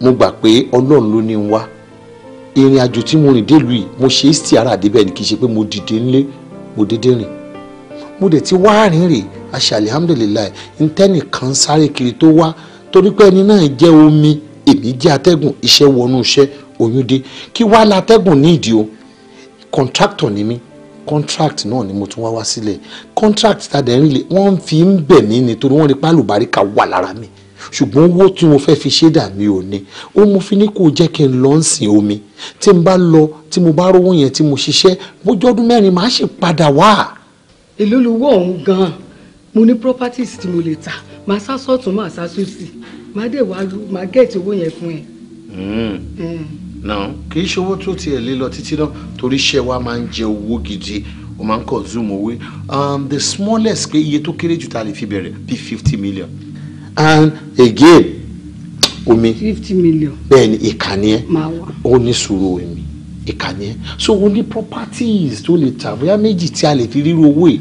mo gbà pé ọlọ́run ló ní n wá ìrìn àjò tí mo rìn délùú yìí mo ṣe é sí ara àdébẹ̀ ni kì í ṣe pé mo dìde ńlé mo dédé rìn mo dẹ̀ ti wá rìn rè àṣà alihamudulilayi ntẹ́nìkan sáré kiri tó wá torí pé ẹni náà jẹ́ omi èmi jẹ́ atẹ́gùn iṣẹ́ wọnú iṣẹ́ oyún dé kí wàá la atẹ́gùn ní ìdí o kọ̀ǹtráktọ̀ ni mí contract náà ni mo tún wá wá sílẹ̀ contract tàdé ń lè wọ́n fi ń bẹ̀ mí ni torí wọ́n rí pálùbáríkà wà lára mi ṣùgbọ́n owó tí mo fẹ́ fi ṣe dà mí ò ní ó mo fi ní kó jẹ́ kí n lọ ń sìn omi tí n bá lọ tí mo bá rówó yẹn tí mo ṣiṣẹ́ bójọ́dún mẹ́rin màá ṣe padà wá. èló lówó ọ̀hún gan-an mo ní properties tí mo lè tà màá sá sọ́ọ̀tún màá sá sósì màá dẹ̀ wá lu màá gẹ̀ẹ́tì owó yẹn fún ẹ. Hmm. Hmm náà kì í ṣe owó tó tiẹ̀ lé lọ títí náà torí iṣẹ́ wa máa ń jẹ owó gidi o máa ń kọ zoom owó um, the smallest pé iye tó kéré jù tá a lè fi bẹ̀rẹ̀ bí fifty million and again omi fifty million bẹ́ẹ̀ ni ìkànnì ẹ̀ ó ní sùúrù omi ìkànnì ẹ̀ so o ní properties tó lè tà bóyá méjì tí a lè fi ríro owó yìí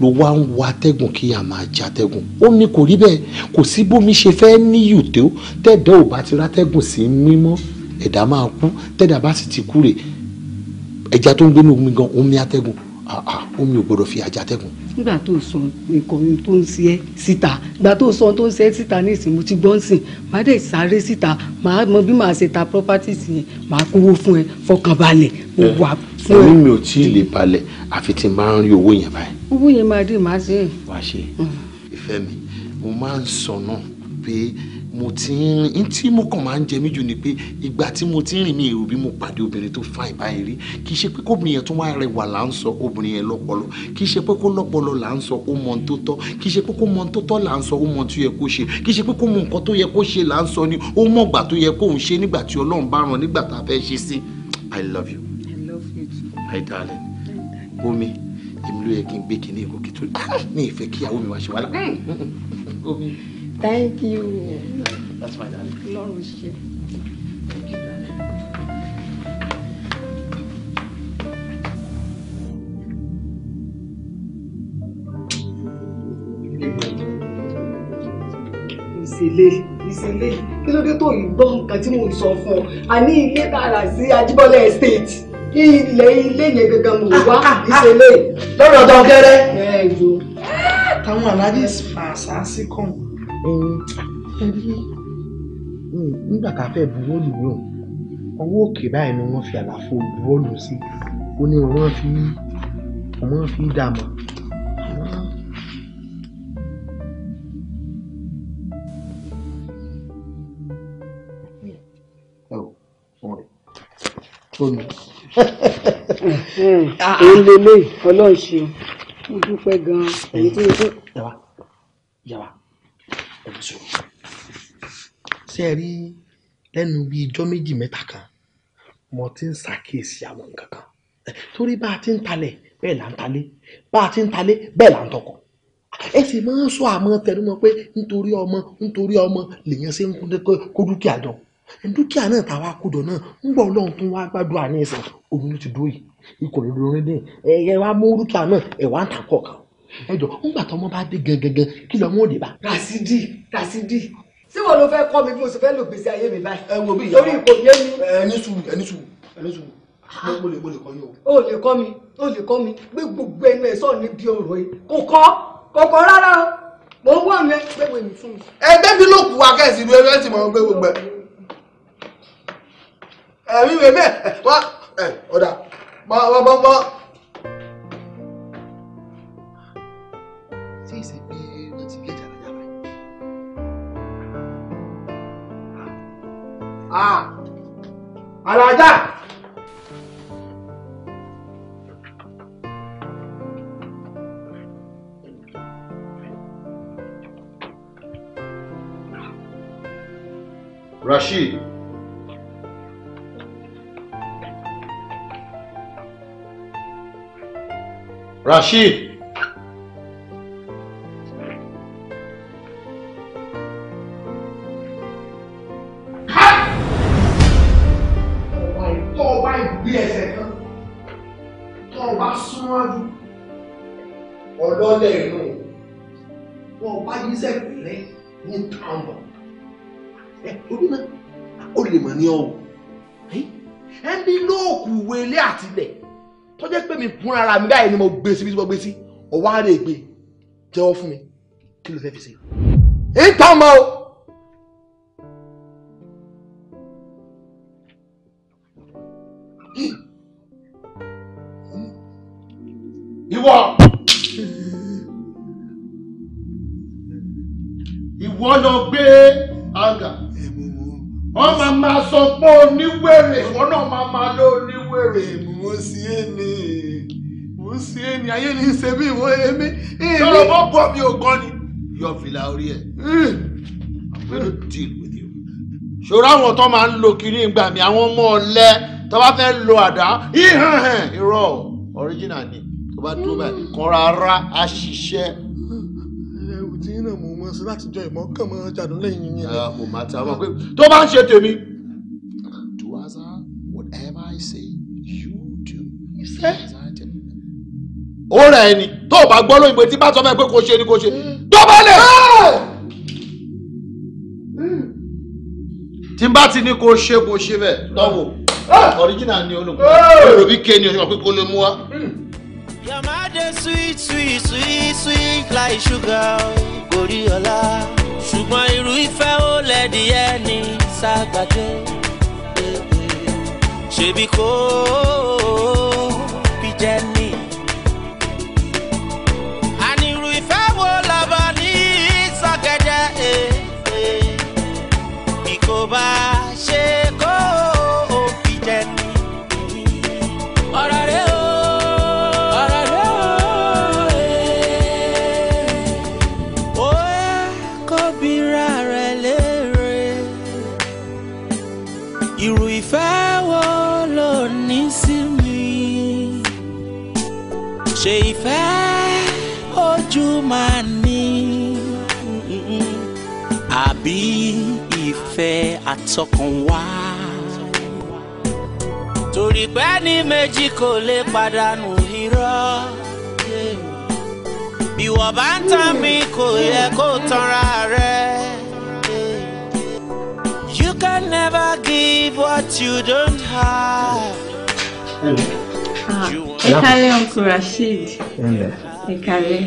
ló wá ń wá atẹ́gùn kí a máa jẹ atẹ́gùn ó ní kò rí bẹ́ẹ̀ kò sí bómi ṣe fẹ́ níyù tó tẹ̀dọ̀ ò bá ti rátẹ́gùn sí mímọ́ ẹ̀dá máa kú tẹ́dá bá sì ti kú rè ẹja tó ń gbénu omi gan omi atẹ́gùn omi ò gbọdọ̀ fi ajá tẹ́gùn. nígbà tó sọ nǹkan tó ń ṣe ẹ́ síta nígbà tó sọ tó ń ṣe ẹ́ síta ní ìsìn mo ti gbọ́n sìn máa dẹ̀ sáré síta máa mọ bí màá ṣe ta properties yẹn máa kówó fún ẹ fọkànbalẹ̀ mo eh, wà fún ẹ. mi ò tí ì lè balẹ̀ àfi tí máa ń rí owó yẹn báyìí. owó yẹn máa dé màá ṣe. wàá ṣe hmm. ìfẹ́ mi mo máa ń sọ náà pé mo ti ń rìn tí mo kàn máa ń jẹ mí jù ni pé ìgbà tí mo ti ń rìn mi èrò bí mo pàdé obìnrin tó fa ìbáyìí rí kì í ṣe pé kóbìnrin yẹn tó wá rẹwà là ń sọ obìnrin yẹn lọ́pọlọ kì í ṣe pé kó lọ́pọlọ là ń sọ ó mọ tó tọ́ kì í ṣe pé kó mọ tó tọ́ là ń sọ ó mọ tó yẹ kó ṣe kì í ṣe pé kó mọ nǹkan tó yẹ kó ṣe là ń sọ ni ó mọ ìgbà tó yẹ kóun ṣe nígbà tí Ọlọ́run bá ràn nígbà tá a I love you. I love you My darling. Omi, èmi ló yẹ kí n gbé kinní ìkókè tó ní Omi. Thank you. That's my darling. Lord will share. Thank you, darling. ìsèlè ìsèlè kí ló dé tó yìí gbọ́ nǹkan tí mo sọ fún ọ a ní ilé dára sí Ajíbọ́lá estate ilẹ̀ ilé yẹn gangan mo wá ah, ah, ah. ìsèlè. lọ́rọ̀ dán kẹ́rẹ́. ẹ jù. táwọn aláàjì fàṣà sí kàn ẹ̀rí nígbà tá a fẹ́ buwọ́lù náà ọwọ́ òkè báyìí ni wọ́n fi àlàfo buwọ́lù sí ó ní wọ́n fi wọ́n fi dààmú. omi. òun lélẹ̀ ọlọ́run ṣeun mo dúpẹ́ gan-an. yàrá yàrá ọ̀fíìsì o ṣé ẹ rí lẹ́nu bíi ijọ́ méjì mẹ́ta kan mo ti ń ṣàkíyèsí àwọn nǹkan kan torí bá a ti ń talẹ̀ bẹ́ẹ̀ là ń talé bá a ti ń talé bẹ́ẹ̀ là ń tọkọ̀ ẹ sì máa ń sọ àmọ́ tẹnumọ́ pé nítorí ọmọ nítorí ọmọ lèèyàn ṣe ń kó dúkìá jọ dúkìá náà tá a wá náà ń gbọ́ ọlọ́run tó wá gbàdúrà ní ẹsẹ̀ òun ló ti dúró yìí ikọ̀ lórí dé ẹ̀yẹ wa mú dúkìá náà ẹ̀ wá ń tà kọ̀ọ̀kan ẹ ńgbà tọmọ bá dé gangan kí lọ mú òde bá. Rasidi Rasidi sí wo ló fẹ́ kọ́ mi bí o sì fẹ́ lò gbèsè ayé mi báyìí. ẹ wo bí ìyá torí kò yé mi. ẹ ní sùúrù ẹ ní sùúrù ẹ ní sùúrù ah. mo lè mo lè kọ́ yín o. o lè kọ́ mi o lè kọ́ mi gbé gbogbo ẹnu ẹ̀ sọ̀rọ̀ níbi ọ̀rọ̀ yìí kò kọ́ kò kọ́ rárá o mo ń wọ̀ ní ẹgbẹ́ wo mi fún mi. ẹgbẹ́ mi ló kù wá kẹ́sì ìlú ẹgbẹ́ tí mo gbé gbogbo ẹ̀. ẹ̀mí wẹ̀ bẹ́ẹ̀ wá ẹ̀ ọ̀dà mọ mọ mọ Rashid. mo gbé síbi tí mo gbé sí ọwọ́ àrè gbé jẹ́wọ́ fún mi kí ló fẹ́ fi ṣe. ìtàn mọ́ o. orí ẹ̀ i'm gonna deal with you. ṣòro àwọn tó máa ń lo kiri ìgbà mi àwọn ọmọ ọ̀lẹ tó bá fẹ́ lo àdá ìhàn hàn irọ́ original ni tó bá dúró báyìí kan rárá a ṣiṣẹ́. ẹ ò tí ń ràn mọ́ mọ́ sí láti jọ ìmọ̀ kàn mọ́ jàdún lẹ́yìn yẹn. kò ah, má ta wá pé tó bá ń ṣe tèmi. do as I whatever I say you do. ìfẹ́ ó rẹ̀ ẹni tó o bá gbọ́ lóyìnbó tí bá sọ fẹ́ pé kò ṣe ni kò ṣe dọ̀bálẹ̀. tí n bá ti ní kó ṣe kó ṣe bẹ́ẹ̀ tọ́wọ̀ original ni olùkọ́ èrò bí ké ni o pé kó lè mú wa. your sweet sweet sweet sweet like sugar gori ọlá ṣùgbọ́n irú ìfẹ́ ó lẹ́dí ẹ̀ ní sàgbàjẹ́ ṣèbí kò bí jẹ́ ní. àtọkàn wá. torí pé ní méjì kò lè pàdánù irọ́ bí bá ń tàn mí kò yẹ kó tanra rẹ̀. You can never give what you don't have. Ẹ kálẹ́ Uncle Rasheed. Ẹ kálẹ́.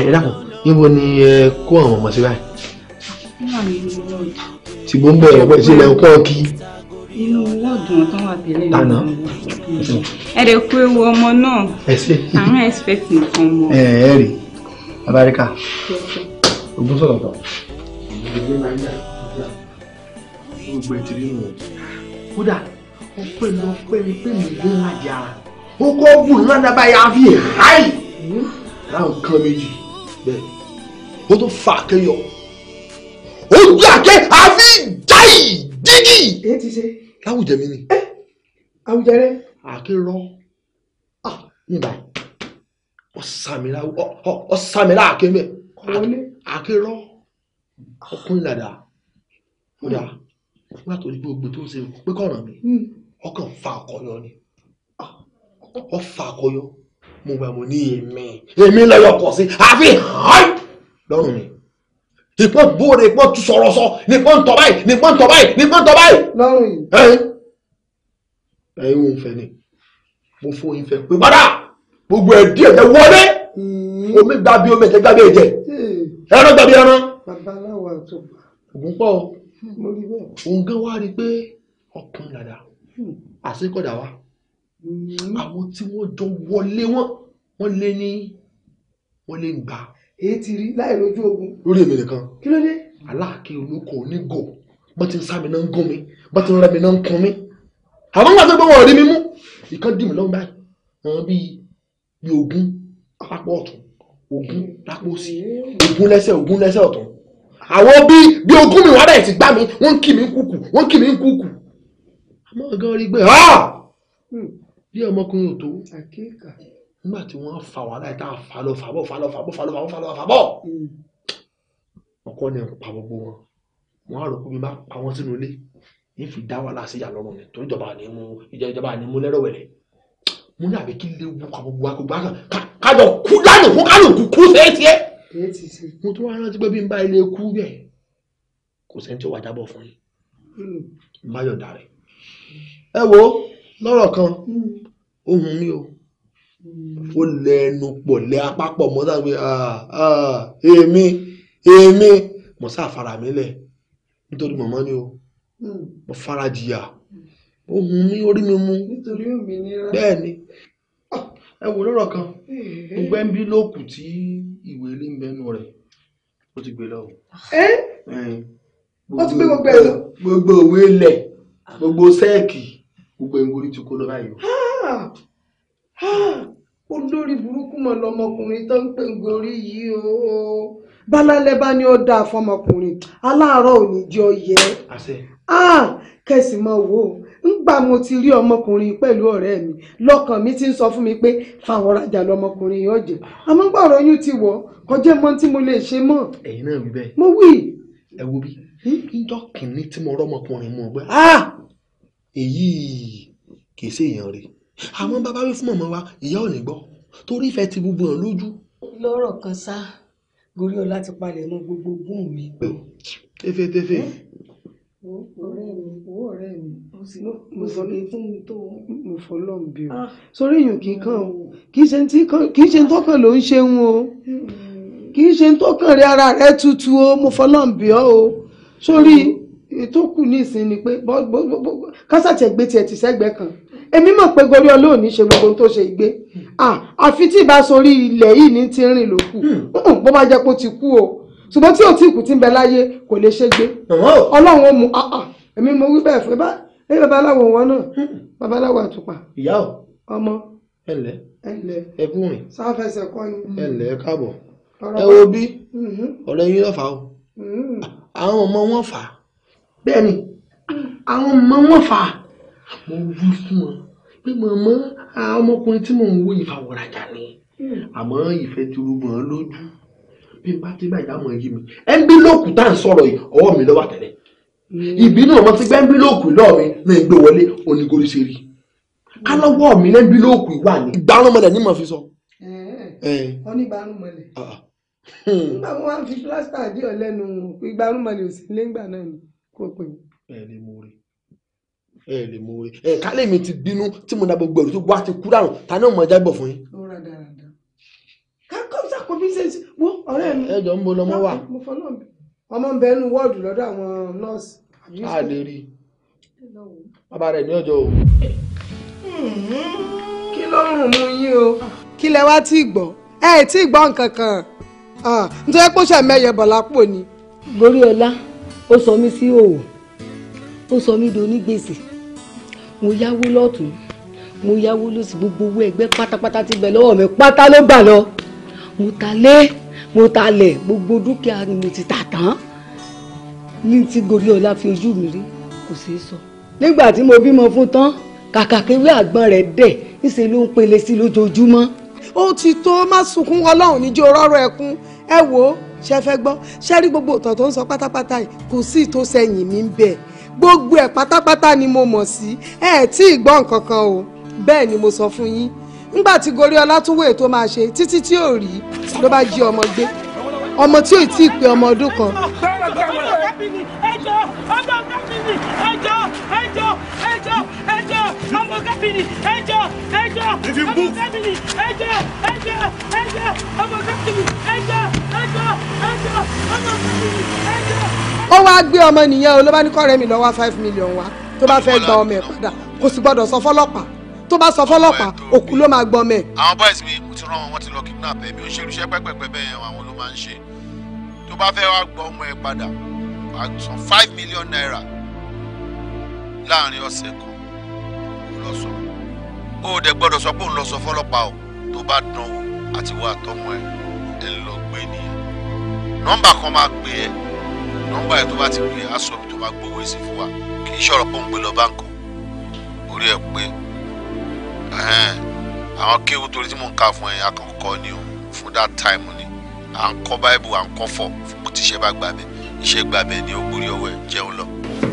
Ẹ dákun, níbo ni ẹ kó àwọn ọmọ sí báyìí? tí mo ń bẹ̀rẹ̀ pẹ̀ sílẹ̀ ọkọ̀ kí. inú wọ́ọ̀dùn tán wà tẹ́lẹ̀ lọ́nà ẹ lè kó ewu ọmọ náà àwọn expect nǹkan ọmọ. ẹ ẹ rí abáríkà ogun sọ̀rọ̀ tán. gbogbo ẹ ti rí nù. kódà ó pè mí ó pè mí pè mí ló ń wájà ó kọ́ gùn náà dábàá yà á fi hàì láwọn kan méjì bẹ́ẹ̀ ó tó fà kéèyàn ojú àké àfi jáì dígì. èyí ti ṣe. láwùjẹ mi ni. àwùjẹ rẹ. àké rọ yìnbà ọ̀sàmìlà ọ̀sàmìlà àké mẹ àké rọ ọkùnrin dàda kódà nígbà tó di gbogbo tó ń ṣe pé kọ̀ọ̀ràn mi ọkàn hmm. fa àkọyọ ni ọ ah. fa àkọyọ mo gbà mo ní èmi èmi lọ́yọ̀ kọ̀ sí àfi hàn lọ́rùn mi nìpọ́n bóore nìpọ́n sọ̀rọ̀ sọ nìpọ́n tọ́ báyìí nìpọ́n tọ́ báyìí nìpọ́n tọ́ báyìí. lọ́rùn yìí. ẹyin wo ìfẹ́ ni mo fo ìfẹ́ pé padà gbogbo ẹ̀ díẹ̀ jẹ́ wọlé hmm. omi gba bí omi ẹ̀jẹ̀ gba bí ẹ̀jẹ̀ hmm. ẹran gba bí ẹran. babaláwo àtọ̀pá. Hmm, wá rí i pé ọkùnrin dàda àṣekọ̀dà wa àwọn tí wọ́n jọ wọlé wọn wọ́n lé ní wọ́n lé ń gbà èyí ti rí láì lójú ogun. lórí èmi nìkan. kí ló dé. aláàkè olóko onígò bó ti ń sá mi náà ń gún mi bó ti ń rẹ mi náà ń kun mi. àmọ́ nígbà tó gbọ́ wọn rí mi mú ìkan dì mí lọ́wọ́ báyìí wọn bíi bíi ogún lápá ọ̀tún ogún lápá òsì ogún lẹ́sẹ̀ ogún lẹ́sẹ̀ ọ̀tún. àwọn bíi bíi ogún mi wá bẹ̀rẹ̀ ti gbá mi wọ́n ń kì mí ń kúkù wọ́n kì mí ń kúkù. àmọ́ ọ̀gá orí gbé hmm. bí ọmọkùnrin ò tó. àkíkà nígbà tí wọ́n fa wàhálà yìí tá a fa lọ fà bọ̀ fà lọ fà bọ̀ fà lọ fà bọ̀ fà lọ fà bọ̀ hmm. ọkọ ni pa gbogbo wọn wọn á rò pé mi bá pa wọn sínú ilé yìí fi dá wàhálà sí ìyá lọ́rùn mi torí ìjọba àní mú ìjọba àní mú lẹ́rọ̀ wẹ̀lẹ̀ mo ní àbí kí n lè wú pa gbogbo agbègbè àná kájọ kú dánù kú kánù kú kú sí etí ẹ. mo tún wá rántí pé bí n bá ilé kú bẹ́ẹ̀ kò sẹ́ni tí ó wá jábọ̀ fún yín hmm. má yọ̀ǹda rẹ̀ ẹ wo lọ́rọ̀ kan hmm. ohun mi o ó lẹ ẹnu pọ̀ lẹ apá pọ̀ mọ́ sáà pé ah, ah, èmi èmi mo sáà fara mi lẹ̀ nítorí màmá ni o hmm. mo fara jìyà ó hun mí orí mi mu bẹ́ẹ̀ ni ah. ẹ wò lọ́rọ̀ kan gbogbo ẹ̀ńbí ló kù tí ìwé ilé ń bẹnu rẹ̀ ó ti gbé lọ. ó ti gbé gbogbo ẹ̀ lọ. gbogbo òwe lẹ̀ gbogbo sẹ́ẹ̀kì gbogbo ẹ̀ńgorí ti kó lọ báyìí. olórí burúkú mọ̀ lọmọkùnrin tó ń pè ń gorí yìí o balalẹ́ bá ní ó dáa fọmọkùnrin aláàárọ̀ ò ní jẹ́ ọyẹ kẹsì mọ wò ó ńgbà mo ti rí ọmọkùnrin pẹ̀lú ọ̀rẹ́ mi lọ́kàn mi ti ń sọ fún mi pé fáwọn rajà lọmọkùnrin yóò jẹ àmọ́ gbọ́rọ̀ oyún ti wọ̀ kọjá mọ́ tí mo lè ṣe mọ́. ẹ̀yin náà wí bẹ́ẹ̀. mo wí. ẹ wo bí níjọ́ kìnínní tí mo rọ́mọkùnrin mọ̀ gbẹ́. èyí kì í ṣèyàn rèé àwọn hmm. bàbá wí fún mọ̀mọ́ wa ìyá ò ní gbọ́ torí ìfẹ́ ti gbogbo hàn lójú. lọ́rọ̀ kan sá Goriola ti palẹ̀ mọ́ gbogbo ogún mi. tẹ́fẹ́tẹ́fẹ́. ọ̀rẹ́ mi owó ọ̀rẹ́ mi mo sọ pé fún mi tó mo fọlọ́ ń bí o. Ah. sórí èèyàn kì í kàn o kì í ṣe tọ́kàn ló ń ṣeun o kì í ṣe tọ́kàn hmm. rẹ ara rẹ tutù o mo fọlọ́ ń bí ọ o sórí ètò kù ní ìsìn ni pé kásàtì ẹgbẹ́ tiẹ̀ ti sẹ́gbẹ́ kan èmi mọ̀ pé gorí ọlọ́run ní ṣe gbogbo ohun tó ṣe ìgbé àfi tí ìbá sórí ilẹ̀ yìí ní ti rìn ló kù hmm. bó bá jẹ́ pé ó ti kú o ṣùgbọ́n tí ò tí kù ti ń bẹ láyé kò lè ṣe gbé ọlọ́run ó mu ah, ah, èmi mo wí bẹ́ẹ̀ fún ẹ babaláwo wọn náà hmm. babaláwo àtùpà ìyá o ọmọ ẹlẹ ẹlẹ ẹkùnrin sáfẹsẹ kọ ni ẹlẹ káàbọ̀ ẹ wo bí mhm. ọ̀rẹ́ yín lọfà o àwọn ọmọ wọn fà bẹ́ẹ̀ àwọn ọmọ wọn fà á mo wí fún ọ pé màmá ọmọkùnrin tí mò ń wo ìfàwọ̀rajà ni hmm. àmọ́ ìfẹ́ ti rú mọ́ lójú bí n bá ti bá ìdámọ̀ yí mi ẹ́ńbílòkù tá à ń sọ̀rọ̀ yìí ọwọ́ mi lọ́wọ́ tẹ̀lé hmm. ìbínú ọmọ ti gbé ẹ́ńbílòkù lọ́ọ̀ mi náà gbé wọlé onígorí ṣe rí kálọ́wọ́ mi lẹ́ńbílòkù wà ní. ìgbàrún mọ̀lẹ̀ ni mo fi sọ. onígbàrún mọ̀lẹ̀ ah, ah. nígbà wọn wá fi plásítà dí ọ lẹ́nu ìgbàrún mọ̀lẹ̀ òsì lẹ́ngbà náà ni kò é. ẹ ní ẹ lè mú orí ẹ kálẹ̀ mi ti bínú tí mo da gbogbo ẹ̀rù tó wá ti kú dànù ta náà mọ̀ ẹ́ jágbọ̀ fún yín. kákọ́ sàkó bísẹ̀nsì wo ọ̀rẹ́ mi. ẹ jọ ń bo lọmọ wa. ọmọ ń bẹ ẹnu wọ́ọ̀dù lọ́dọ̀ àwọn nọ́ọ̀sì. a lè rí i bàbá rẹ̀ ní ọjọ́ o. Hmm, kí ló ń rùn mú yín o. kí lẹ wá tí gbọ́ ẹ ẹ tí gbọ́ nǹkan kan nítorí pé ó ṣe mẹ́yẹ bọ̀ lápò ni. gorí ọlá ó sọ mí sí òwò ó sọ mí di onígbèsè mo yáwó lọ́tún mo yáwó lọ́sì gbogbo owó ẹgbẹ́ pátápátá ti bẹ̀ lọ́wọ́ mi pátá ló gbà lọ mo ta lé mo ta lẹ̀ gbogbo dúkìá ni mo ti tà tán ní ti Goriola fi ojú mi rí kò ṣeé sọ. nígbà tí mo bímọ fún tán kàkà kéwé àgbọn rẹ̀ dẹ̀ níṣẹ ló ń pele sí lójoojúmọ́. ó ti tó má sunkún Ọlọ́run níjẹ́ òrọ́rọ́ ẹkún ẹ wò ó ṣe fẹ́ gbọ́ ṣe rí gbogbo ìtàn tó ń sọ pátápátá yìí kò sí ìtòsẹ́yìn mi ń bẹ̀ gbogbo ẹ̀ pátápátá ni mo mọ̀ sí ẹ tí ì gbọ́ nǹkan o bẹ́ẹ̀ ni mo sọ fún yín nígbà tí Goriola tún wò ètò máa ṣe títí tí ò rí ló bá jí ọmọ gbé ọmọ tí ò tí ì pé ọmọ ọdún kan. If you move ó wáá gbé ọmọ nìyẹn o ló bá ní kọ́rẹ́ mi lọ wá five million wá tó bá fẹ́ gba ọmọ ẹ̀ padà kò sì gbọ́dọ̀ sọ fọlọ́pàá tó bá sọ fọlọ́pàá òkú ló máa gbọ́ ọmọ ẹ̀. àwọn boys mi mo ti rán wọn wọn ti lọ kidnap ẹ mi ò ṣe irúṣẹ́ pẹ́pẹ́pẹ́ bẹ́ẹ̀ yẹn àwọn ló máa ń ṣe tó bá fẹ́ wá gbọ́ ọmọ ẹ̀ padà wà á san five million naira láàrin ọ̀sẹ̀ kan lọ sọ ó dẹ̀ gbọ́dọ̀ sọ pé òun lọ sọ fọlọ́pàá o tó bá dán o àti wà á tọmọ ẹ ẹ lọ gbé nìyẹn nọ́mbà kan máa gbé ẹ nọ́mbà ẹ̀ tó bá ti pè aṣọ mi tó bá gbowó sí fún wa kì í ṣọ̀rọ̀ pọ̀ ń gbé lọ báńkì orí ẹ̀ pé àwọn kéwù torí tí mò ń kà fún ẹ akọkọ ni o fún that time ni à ń kọ́ báìbù à ń kọ́ fọ̀ fún bó ti ṣe bá gbàbẹ iṣẹ́ gbàbẹ ni ó gbórí ọwọ́ ẹ jẹun lọ.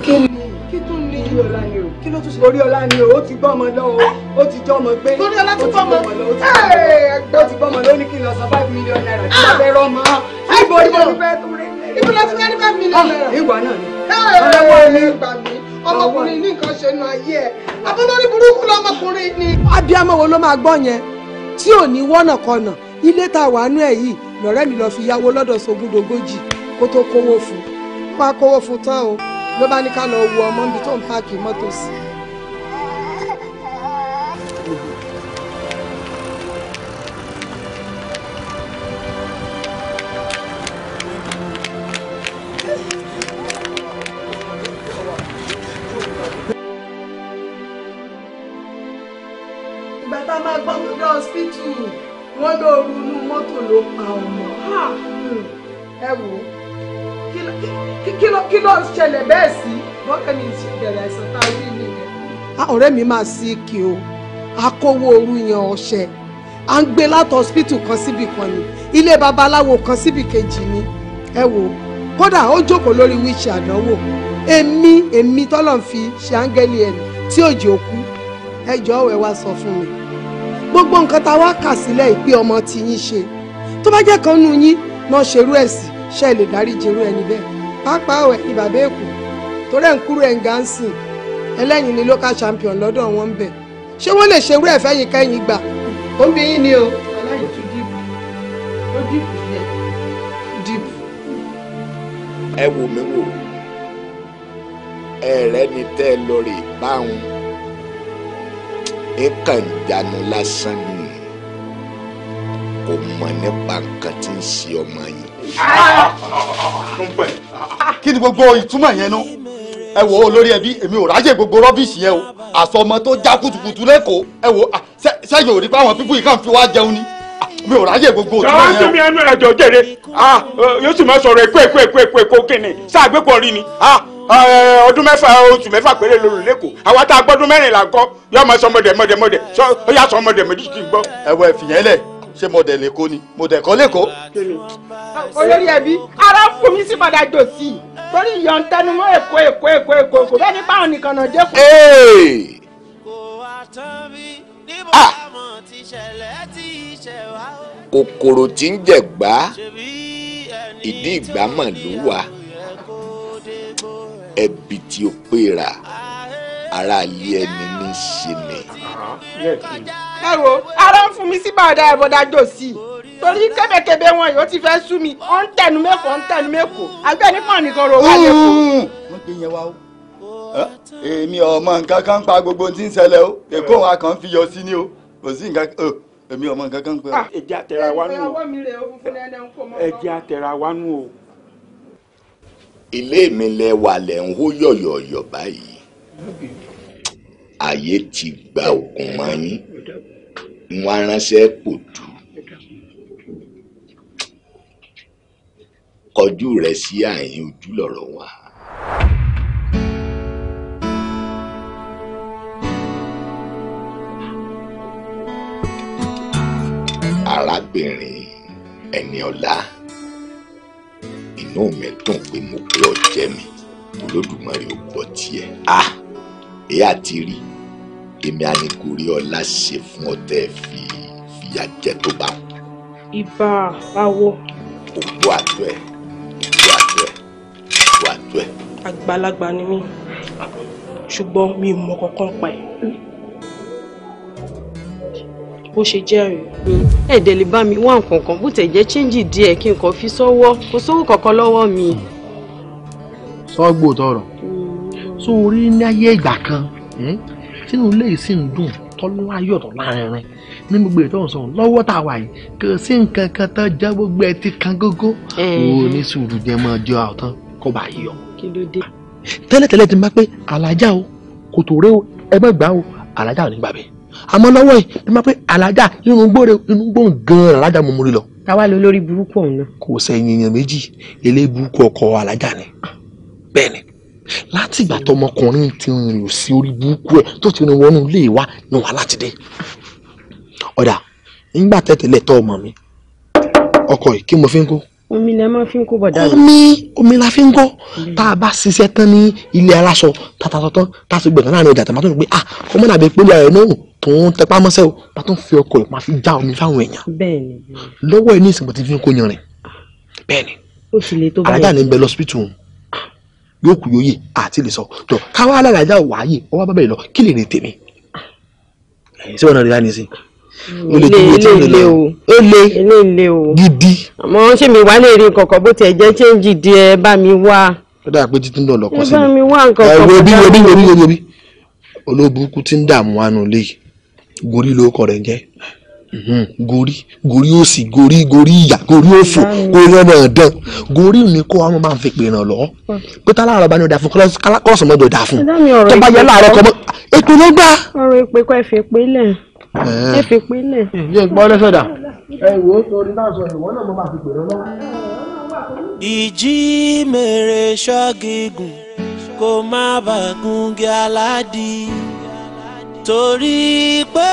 kí ni kí tún ní orí ni o kí ló tún ṣe. orí ni o ó ti gbọ́ ọmọ lọ́wọ́ ó ti jọ́ ọmọ gbé orí ti gbọ́ ọmọ ó ti gbọ́ ọmọ lọ́wọ́ ó ní kí n lọ san five million naira tí wọ́n fẹ́ rọ́ ọmọ níbo ni mo fẹ́ tún rí. ibi lọ sí wẹ́rí bá mi lọ. ọrụ ah, náà ni. ìgbà mi ọmọkùnrin ní nǹkan ṣe nu ayé ẹ̀ abúlórí burúkú lọmọkùnrin ni. abiyamọ wo ló máa gbọ́ yẹn tí ò ní wọ́nàkọnà ilé tá a wà nú ẹ̀ yìí lọ́rẹ́ mi fi yáwó lọ́dọ̀ kó tó kówó fún un. kówó fún tán lọ wo ọmọ níbi gbọ́n mi hospital wọ́n lóoru inú mọ́tò ló pa ọmọ hmm. ẹ wò ó kí ló ń ṣẹlẹ̀ bẹ́ẹ̀ sí bọ́kẹ́ mi ti bẹ̀rẹ̀ àìsàn tá a rí nìyẹn. ọ̀rẹ́ mi máa sí kí o akówó ooru yan ọṣẹ à ń gbé láti hospital kan síbi kan ni ilé babaláwo kan síbi kejì ni ẹ wò kódà ó jókòó lórí wíṣẹ àdánwò èmi èmi tọ́lọ̀ ń fi ṣe áńgẹ́lì ẹ̀ tí òjò kú ẹ jọ̀ọ́ ẹ wá sọ fún mi gbogbo nǹkan tá a wá kà sílẹ̀ ìpè ọmọ tí yín ṣe tó bá jẹ́ kan nù yín náà ṣerú ẹ̀ sí ṣe lè dáríji irú ẹni bẹ́ẹ̀ pápá ọ̀ẹ̀ ní bàbá èkó torí ẹ̀ ń kúrò ẹ̀ ń gánsìn ẹlẹ́yìn ni local champion lọ́dọ̀ wọn ń bẹ̀ ṣé wọ́n lè ṣerú ẹ̀ fẹ́yìn kẹ́yìn gbà ó bí yín ni o. ẹ wò mí wò ẹ rẹ ni tẹ́ ẹ lọ rè bá nǹkan ìjánu lásán ni kò mọ̀ nípa nǹkan tí ń ṣe ọmọ yìí. kí ni gbogbo ìtumọ̀ yẹn nu ẹ wo olórí ẹbí èmi ò ráyè gbogbo rọ́bìṣì yẹn o àsọmọ tó já kutukutu lẹ́kọ̀ọ́ ẹ wo sẹ́yìn ò rí pé àwọn pípú yìí kàn fi wá jẹun ni mi ò ráyè gbogbo òtún ẹ̀yẹ o. sọ́wọ́n mi ẹnu ẹ̀jọ̀ jèrè yóò sì máa sọ̀rọ̀ èkó èkó èkó èkó kí ni sáà gbẹ́kọ̀ọ́ rí ni. Ah, eh, eh, ọdún mẹ́fà oṣù mẹ́fà péré lóru lẹ́kọ̀ọ́ àwa tá a gbọ́dún mẹ́rìnlá kọ́ yọ ọmọ sọ mọ̀dẹ̀ mọ̀dẹ̀ mọ̀dẹ̀ ó yà sọ mọ̀dẹ̀ mọ̀dẹ̀ kì í gbọ́. ẹ̀wọ̀ ẹ̀fìyàn lẹ̀ ṣé mọ̀dẹ̀ lẹ́kọ́ ni mọ̀dẹ̀ kọ́ lẹ́kọ́. olórí ẹbí ara fún mi sí padà jò sí i torí ìyọ̀ ń èkó èkó èkó èkó kò bẹ́ẹ̀ ni báwọn nìkan náà dé kù. Ah! kòkòrò tí ń jẹ̀gbá ìdí ìgbámọ̀ ló wà ẹbí tí ó pèrà ara ilé ẹni ní ṣe ni. ẹ wo ara ń fún mi sí bàdá ẹ̀bọ̀dá jòsí torí kébékébé wọn yóò ti fẹ́ sú mi ó ń tẹnu mẹ́kọ̀ọ́ ó ń tẹnu mẹ́kọ̀ọ́ àgbẹ̀ nípa nìkan ro wá lẹ́kọ̀ọ́. wọ́n gbé yẹn wá o èmi ọmọ nǹkan kan pa gbogbo tí ń ṣẹlẹ̀ o èkó wa kan fi yọ sí ni o kò sí nǹkan kan èmi ọmọ nǹkan kan pa. Ah, ẹ̀jẹ̀ àtẹ̀ra wa nù o ẹ̀jẹ̀ àtẹ̀ra wa nù o ilé mi lẹ wà lẹ ń hó yọ̀yọ̀yọ̀ báyìí ayé ti gba òkun mọ́ yín ń wá ránṣẹ́ kò dù kọjú rẹ sí àyín ojú wa. arábìnrin ẹni ọlá inú mi dùn pé mo pé ọ̀jẹ́ mi olódùmarè ò gbọ́ tiẹ̀ a èyí àti rí èmi àníkórí ọlá ṣe fún ọ tẹ́ fi fìyà jẹ tó bá wù. ibà báwo. ògbó àtọ ẹ ògbó àtọ ẹ ògbó àtọ ẹ. àgbàlagbà ni mí ṣùgbọ́n mi ò mọ kankan pa ẹ̀ bó ṣe jẹ́ rèé. ẹ̀dẹ̀ lè bá mi wá nǹkan kan bó tẹ̀ jẹ́ chíńjì díẹ̀ kí nǹkan fi sọ́wọ́ kò sówó kankan lọ́wọ́ mi. sọ́gbò tọrọ so hmm. orí ní ayé ìgbà kan sínú ilé yìí sì ń dùn tọ́láyọ̀ tó lárinrin ní gbogbo ètò ọ̀sán lọ́wọ́ tá a wà yìí kò sí nǹkan kan tó jẹ́ gbogbo ẹ ti kan gógó wo ní sùúrù jẹ́ mọ́ ọjọ́ àwòtán kó bá yọ. tẹ́lẹ̀tẹ́lẹ̀ ti máa pé alájà o kò rẹ o ẹ gbà o alájà ò ní gbà bẹ́ẹ̀ àmọ́ lọ́wọ́ yìí ni wọ́n pẹ́ alájà irun gbóre irun gbóhùn gan-an alájà mo múri lọ. táwa lo lórí burúkú ọ̀hún náà. kò sẹ́yìn èèyàn méjì eléyìí burúkú ọkọ alájà ni bẹ́ẹ̀ ni láti ìgbà tọmọkùnrin ti rìn ò sí orí burúkú ẹ̀ tó ti rìn wọnú ilé wa ni wàhálà ti dé. ọ̀dà ńgbà tẹ̀tẹ̀lẹ̀ tọ́ ọmọ mi ọkọ yìí kí mo fi ń kó omi la máa fi ń kó bọ̀dá rẹ̀. omi omi la fi ń kọ́ mm. tá a bá ṣiṣẹ́ tán ní ilé aláṣọ tàtàtọ̀ tá a sì gbẹ̀tàn láàrin ọjà tàbátọ̀ pé ah ọmọ nàbẹ pé olùyàrá náà tó ń tẹpá mọ́ṣẹ́ o bá tó ń fi ọkọ̀ rẹ̀ máa fi já omi fáwọn èèyàn lọ́wọ́ ẹ ní ìsìnkú ti fi ń kó yan rẹ̀ bẹ́ẹ̀ni alájà ní bẹ lọ́sibítù yóò kú yóyè àti lè sọ jọ káwá alájà wáyé ọwọ́ bàbá yìí lọ kí lè rìn tèmi ṣé wọn náà rí láti sìn o lè dúró tí o lè lọ o lè gidi. àmọ́ ṣé mi wá lè rí kọ̀kọ́ bó tiẹ̀ jẹ́ ṣéǹjì díẹ̀ bá mi wá. ó dà pé títí náà lọ kọ́ sí mi. ẹ bá mi wá nǹkan kọ̀ọ̀kan. ẹ wo bí wo bí wo bí wo ti ń dààmú wánú léyìí Gori ló kọ rẹ̀ gori jẹ́ mm-hmm. gorí gorí òsì gori gorí ìyà gorí òfò gorí ọ̀nà dán gorí ni kó àwọn máa ń fi pè ràn lọ pé tá láàárọ̀ bá ní ọ̀dà fún kọ́lọ́sì mọ́jọ dà fún tó bá yẹ láàárọ̀ kọ́ mọ́ èpè ló gbà. ọ̀rọ̀ èpè kọ́ ẹ fi pé lẹ̀ ẹ pé lẹ̀. ǹjẹ́ ìgbọ́ lẹ́fẹ̀ẹ́ dà. torí náà sọ ìwọ náà mo máa fi pè ràn lọ. ìjì mèrè ṣọ́gígùn kó má bàgùn gí aládìí torí pé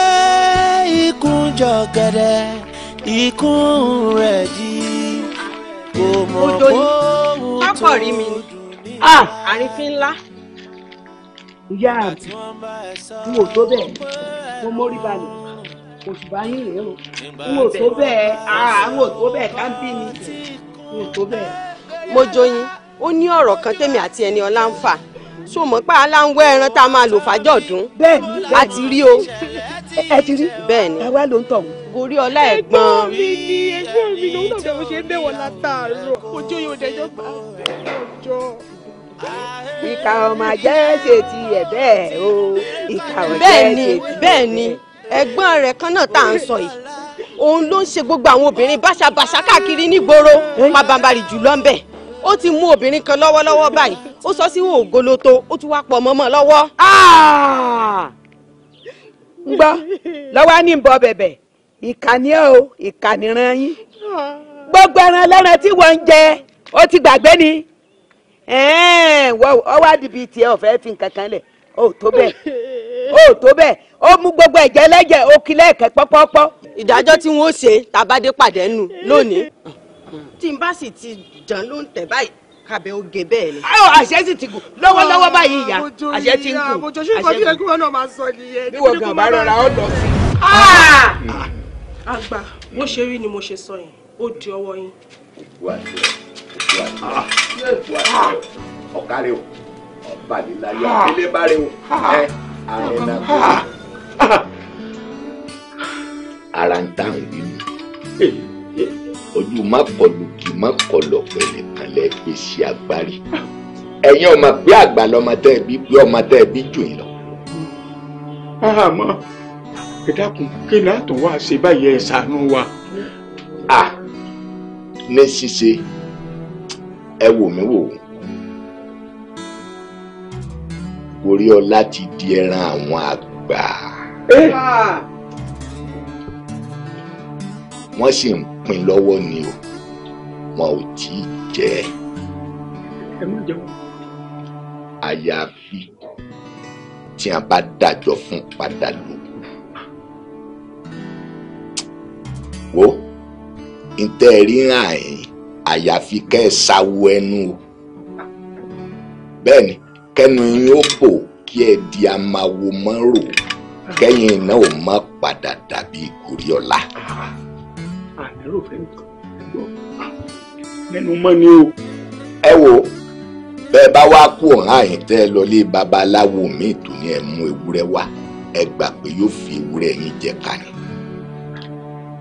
ikún jọ gẹ̀dẹ̀ ikún rẹ̀ jí kò mọ̀ kó ohun tó dùn ní. àrífín ńlá. ìyá àbí n ò tó bẹ́ẹ̀ mo mórí balẹ̀ oṣù bá yín rèé o n ò tó bẹ́ẹ̀ n ò tó bẹ́ẹ̀ ká ń bí mi n ò tó bẹ́ẹ̀. mo joyin ó ní ọ̀rọ̀ kan tèmi àti ẹni ọlá ń fà so mọ̀ pé aláǹwẹ̀ ẹran tá a máa lò fàjọ ọdún. bẹ́ẹ̀ni a ti rí o. ẹ ti rí. bẹ́ẹ̀ni ẹ wá ló ń tọ̀hún. gorí ọlá ẹ̀gbọ́n. ẹ̀gbọ́n mi ni ẹ̀gbọ́n mi ni òun náà ṣe ń bẹ̀wò látàárọ̀ ojú yóò dẹjọ́ gbà ọjọ́. ìkà ọmọ ajẹ́ ṣe ti ẹ̀ bẹ́ẹ̀ o ìkà ọ̀jẹ́ ṣe ti ẹ̀ bẹ́ẹ̀ni ẹ̀gbọ́n rẹ̀ kan náà tá à ń sọ yìí òun ló ń ṣe gbogbo àwọn obìnrin báṣabàṣá káàkiri nígboro má bàbá rì jù lọ́nbẹ̀ẹ́ ó ti mú obìnrin kan lọ́wọ́lọ́wọ́ báyìí ó sọ sí ògoloto ó ti wá pọ̀ mọ́mọ́ lọ́wọ́. ń ah! gbọ́ lọ́wọ́ ní bọ́ bẹ̀bẹ̀ ìkànnì o ìkànnì ran yín gbogbo ẹran ẹlẹ́ran tí wọ́n ń jẹ ó ti gbàgbé ni ọwọ́ àdìbí tiẹ̀ ọ̀fẹ́ fi nǹkan kan lẹ̀ ó tó bẹ́ẹ̀ ó tó bẹ́ẹ̀ ó mú gbogbo ẹ̀jẹ̀ lẹ́jẹ̀ ó kí pọ́pọ́pọ́. ìdájọ́ tí wọ́n ṣe tàbádé pàdé nù lónìí. tí n bá sì ti jàn ló ń tẹ̀ báyìí kàbẹ̀ oge bẹ́ẹ̀ ni. ayọ àṣẹ sì ti gùn lọ́wọ́lọ́wọ́ ah, báyìí ìyá àṣẹ ti ń gùn àṣẹ ti gùn. bí ẹgbẹ́ náà máa sọ nìyẹn. bí gan bá rọra ó lọ sí. Ah! àgbà bó ṣe rí ni mo ṣe sọ yẹn ó di ọwọ́ yín. ọ̀kárẹ́ o ọ̀bàdì láyé àdílé ah! bá o ẹ ààrẹ náà kọ́ ara ń tàn ìbínú ojú má kọlù kì má kọlọ pẹ̀lẹ́ kan lẹ gbé sí agbárí ẹ̀yin ọmọ pé àgbà lọmọ tẹ bí pé ọmọ tẹ bí jù yín lọ. àmọ́ ẹ dákun kí ni àtún wá ṣe báyìí ẹ ṣàánú wa. a ní ṣíṣe ẹ wò mí wò ó orí ọlá ti di ẹran àwọn àgbà. wọ́n sì ń pin lọ́wọ́ ni o wọn ò tí ì jẹ ẹ. má jẹun. àyàfi tí a bá dájọ́ fún padà ló kù. wo ntẹ́ ríran ẹ̀yìn àyàfi kẹ́ ẹ ṣàwo ẹnu o bẹ́ẹ̀ ni kẹ́nu yín ó bò kí ẹ di amáwo mọ́rò kẹ́yìn náà ó má padà dàbí ìkórè ọ̀la. Ah ẹ̀rọ fẹ́ gbọ́ mẹ́nu mọ́ ni o. ẹ wo bẹ́ẹ̀ bá wá kú ọ̀hán àyìn tẹ́ ẹ lọ lé babaláwo míì tó ní ẹ mú ewúrẹ́ wá ẹ gbà pé yóò fi ewúrẹ́ yín jẹ ká ni.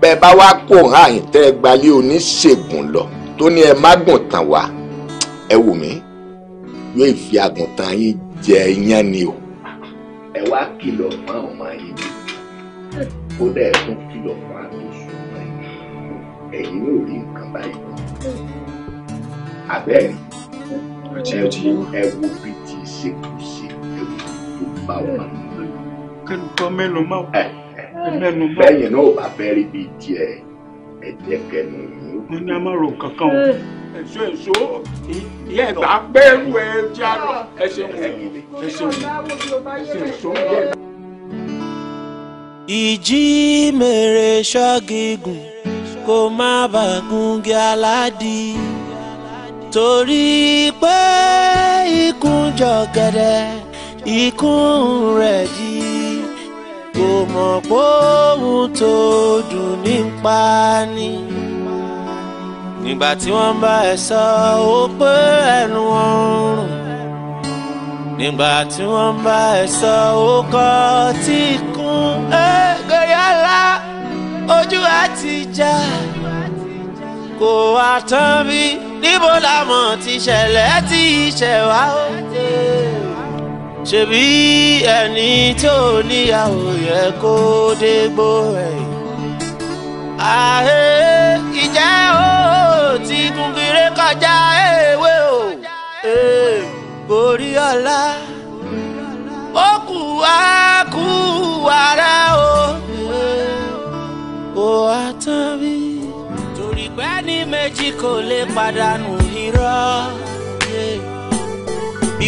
bẹ́ẹ̀ bá wá kú ọ̀hán àyìn tẹ́ ẹ gbalé oníṣègùn lọ tó ní ẹ má gùn tàn wá ẹ wò mí yóò fi àgùntàn yín jẹ iyán ni o. ẹ wá kìlọ̀ fún àwọn ọmọ yín kódà ẹ tún kìlọ̀ fún àmì ẹ̀yin yóò rí nǹkan báyìí abẹ́rẹ́ ẹ wo bí ti ṣe kù ṣe ẹ tó bá wà. kẹ́lùkọ́ mẹ́nu máa wọ mẹ́nu máa. bẹ́yìn náà bá fẹ́ bíi tiẹ̀ ẹ kẹnu yìí. mo ní a máa o èso èso ìyá ẹgbà pẹ́ẹ́rù ẹ jẹ́ àlọ́ ẹ ṣeun ẹ ṣeun ẹ ṣeun. ìjì mèrè ṣáàgì kó má bàgúngẹ aládì torí pé ikúnjọ gẹdẹ ikún rẹ jí kò mọ̀ pé ohun tó dùn ní pa ni nígbà tí wọ́n bá ẹ sọ ó pé ẹnu wọn nígbà tí wọ́n bá ẹ sọ ó kọ́ tí kún ẹgbẹ̀rẹ́ àlá ojú ajé já kò wá tán bí níbo la mọ̀ ti ṣẹlẹ̀ tí ìṣẹ̀ wá ó dé ṣebí ẹni tí ò níyàwó yẹ kó dégbò ẹ̀yìn àhẹ ìjẹ́ ó ti gungire kọjá ewé o gorí ọlá ó kù á kú wàrà o. torí pé ní méjì kò lè pàdánù irọ́.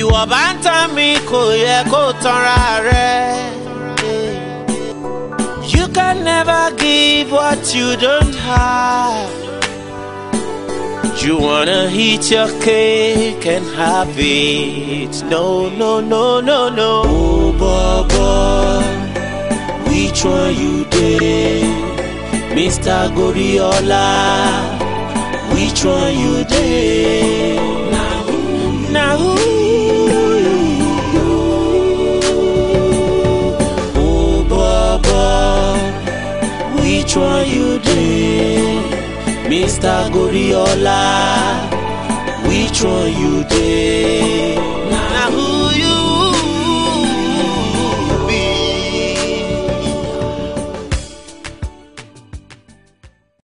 ìwọ bá ń tàn mí kò yẹ kó tanra rẹ. You can never give what you don't have. You wanna eat your cake and have it. No, no, no, no, no. Oh, Baba, which one you did? mr goriola which one you dey na who na who. Oh, Baba, which one you dey mr goriola which one you dey.